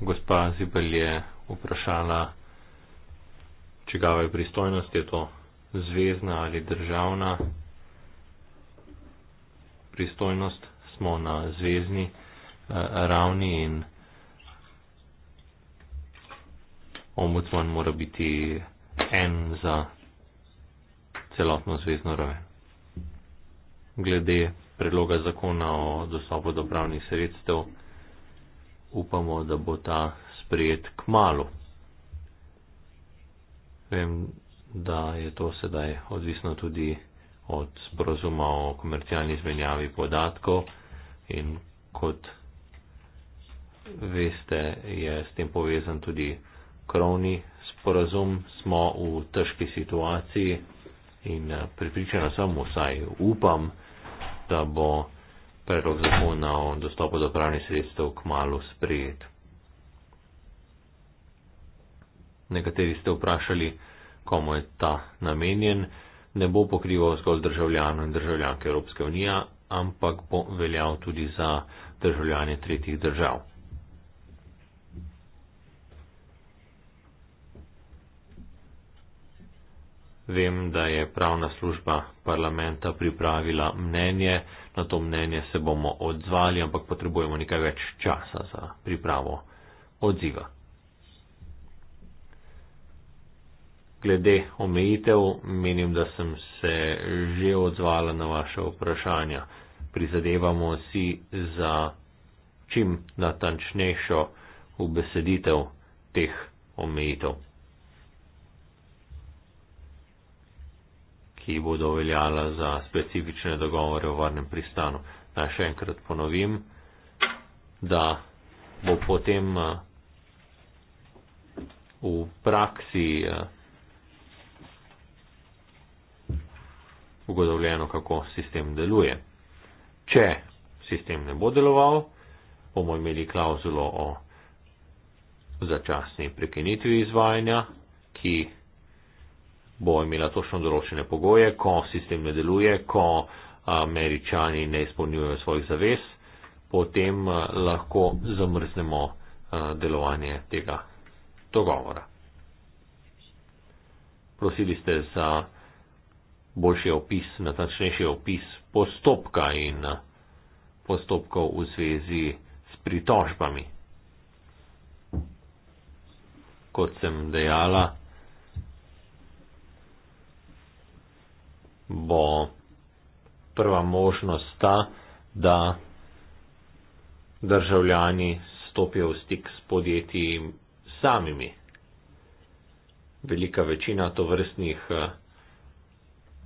Gospa Zibel je vprašala, čigava je pristojnost, je to zvezdna ali državna pristojnost, smo na zvezdni eh, ravni in. ombudsman mora biti en za celotno zvezdno raven. Glede predloga zakona o dostopu do pravnih sredstev, upamo, da bo ta sprejet k malu. Vem, da je to sedaj odvisno tudi od sporozuma o komercialni izmenjavi podatkov in kot veste, je s tem povezan tudi krovni sporazum, smo v težki situaciji in eh, pripričana sem, vsaj upam, da bo predlog zakona o dostopu do pravnih sredstev k malu sprejet. Nekateri ste vprašali, komu je ta namenjen. Ne bo pokrival zgolj državljanov in državljank Evropske unije, ampak bo veljal tudi za državljanje tretjih držav. Vem, da je pravna služba parlamenta pripravila mnenje, na to mnenje se bomo odzvali, ampak potrebujemo nekaj več časa za pripravo odziva. Glede omejitev, menim, da sem se že odzvala na vaše vprašanja. Prizadevamo si za čim natančnejšo ubeseditev teh omejitev. ki bodo veljala za specifične dogovore o varnem pristanu. Naj še enkrat ponovim, da bo potem eh, v praksi eh, ugotovljeno, kako sistem deluje. Če sistem ne bo deloval, bomo imeli klauzulo o začasni prekinitvi izvajanja, ki bo imela točno določene pogoje, ko sistem ne deluje, ko američani ne izpolnjujejo svojih zavez, potem lahko zamrznemo delovanje tega dogovora. Prosili ste za boljši opis, natančnejši opis postopka in postopkov v zvezi s pritožbami. Kot sem dejala, bo prva možnost ta, da državljani stopijo v stik s podjetji samimi. Velika večina tovrstnih eh,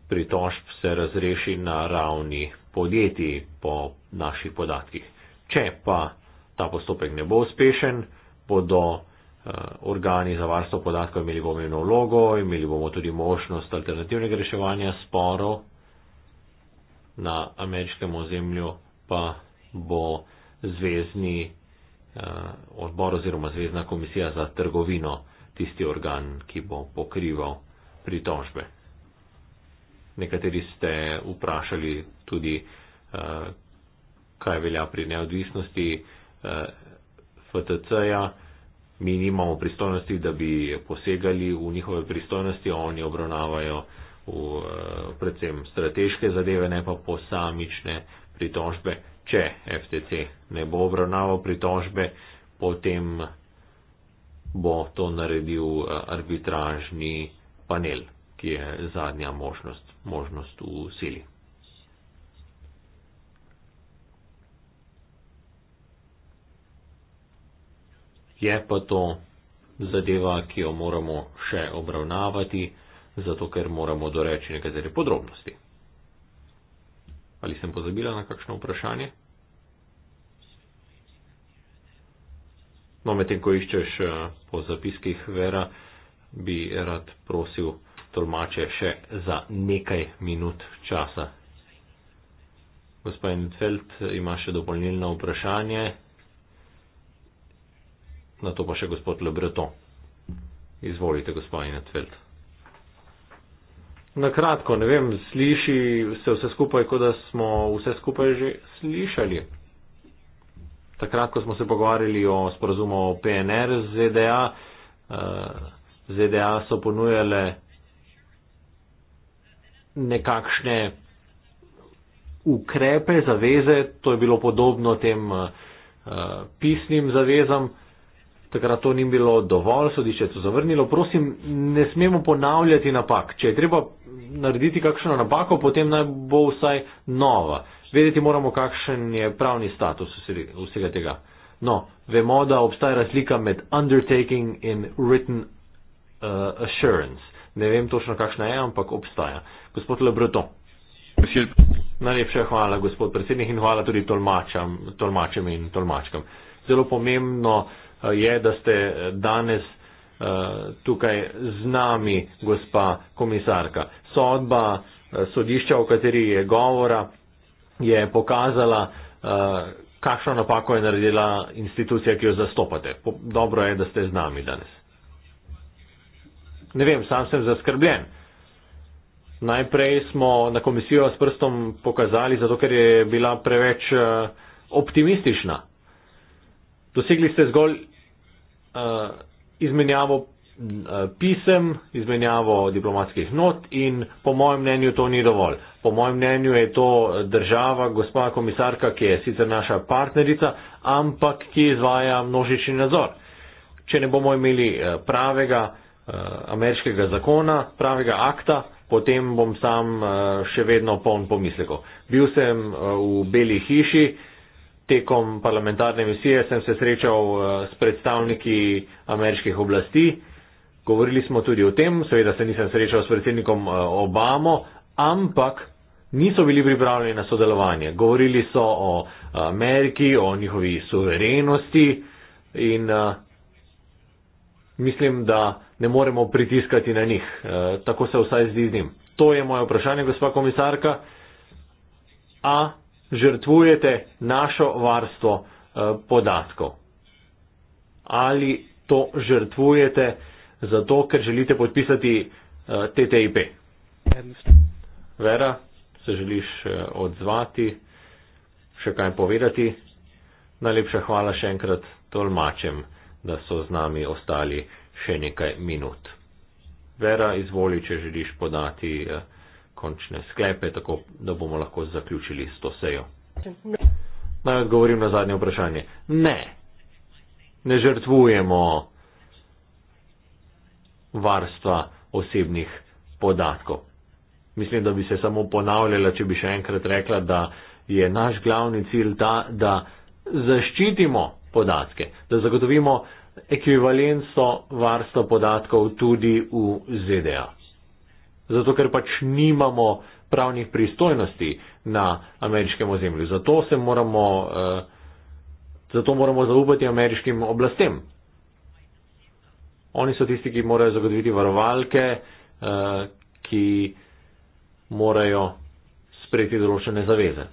pritožb se razreši na ravni podjetij po naših podatkih. Če pa ta postopek ne bo uspešen, bodo Eh, organi za varstvo podatkov imeli bomo eno vlogo, imeli bomo tudi možnost alternativnega reševanja sporov na ameriškem ozemlju, pa bo zvezdni eh, odbor oziroma zvezdna komisija za trgovino tisti organ, ki bo pokrival pritožbe. Nekateri ste vprašali tudi, eh, kaj velja pri neodvisnosti FTC-ja. -ja mi nimamo pristojnosti, da bi posegali v njihove pristojnosti, oni obravnavajo v, eh, predvsem strateške zadeve, ne pa posamične pritožbe. Če FTC ne bo obravnaval pritožbe, potem bo to naredil eh, arbitražni panel, ki je zadnja možnost, možnost v sili. Je pa to zadeva, ki jo moramo še obravnavati, zato ker moramo doreči nekatere podrobnosti. Ali sem pozabila na kakšno vprašanje? No, medtem ko iščeš eh, po zapiskih vera, bi rad prosil tolmače še za nekaj minut časa. Gospod Enfeld ima še dopolnilno vprašanje. Na to pa še gospod Lebreton. Izvolite, gospod Inetfeld. Na kratko, ne vem, sliši se vse skupaj, kot da smo vse skupaj že slišali. Takrat, ko smo se pogovarjali o sporazumu o PNR z ZDA, eh, ZDA so ponujale nekakšne ukrepe, zaveze, to je bilo podobno tem eh, pisnim zavezam takrat to ni bilo dovolj, sodišče je to zavrnilo. Prosim, ne smemo ponavljati napak. Če je treba narediti kakšno napako, potem naj bo vsaj nova. Vedeti moramo, kakšen je pravni status vsega tega. No, vemo, da obstaja razlika med undertaking in written uh, assurance. Ne vem točno, kakšna je, ampak obstaja. Gospod Lebreton. Najlepša hvala, gospod predsednik, in hvala tudi tolmačem in tolmačkam. Zelo pomembno je, da ste danes eh, tukaj z nami, gospa komisarka. Sodba eh, sodišča, o kateri je govora, je pokazala, eh, kakšno napako je naredila institucija, ki jo zastopate. Dobro je, da ste z nami danes. Ne vem, sam sem zaskrbljen. Najprej smo na komisijo s prstom pokazali, zato ker je bila preveč optimistična. Dosegli ste zgolj uh, izmenjavo eh, pisem, izmenjavo diplomatskih not in po mojem mnenju to ni dovolj. Po mojem mnenju je to država, gospa komisarka, ki je sicer naša partnerica, ampak ki izvaja množični nadzor. Če ne bomo imeli eh, pravega ameriškega zakona, pravega akta, potem bom sam še vedno poln pomislekov. Bil sem v Beli hiši, tekom parlamentarne misije sem se srečal eh, s predstavniki ameriških oblasti. Govorili smo tudi o tem, seveda se nisem srečal s predsednikom eh, Obamo, ampak niso bili pripravljeni na sodelovanje. Govorili so o Ameriki, o njihovi suverenosti in eh, mislim, da ne moremo pritiskati na njih. Tako se vsaj zdi z njim. To je moje vprašanje, gospa komisarka. A žrtvujete našo varstvo eh, podatkov? Ali to žrtvujete zato, ker želite podpisati eh, TTIP? Vera, se želiš eh, odzvati, še kaj povedati? Najlepša hvala še enkrat tolmačem, da so z nami ostali še nekaj minut. Vera, izvoli, če želiš podati končne sklepe, tako da bomo lahko zaključili s to sejo. Naj odgovorim na zadnje vprašanje. Ne, ne žrtvujemo varstva osebnih podatkov. Mislim, da bi se samo ponavljala, če bi še enkrat rekla, da je naš glavni cilj ta, da zaščitimo podatke, da zagotovimo ekvivalenco varstva podatkov tudi v ZDA zato ker pač nimamo pravnih pristojnosti na ameriškem ozemlju. Zato, moramo, uh, zato moramo zaupati ameriškim oblastem. Oni so tisti, ki morajo zagotoviti varovalke, uh, ki morajo sprejeti določene zaveze.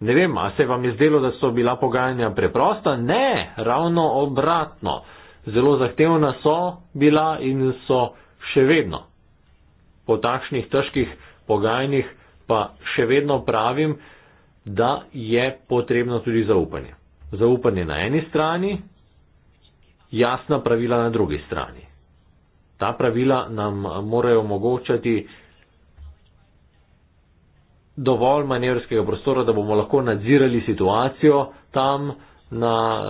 Ne vem, a se vam je zdelo, da so bila pogajanja preprosta? Ne, ravno obratno. Zelo zahtevna so bila in so še vedno po takšnih težkih pogajanjih pa še vedno pravim, da je potrebno tudi zaupanje. Zaupanje na eni strani, jasna pravila na drugi strani. Ta pravila nam morajo omogočati dovolj manevrskega prostora, da bomo lahko nadzirali situacijo tam na eh,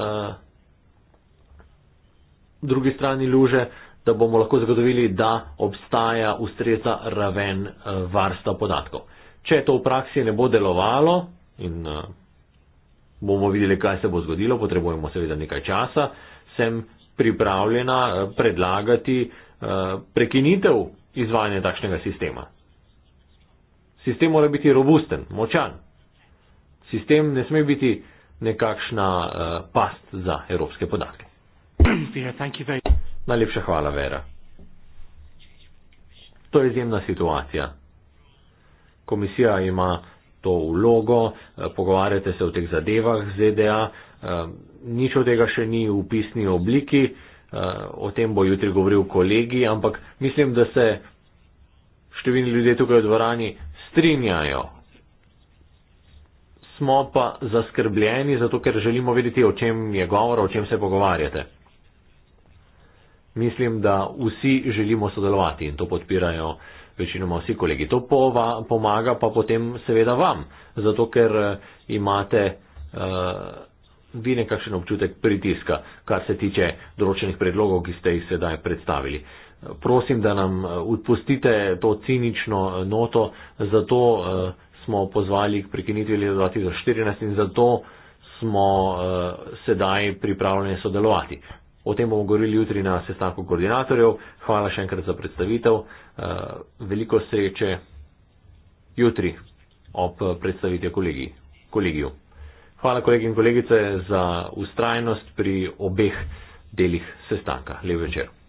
drugi strani luže, da bomo lahko zagotovili, da obstaja ustreza raven eh, varstva podatkov. Če to v praksi ne bo delovalo in eh, bomo videli, kaj se bo zgodilo, potrebujemo seveda nekaj časa, sem pripravljena eh, predlagati prekinitev izvajanja takšnega sistema. Sistem mora biti robusten, močan. Sistem ne sme biti nekakšna past za evropske podatke. Peter, Najlepša hvala, Vera. To je izjemna situacija. Komisija ima to vlogo, eh, pogovarjate se o teh zadevah z ZDA, eh, nič od tega še ni v pisni obliki, eh, o tem bo jutri govoril kolegi, ampak mislim, da se številni ljudje tukaj v dvorani strinjajo. Smo pa zaskrbljeni, zato ker želimo vedeti, o čem je govor, o čem se pogovarjate mislim, da vsi želimo sodelovati in to podpirajo večinoma vsi kolegi. To pova, pomaga pa potem seveda vam, zato ker eh, imate uh, vi nekakšen občutek pritiska, kar se tiče določenih predlogov, ki ste jih sedaj predstavili. Prosim, da nam eh, odpustite to cinično noto, zato uh, smo pozvali k prekinitvi leta 2014 in zato smo uh, sedaj pripravljeni sodelovati. O tem bomo govorili jutri na sestanku koordinatorjev. Hvala še enkrat za predstavitev. Eh, veliko sreče jutri ob predstavitvi kolegi, kolegiju. Hvala kolegi in kolegice za ustrajnost pri obeh delih sestanka. Lep večer.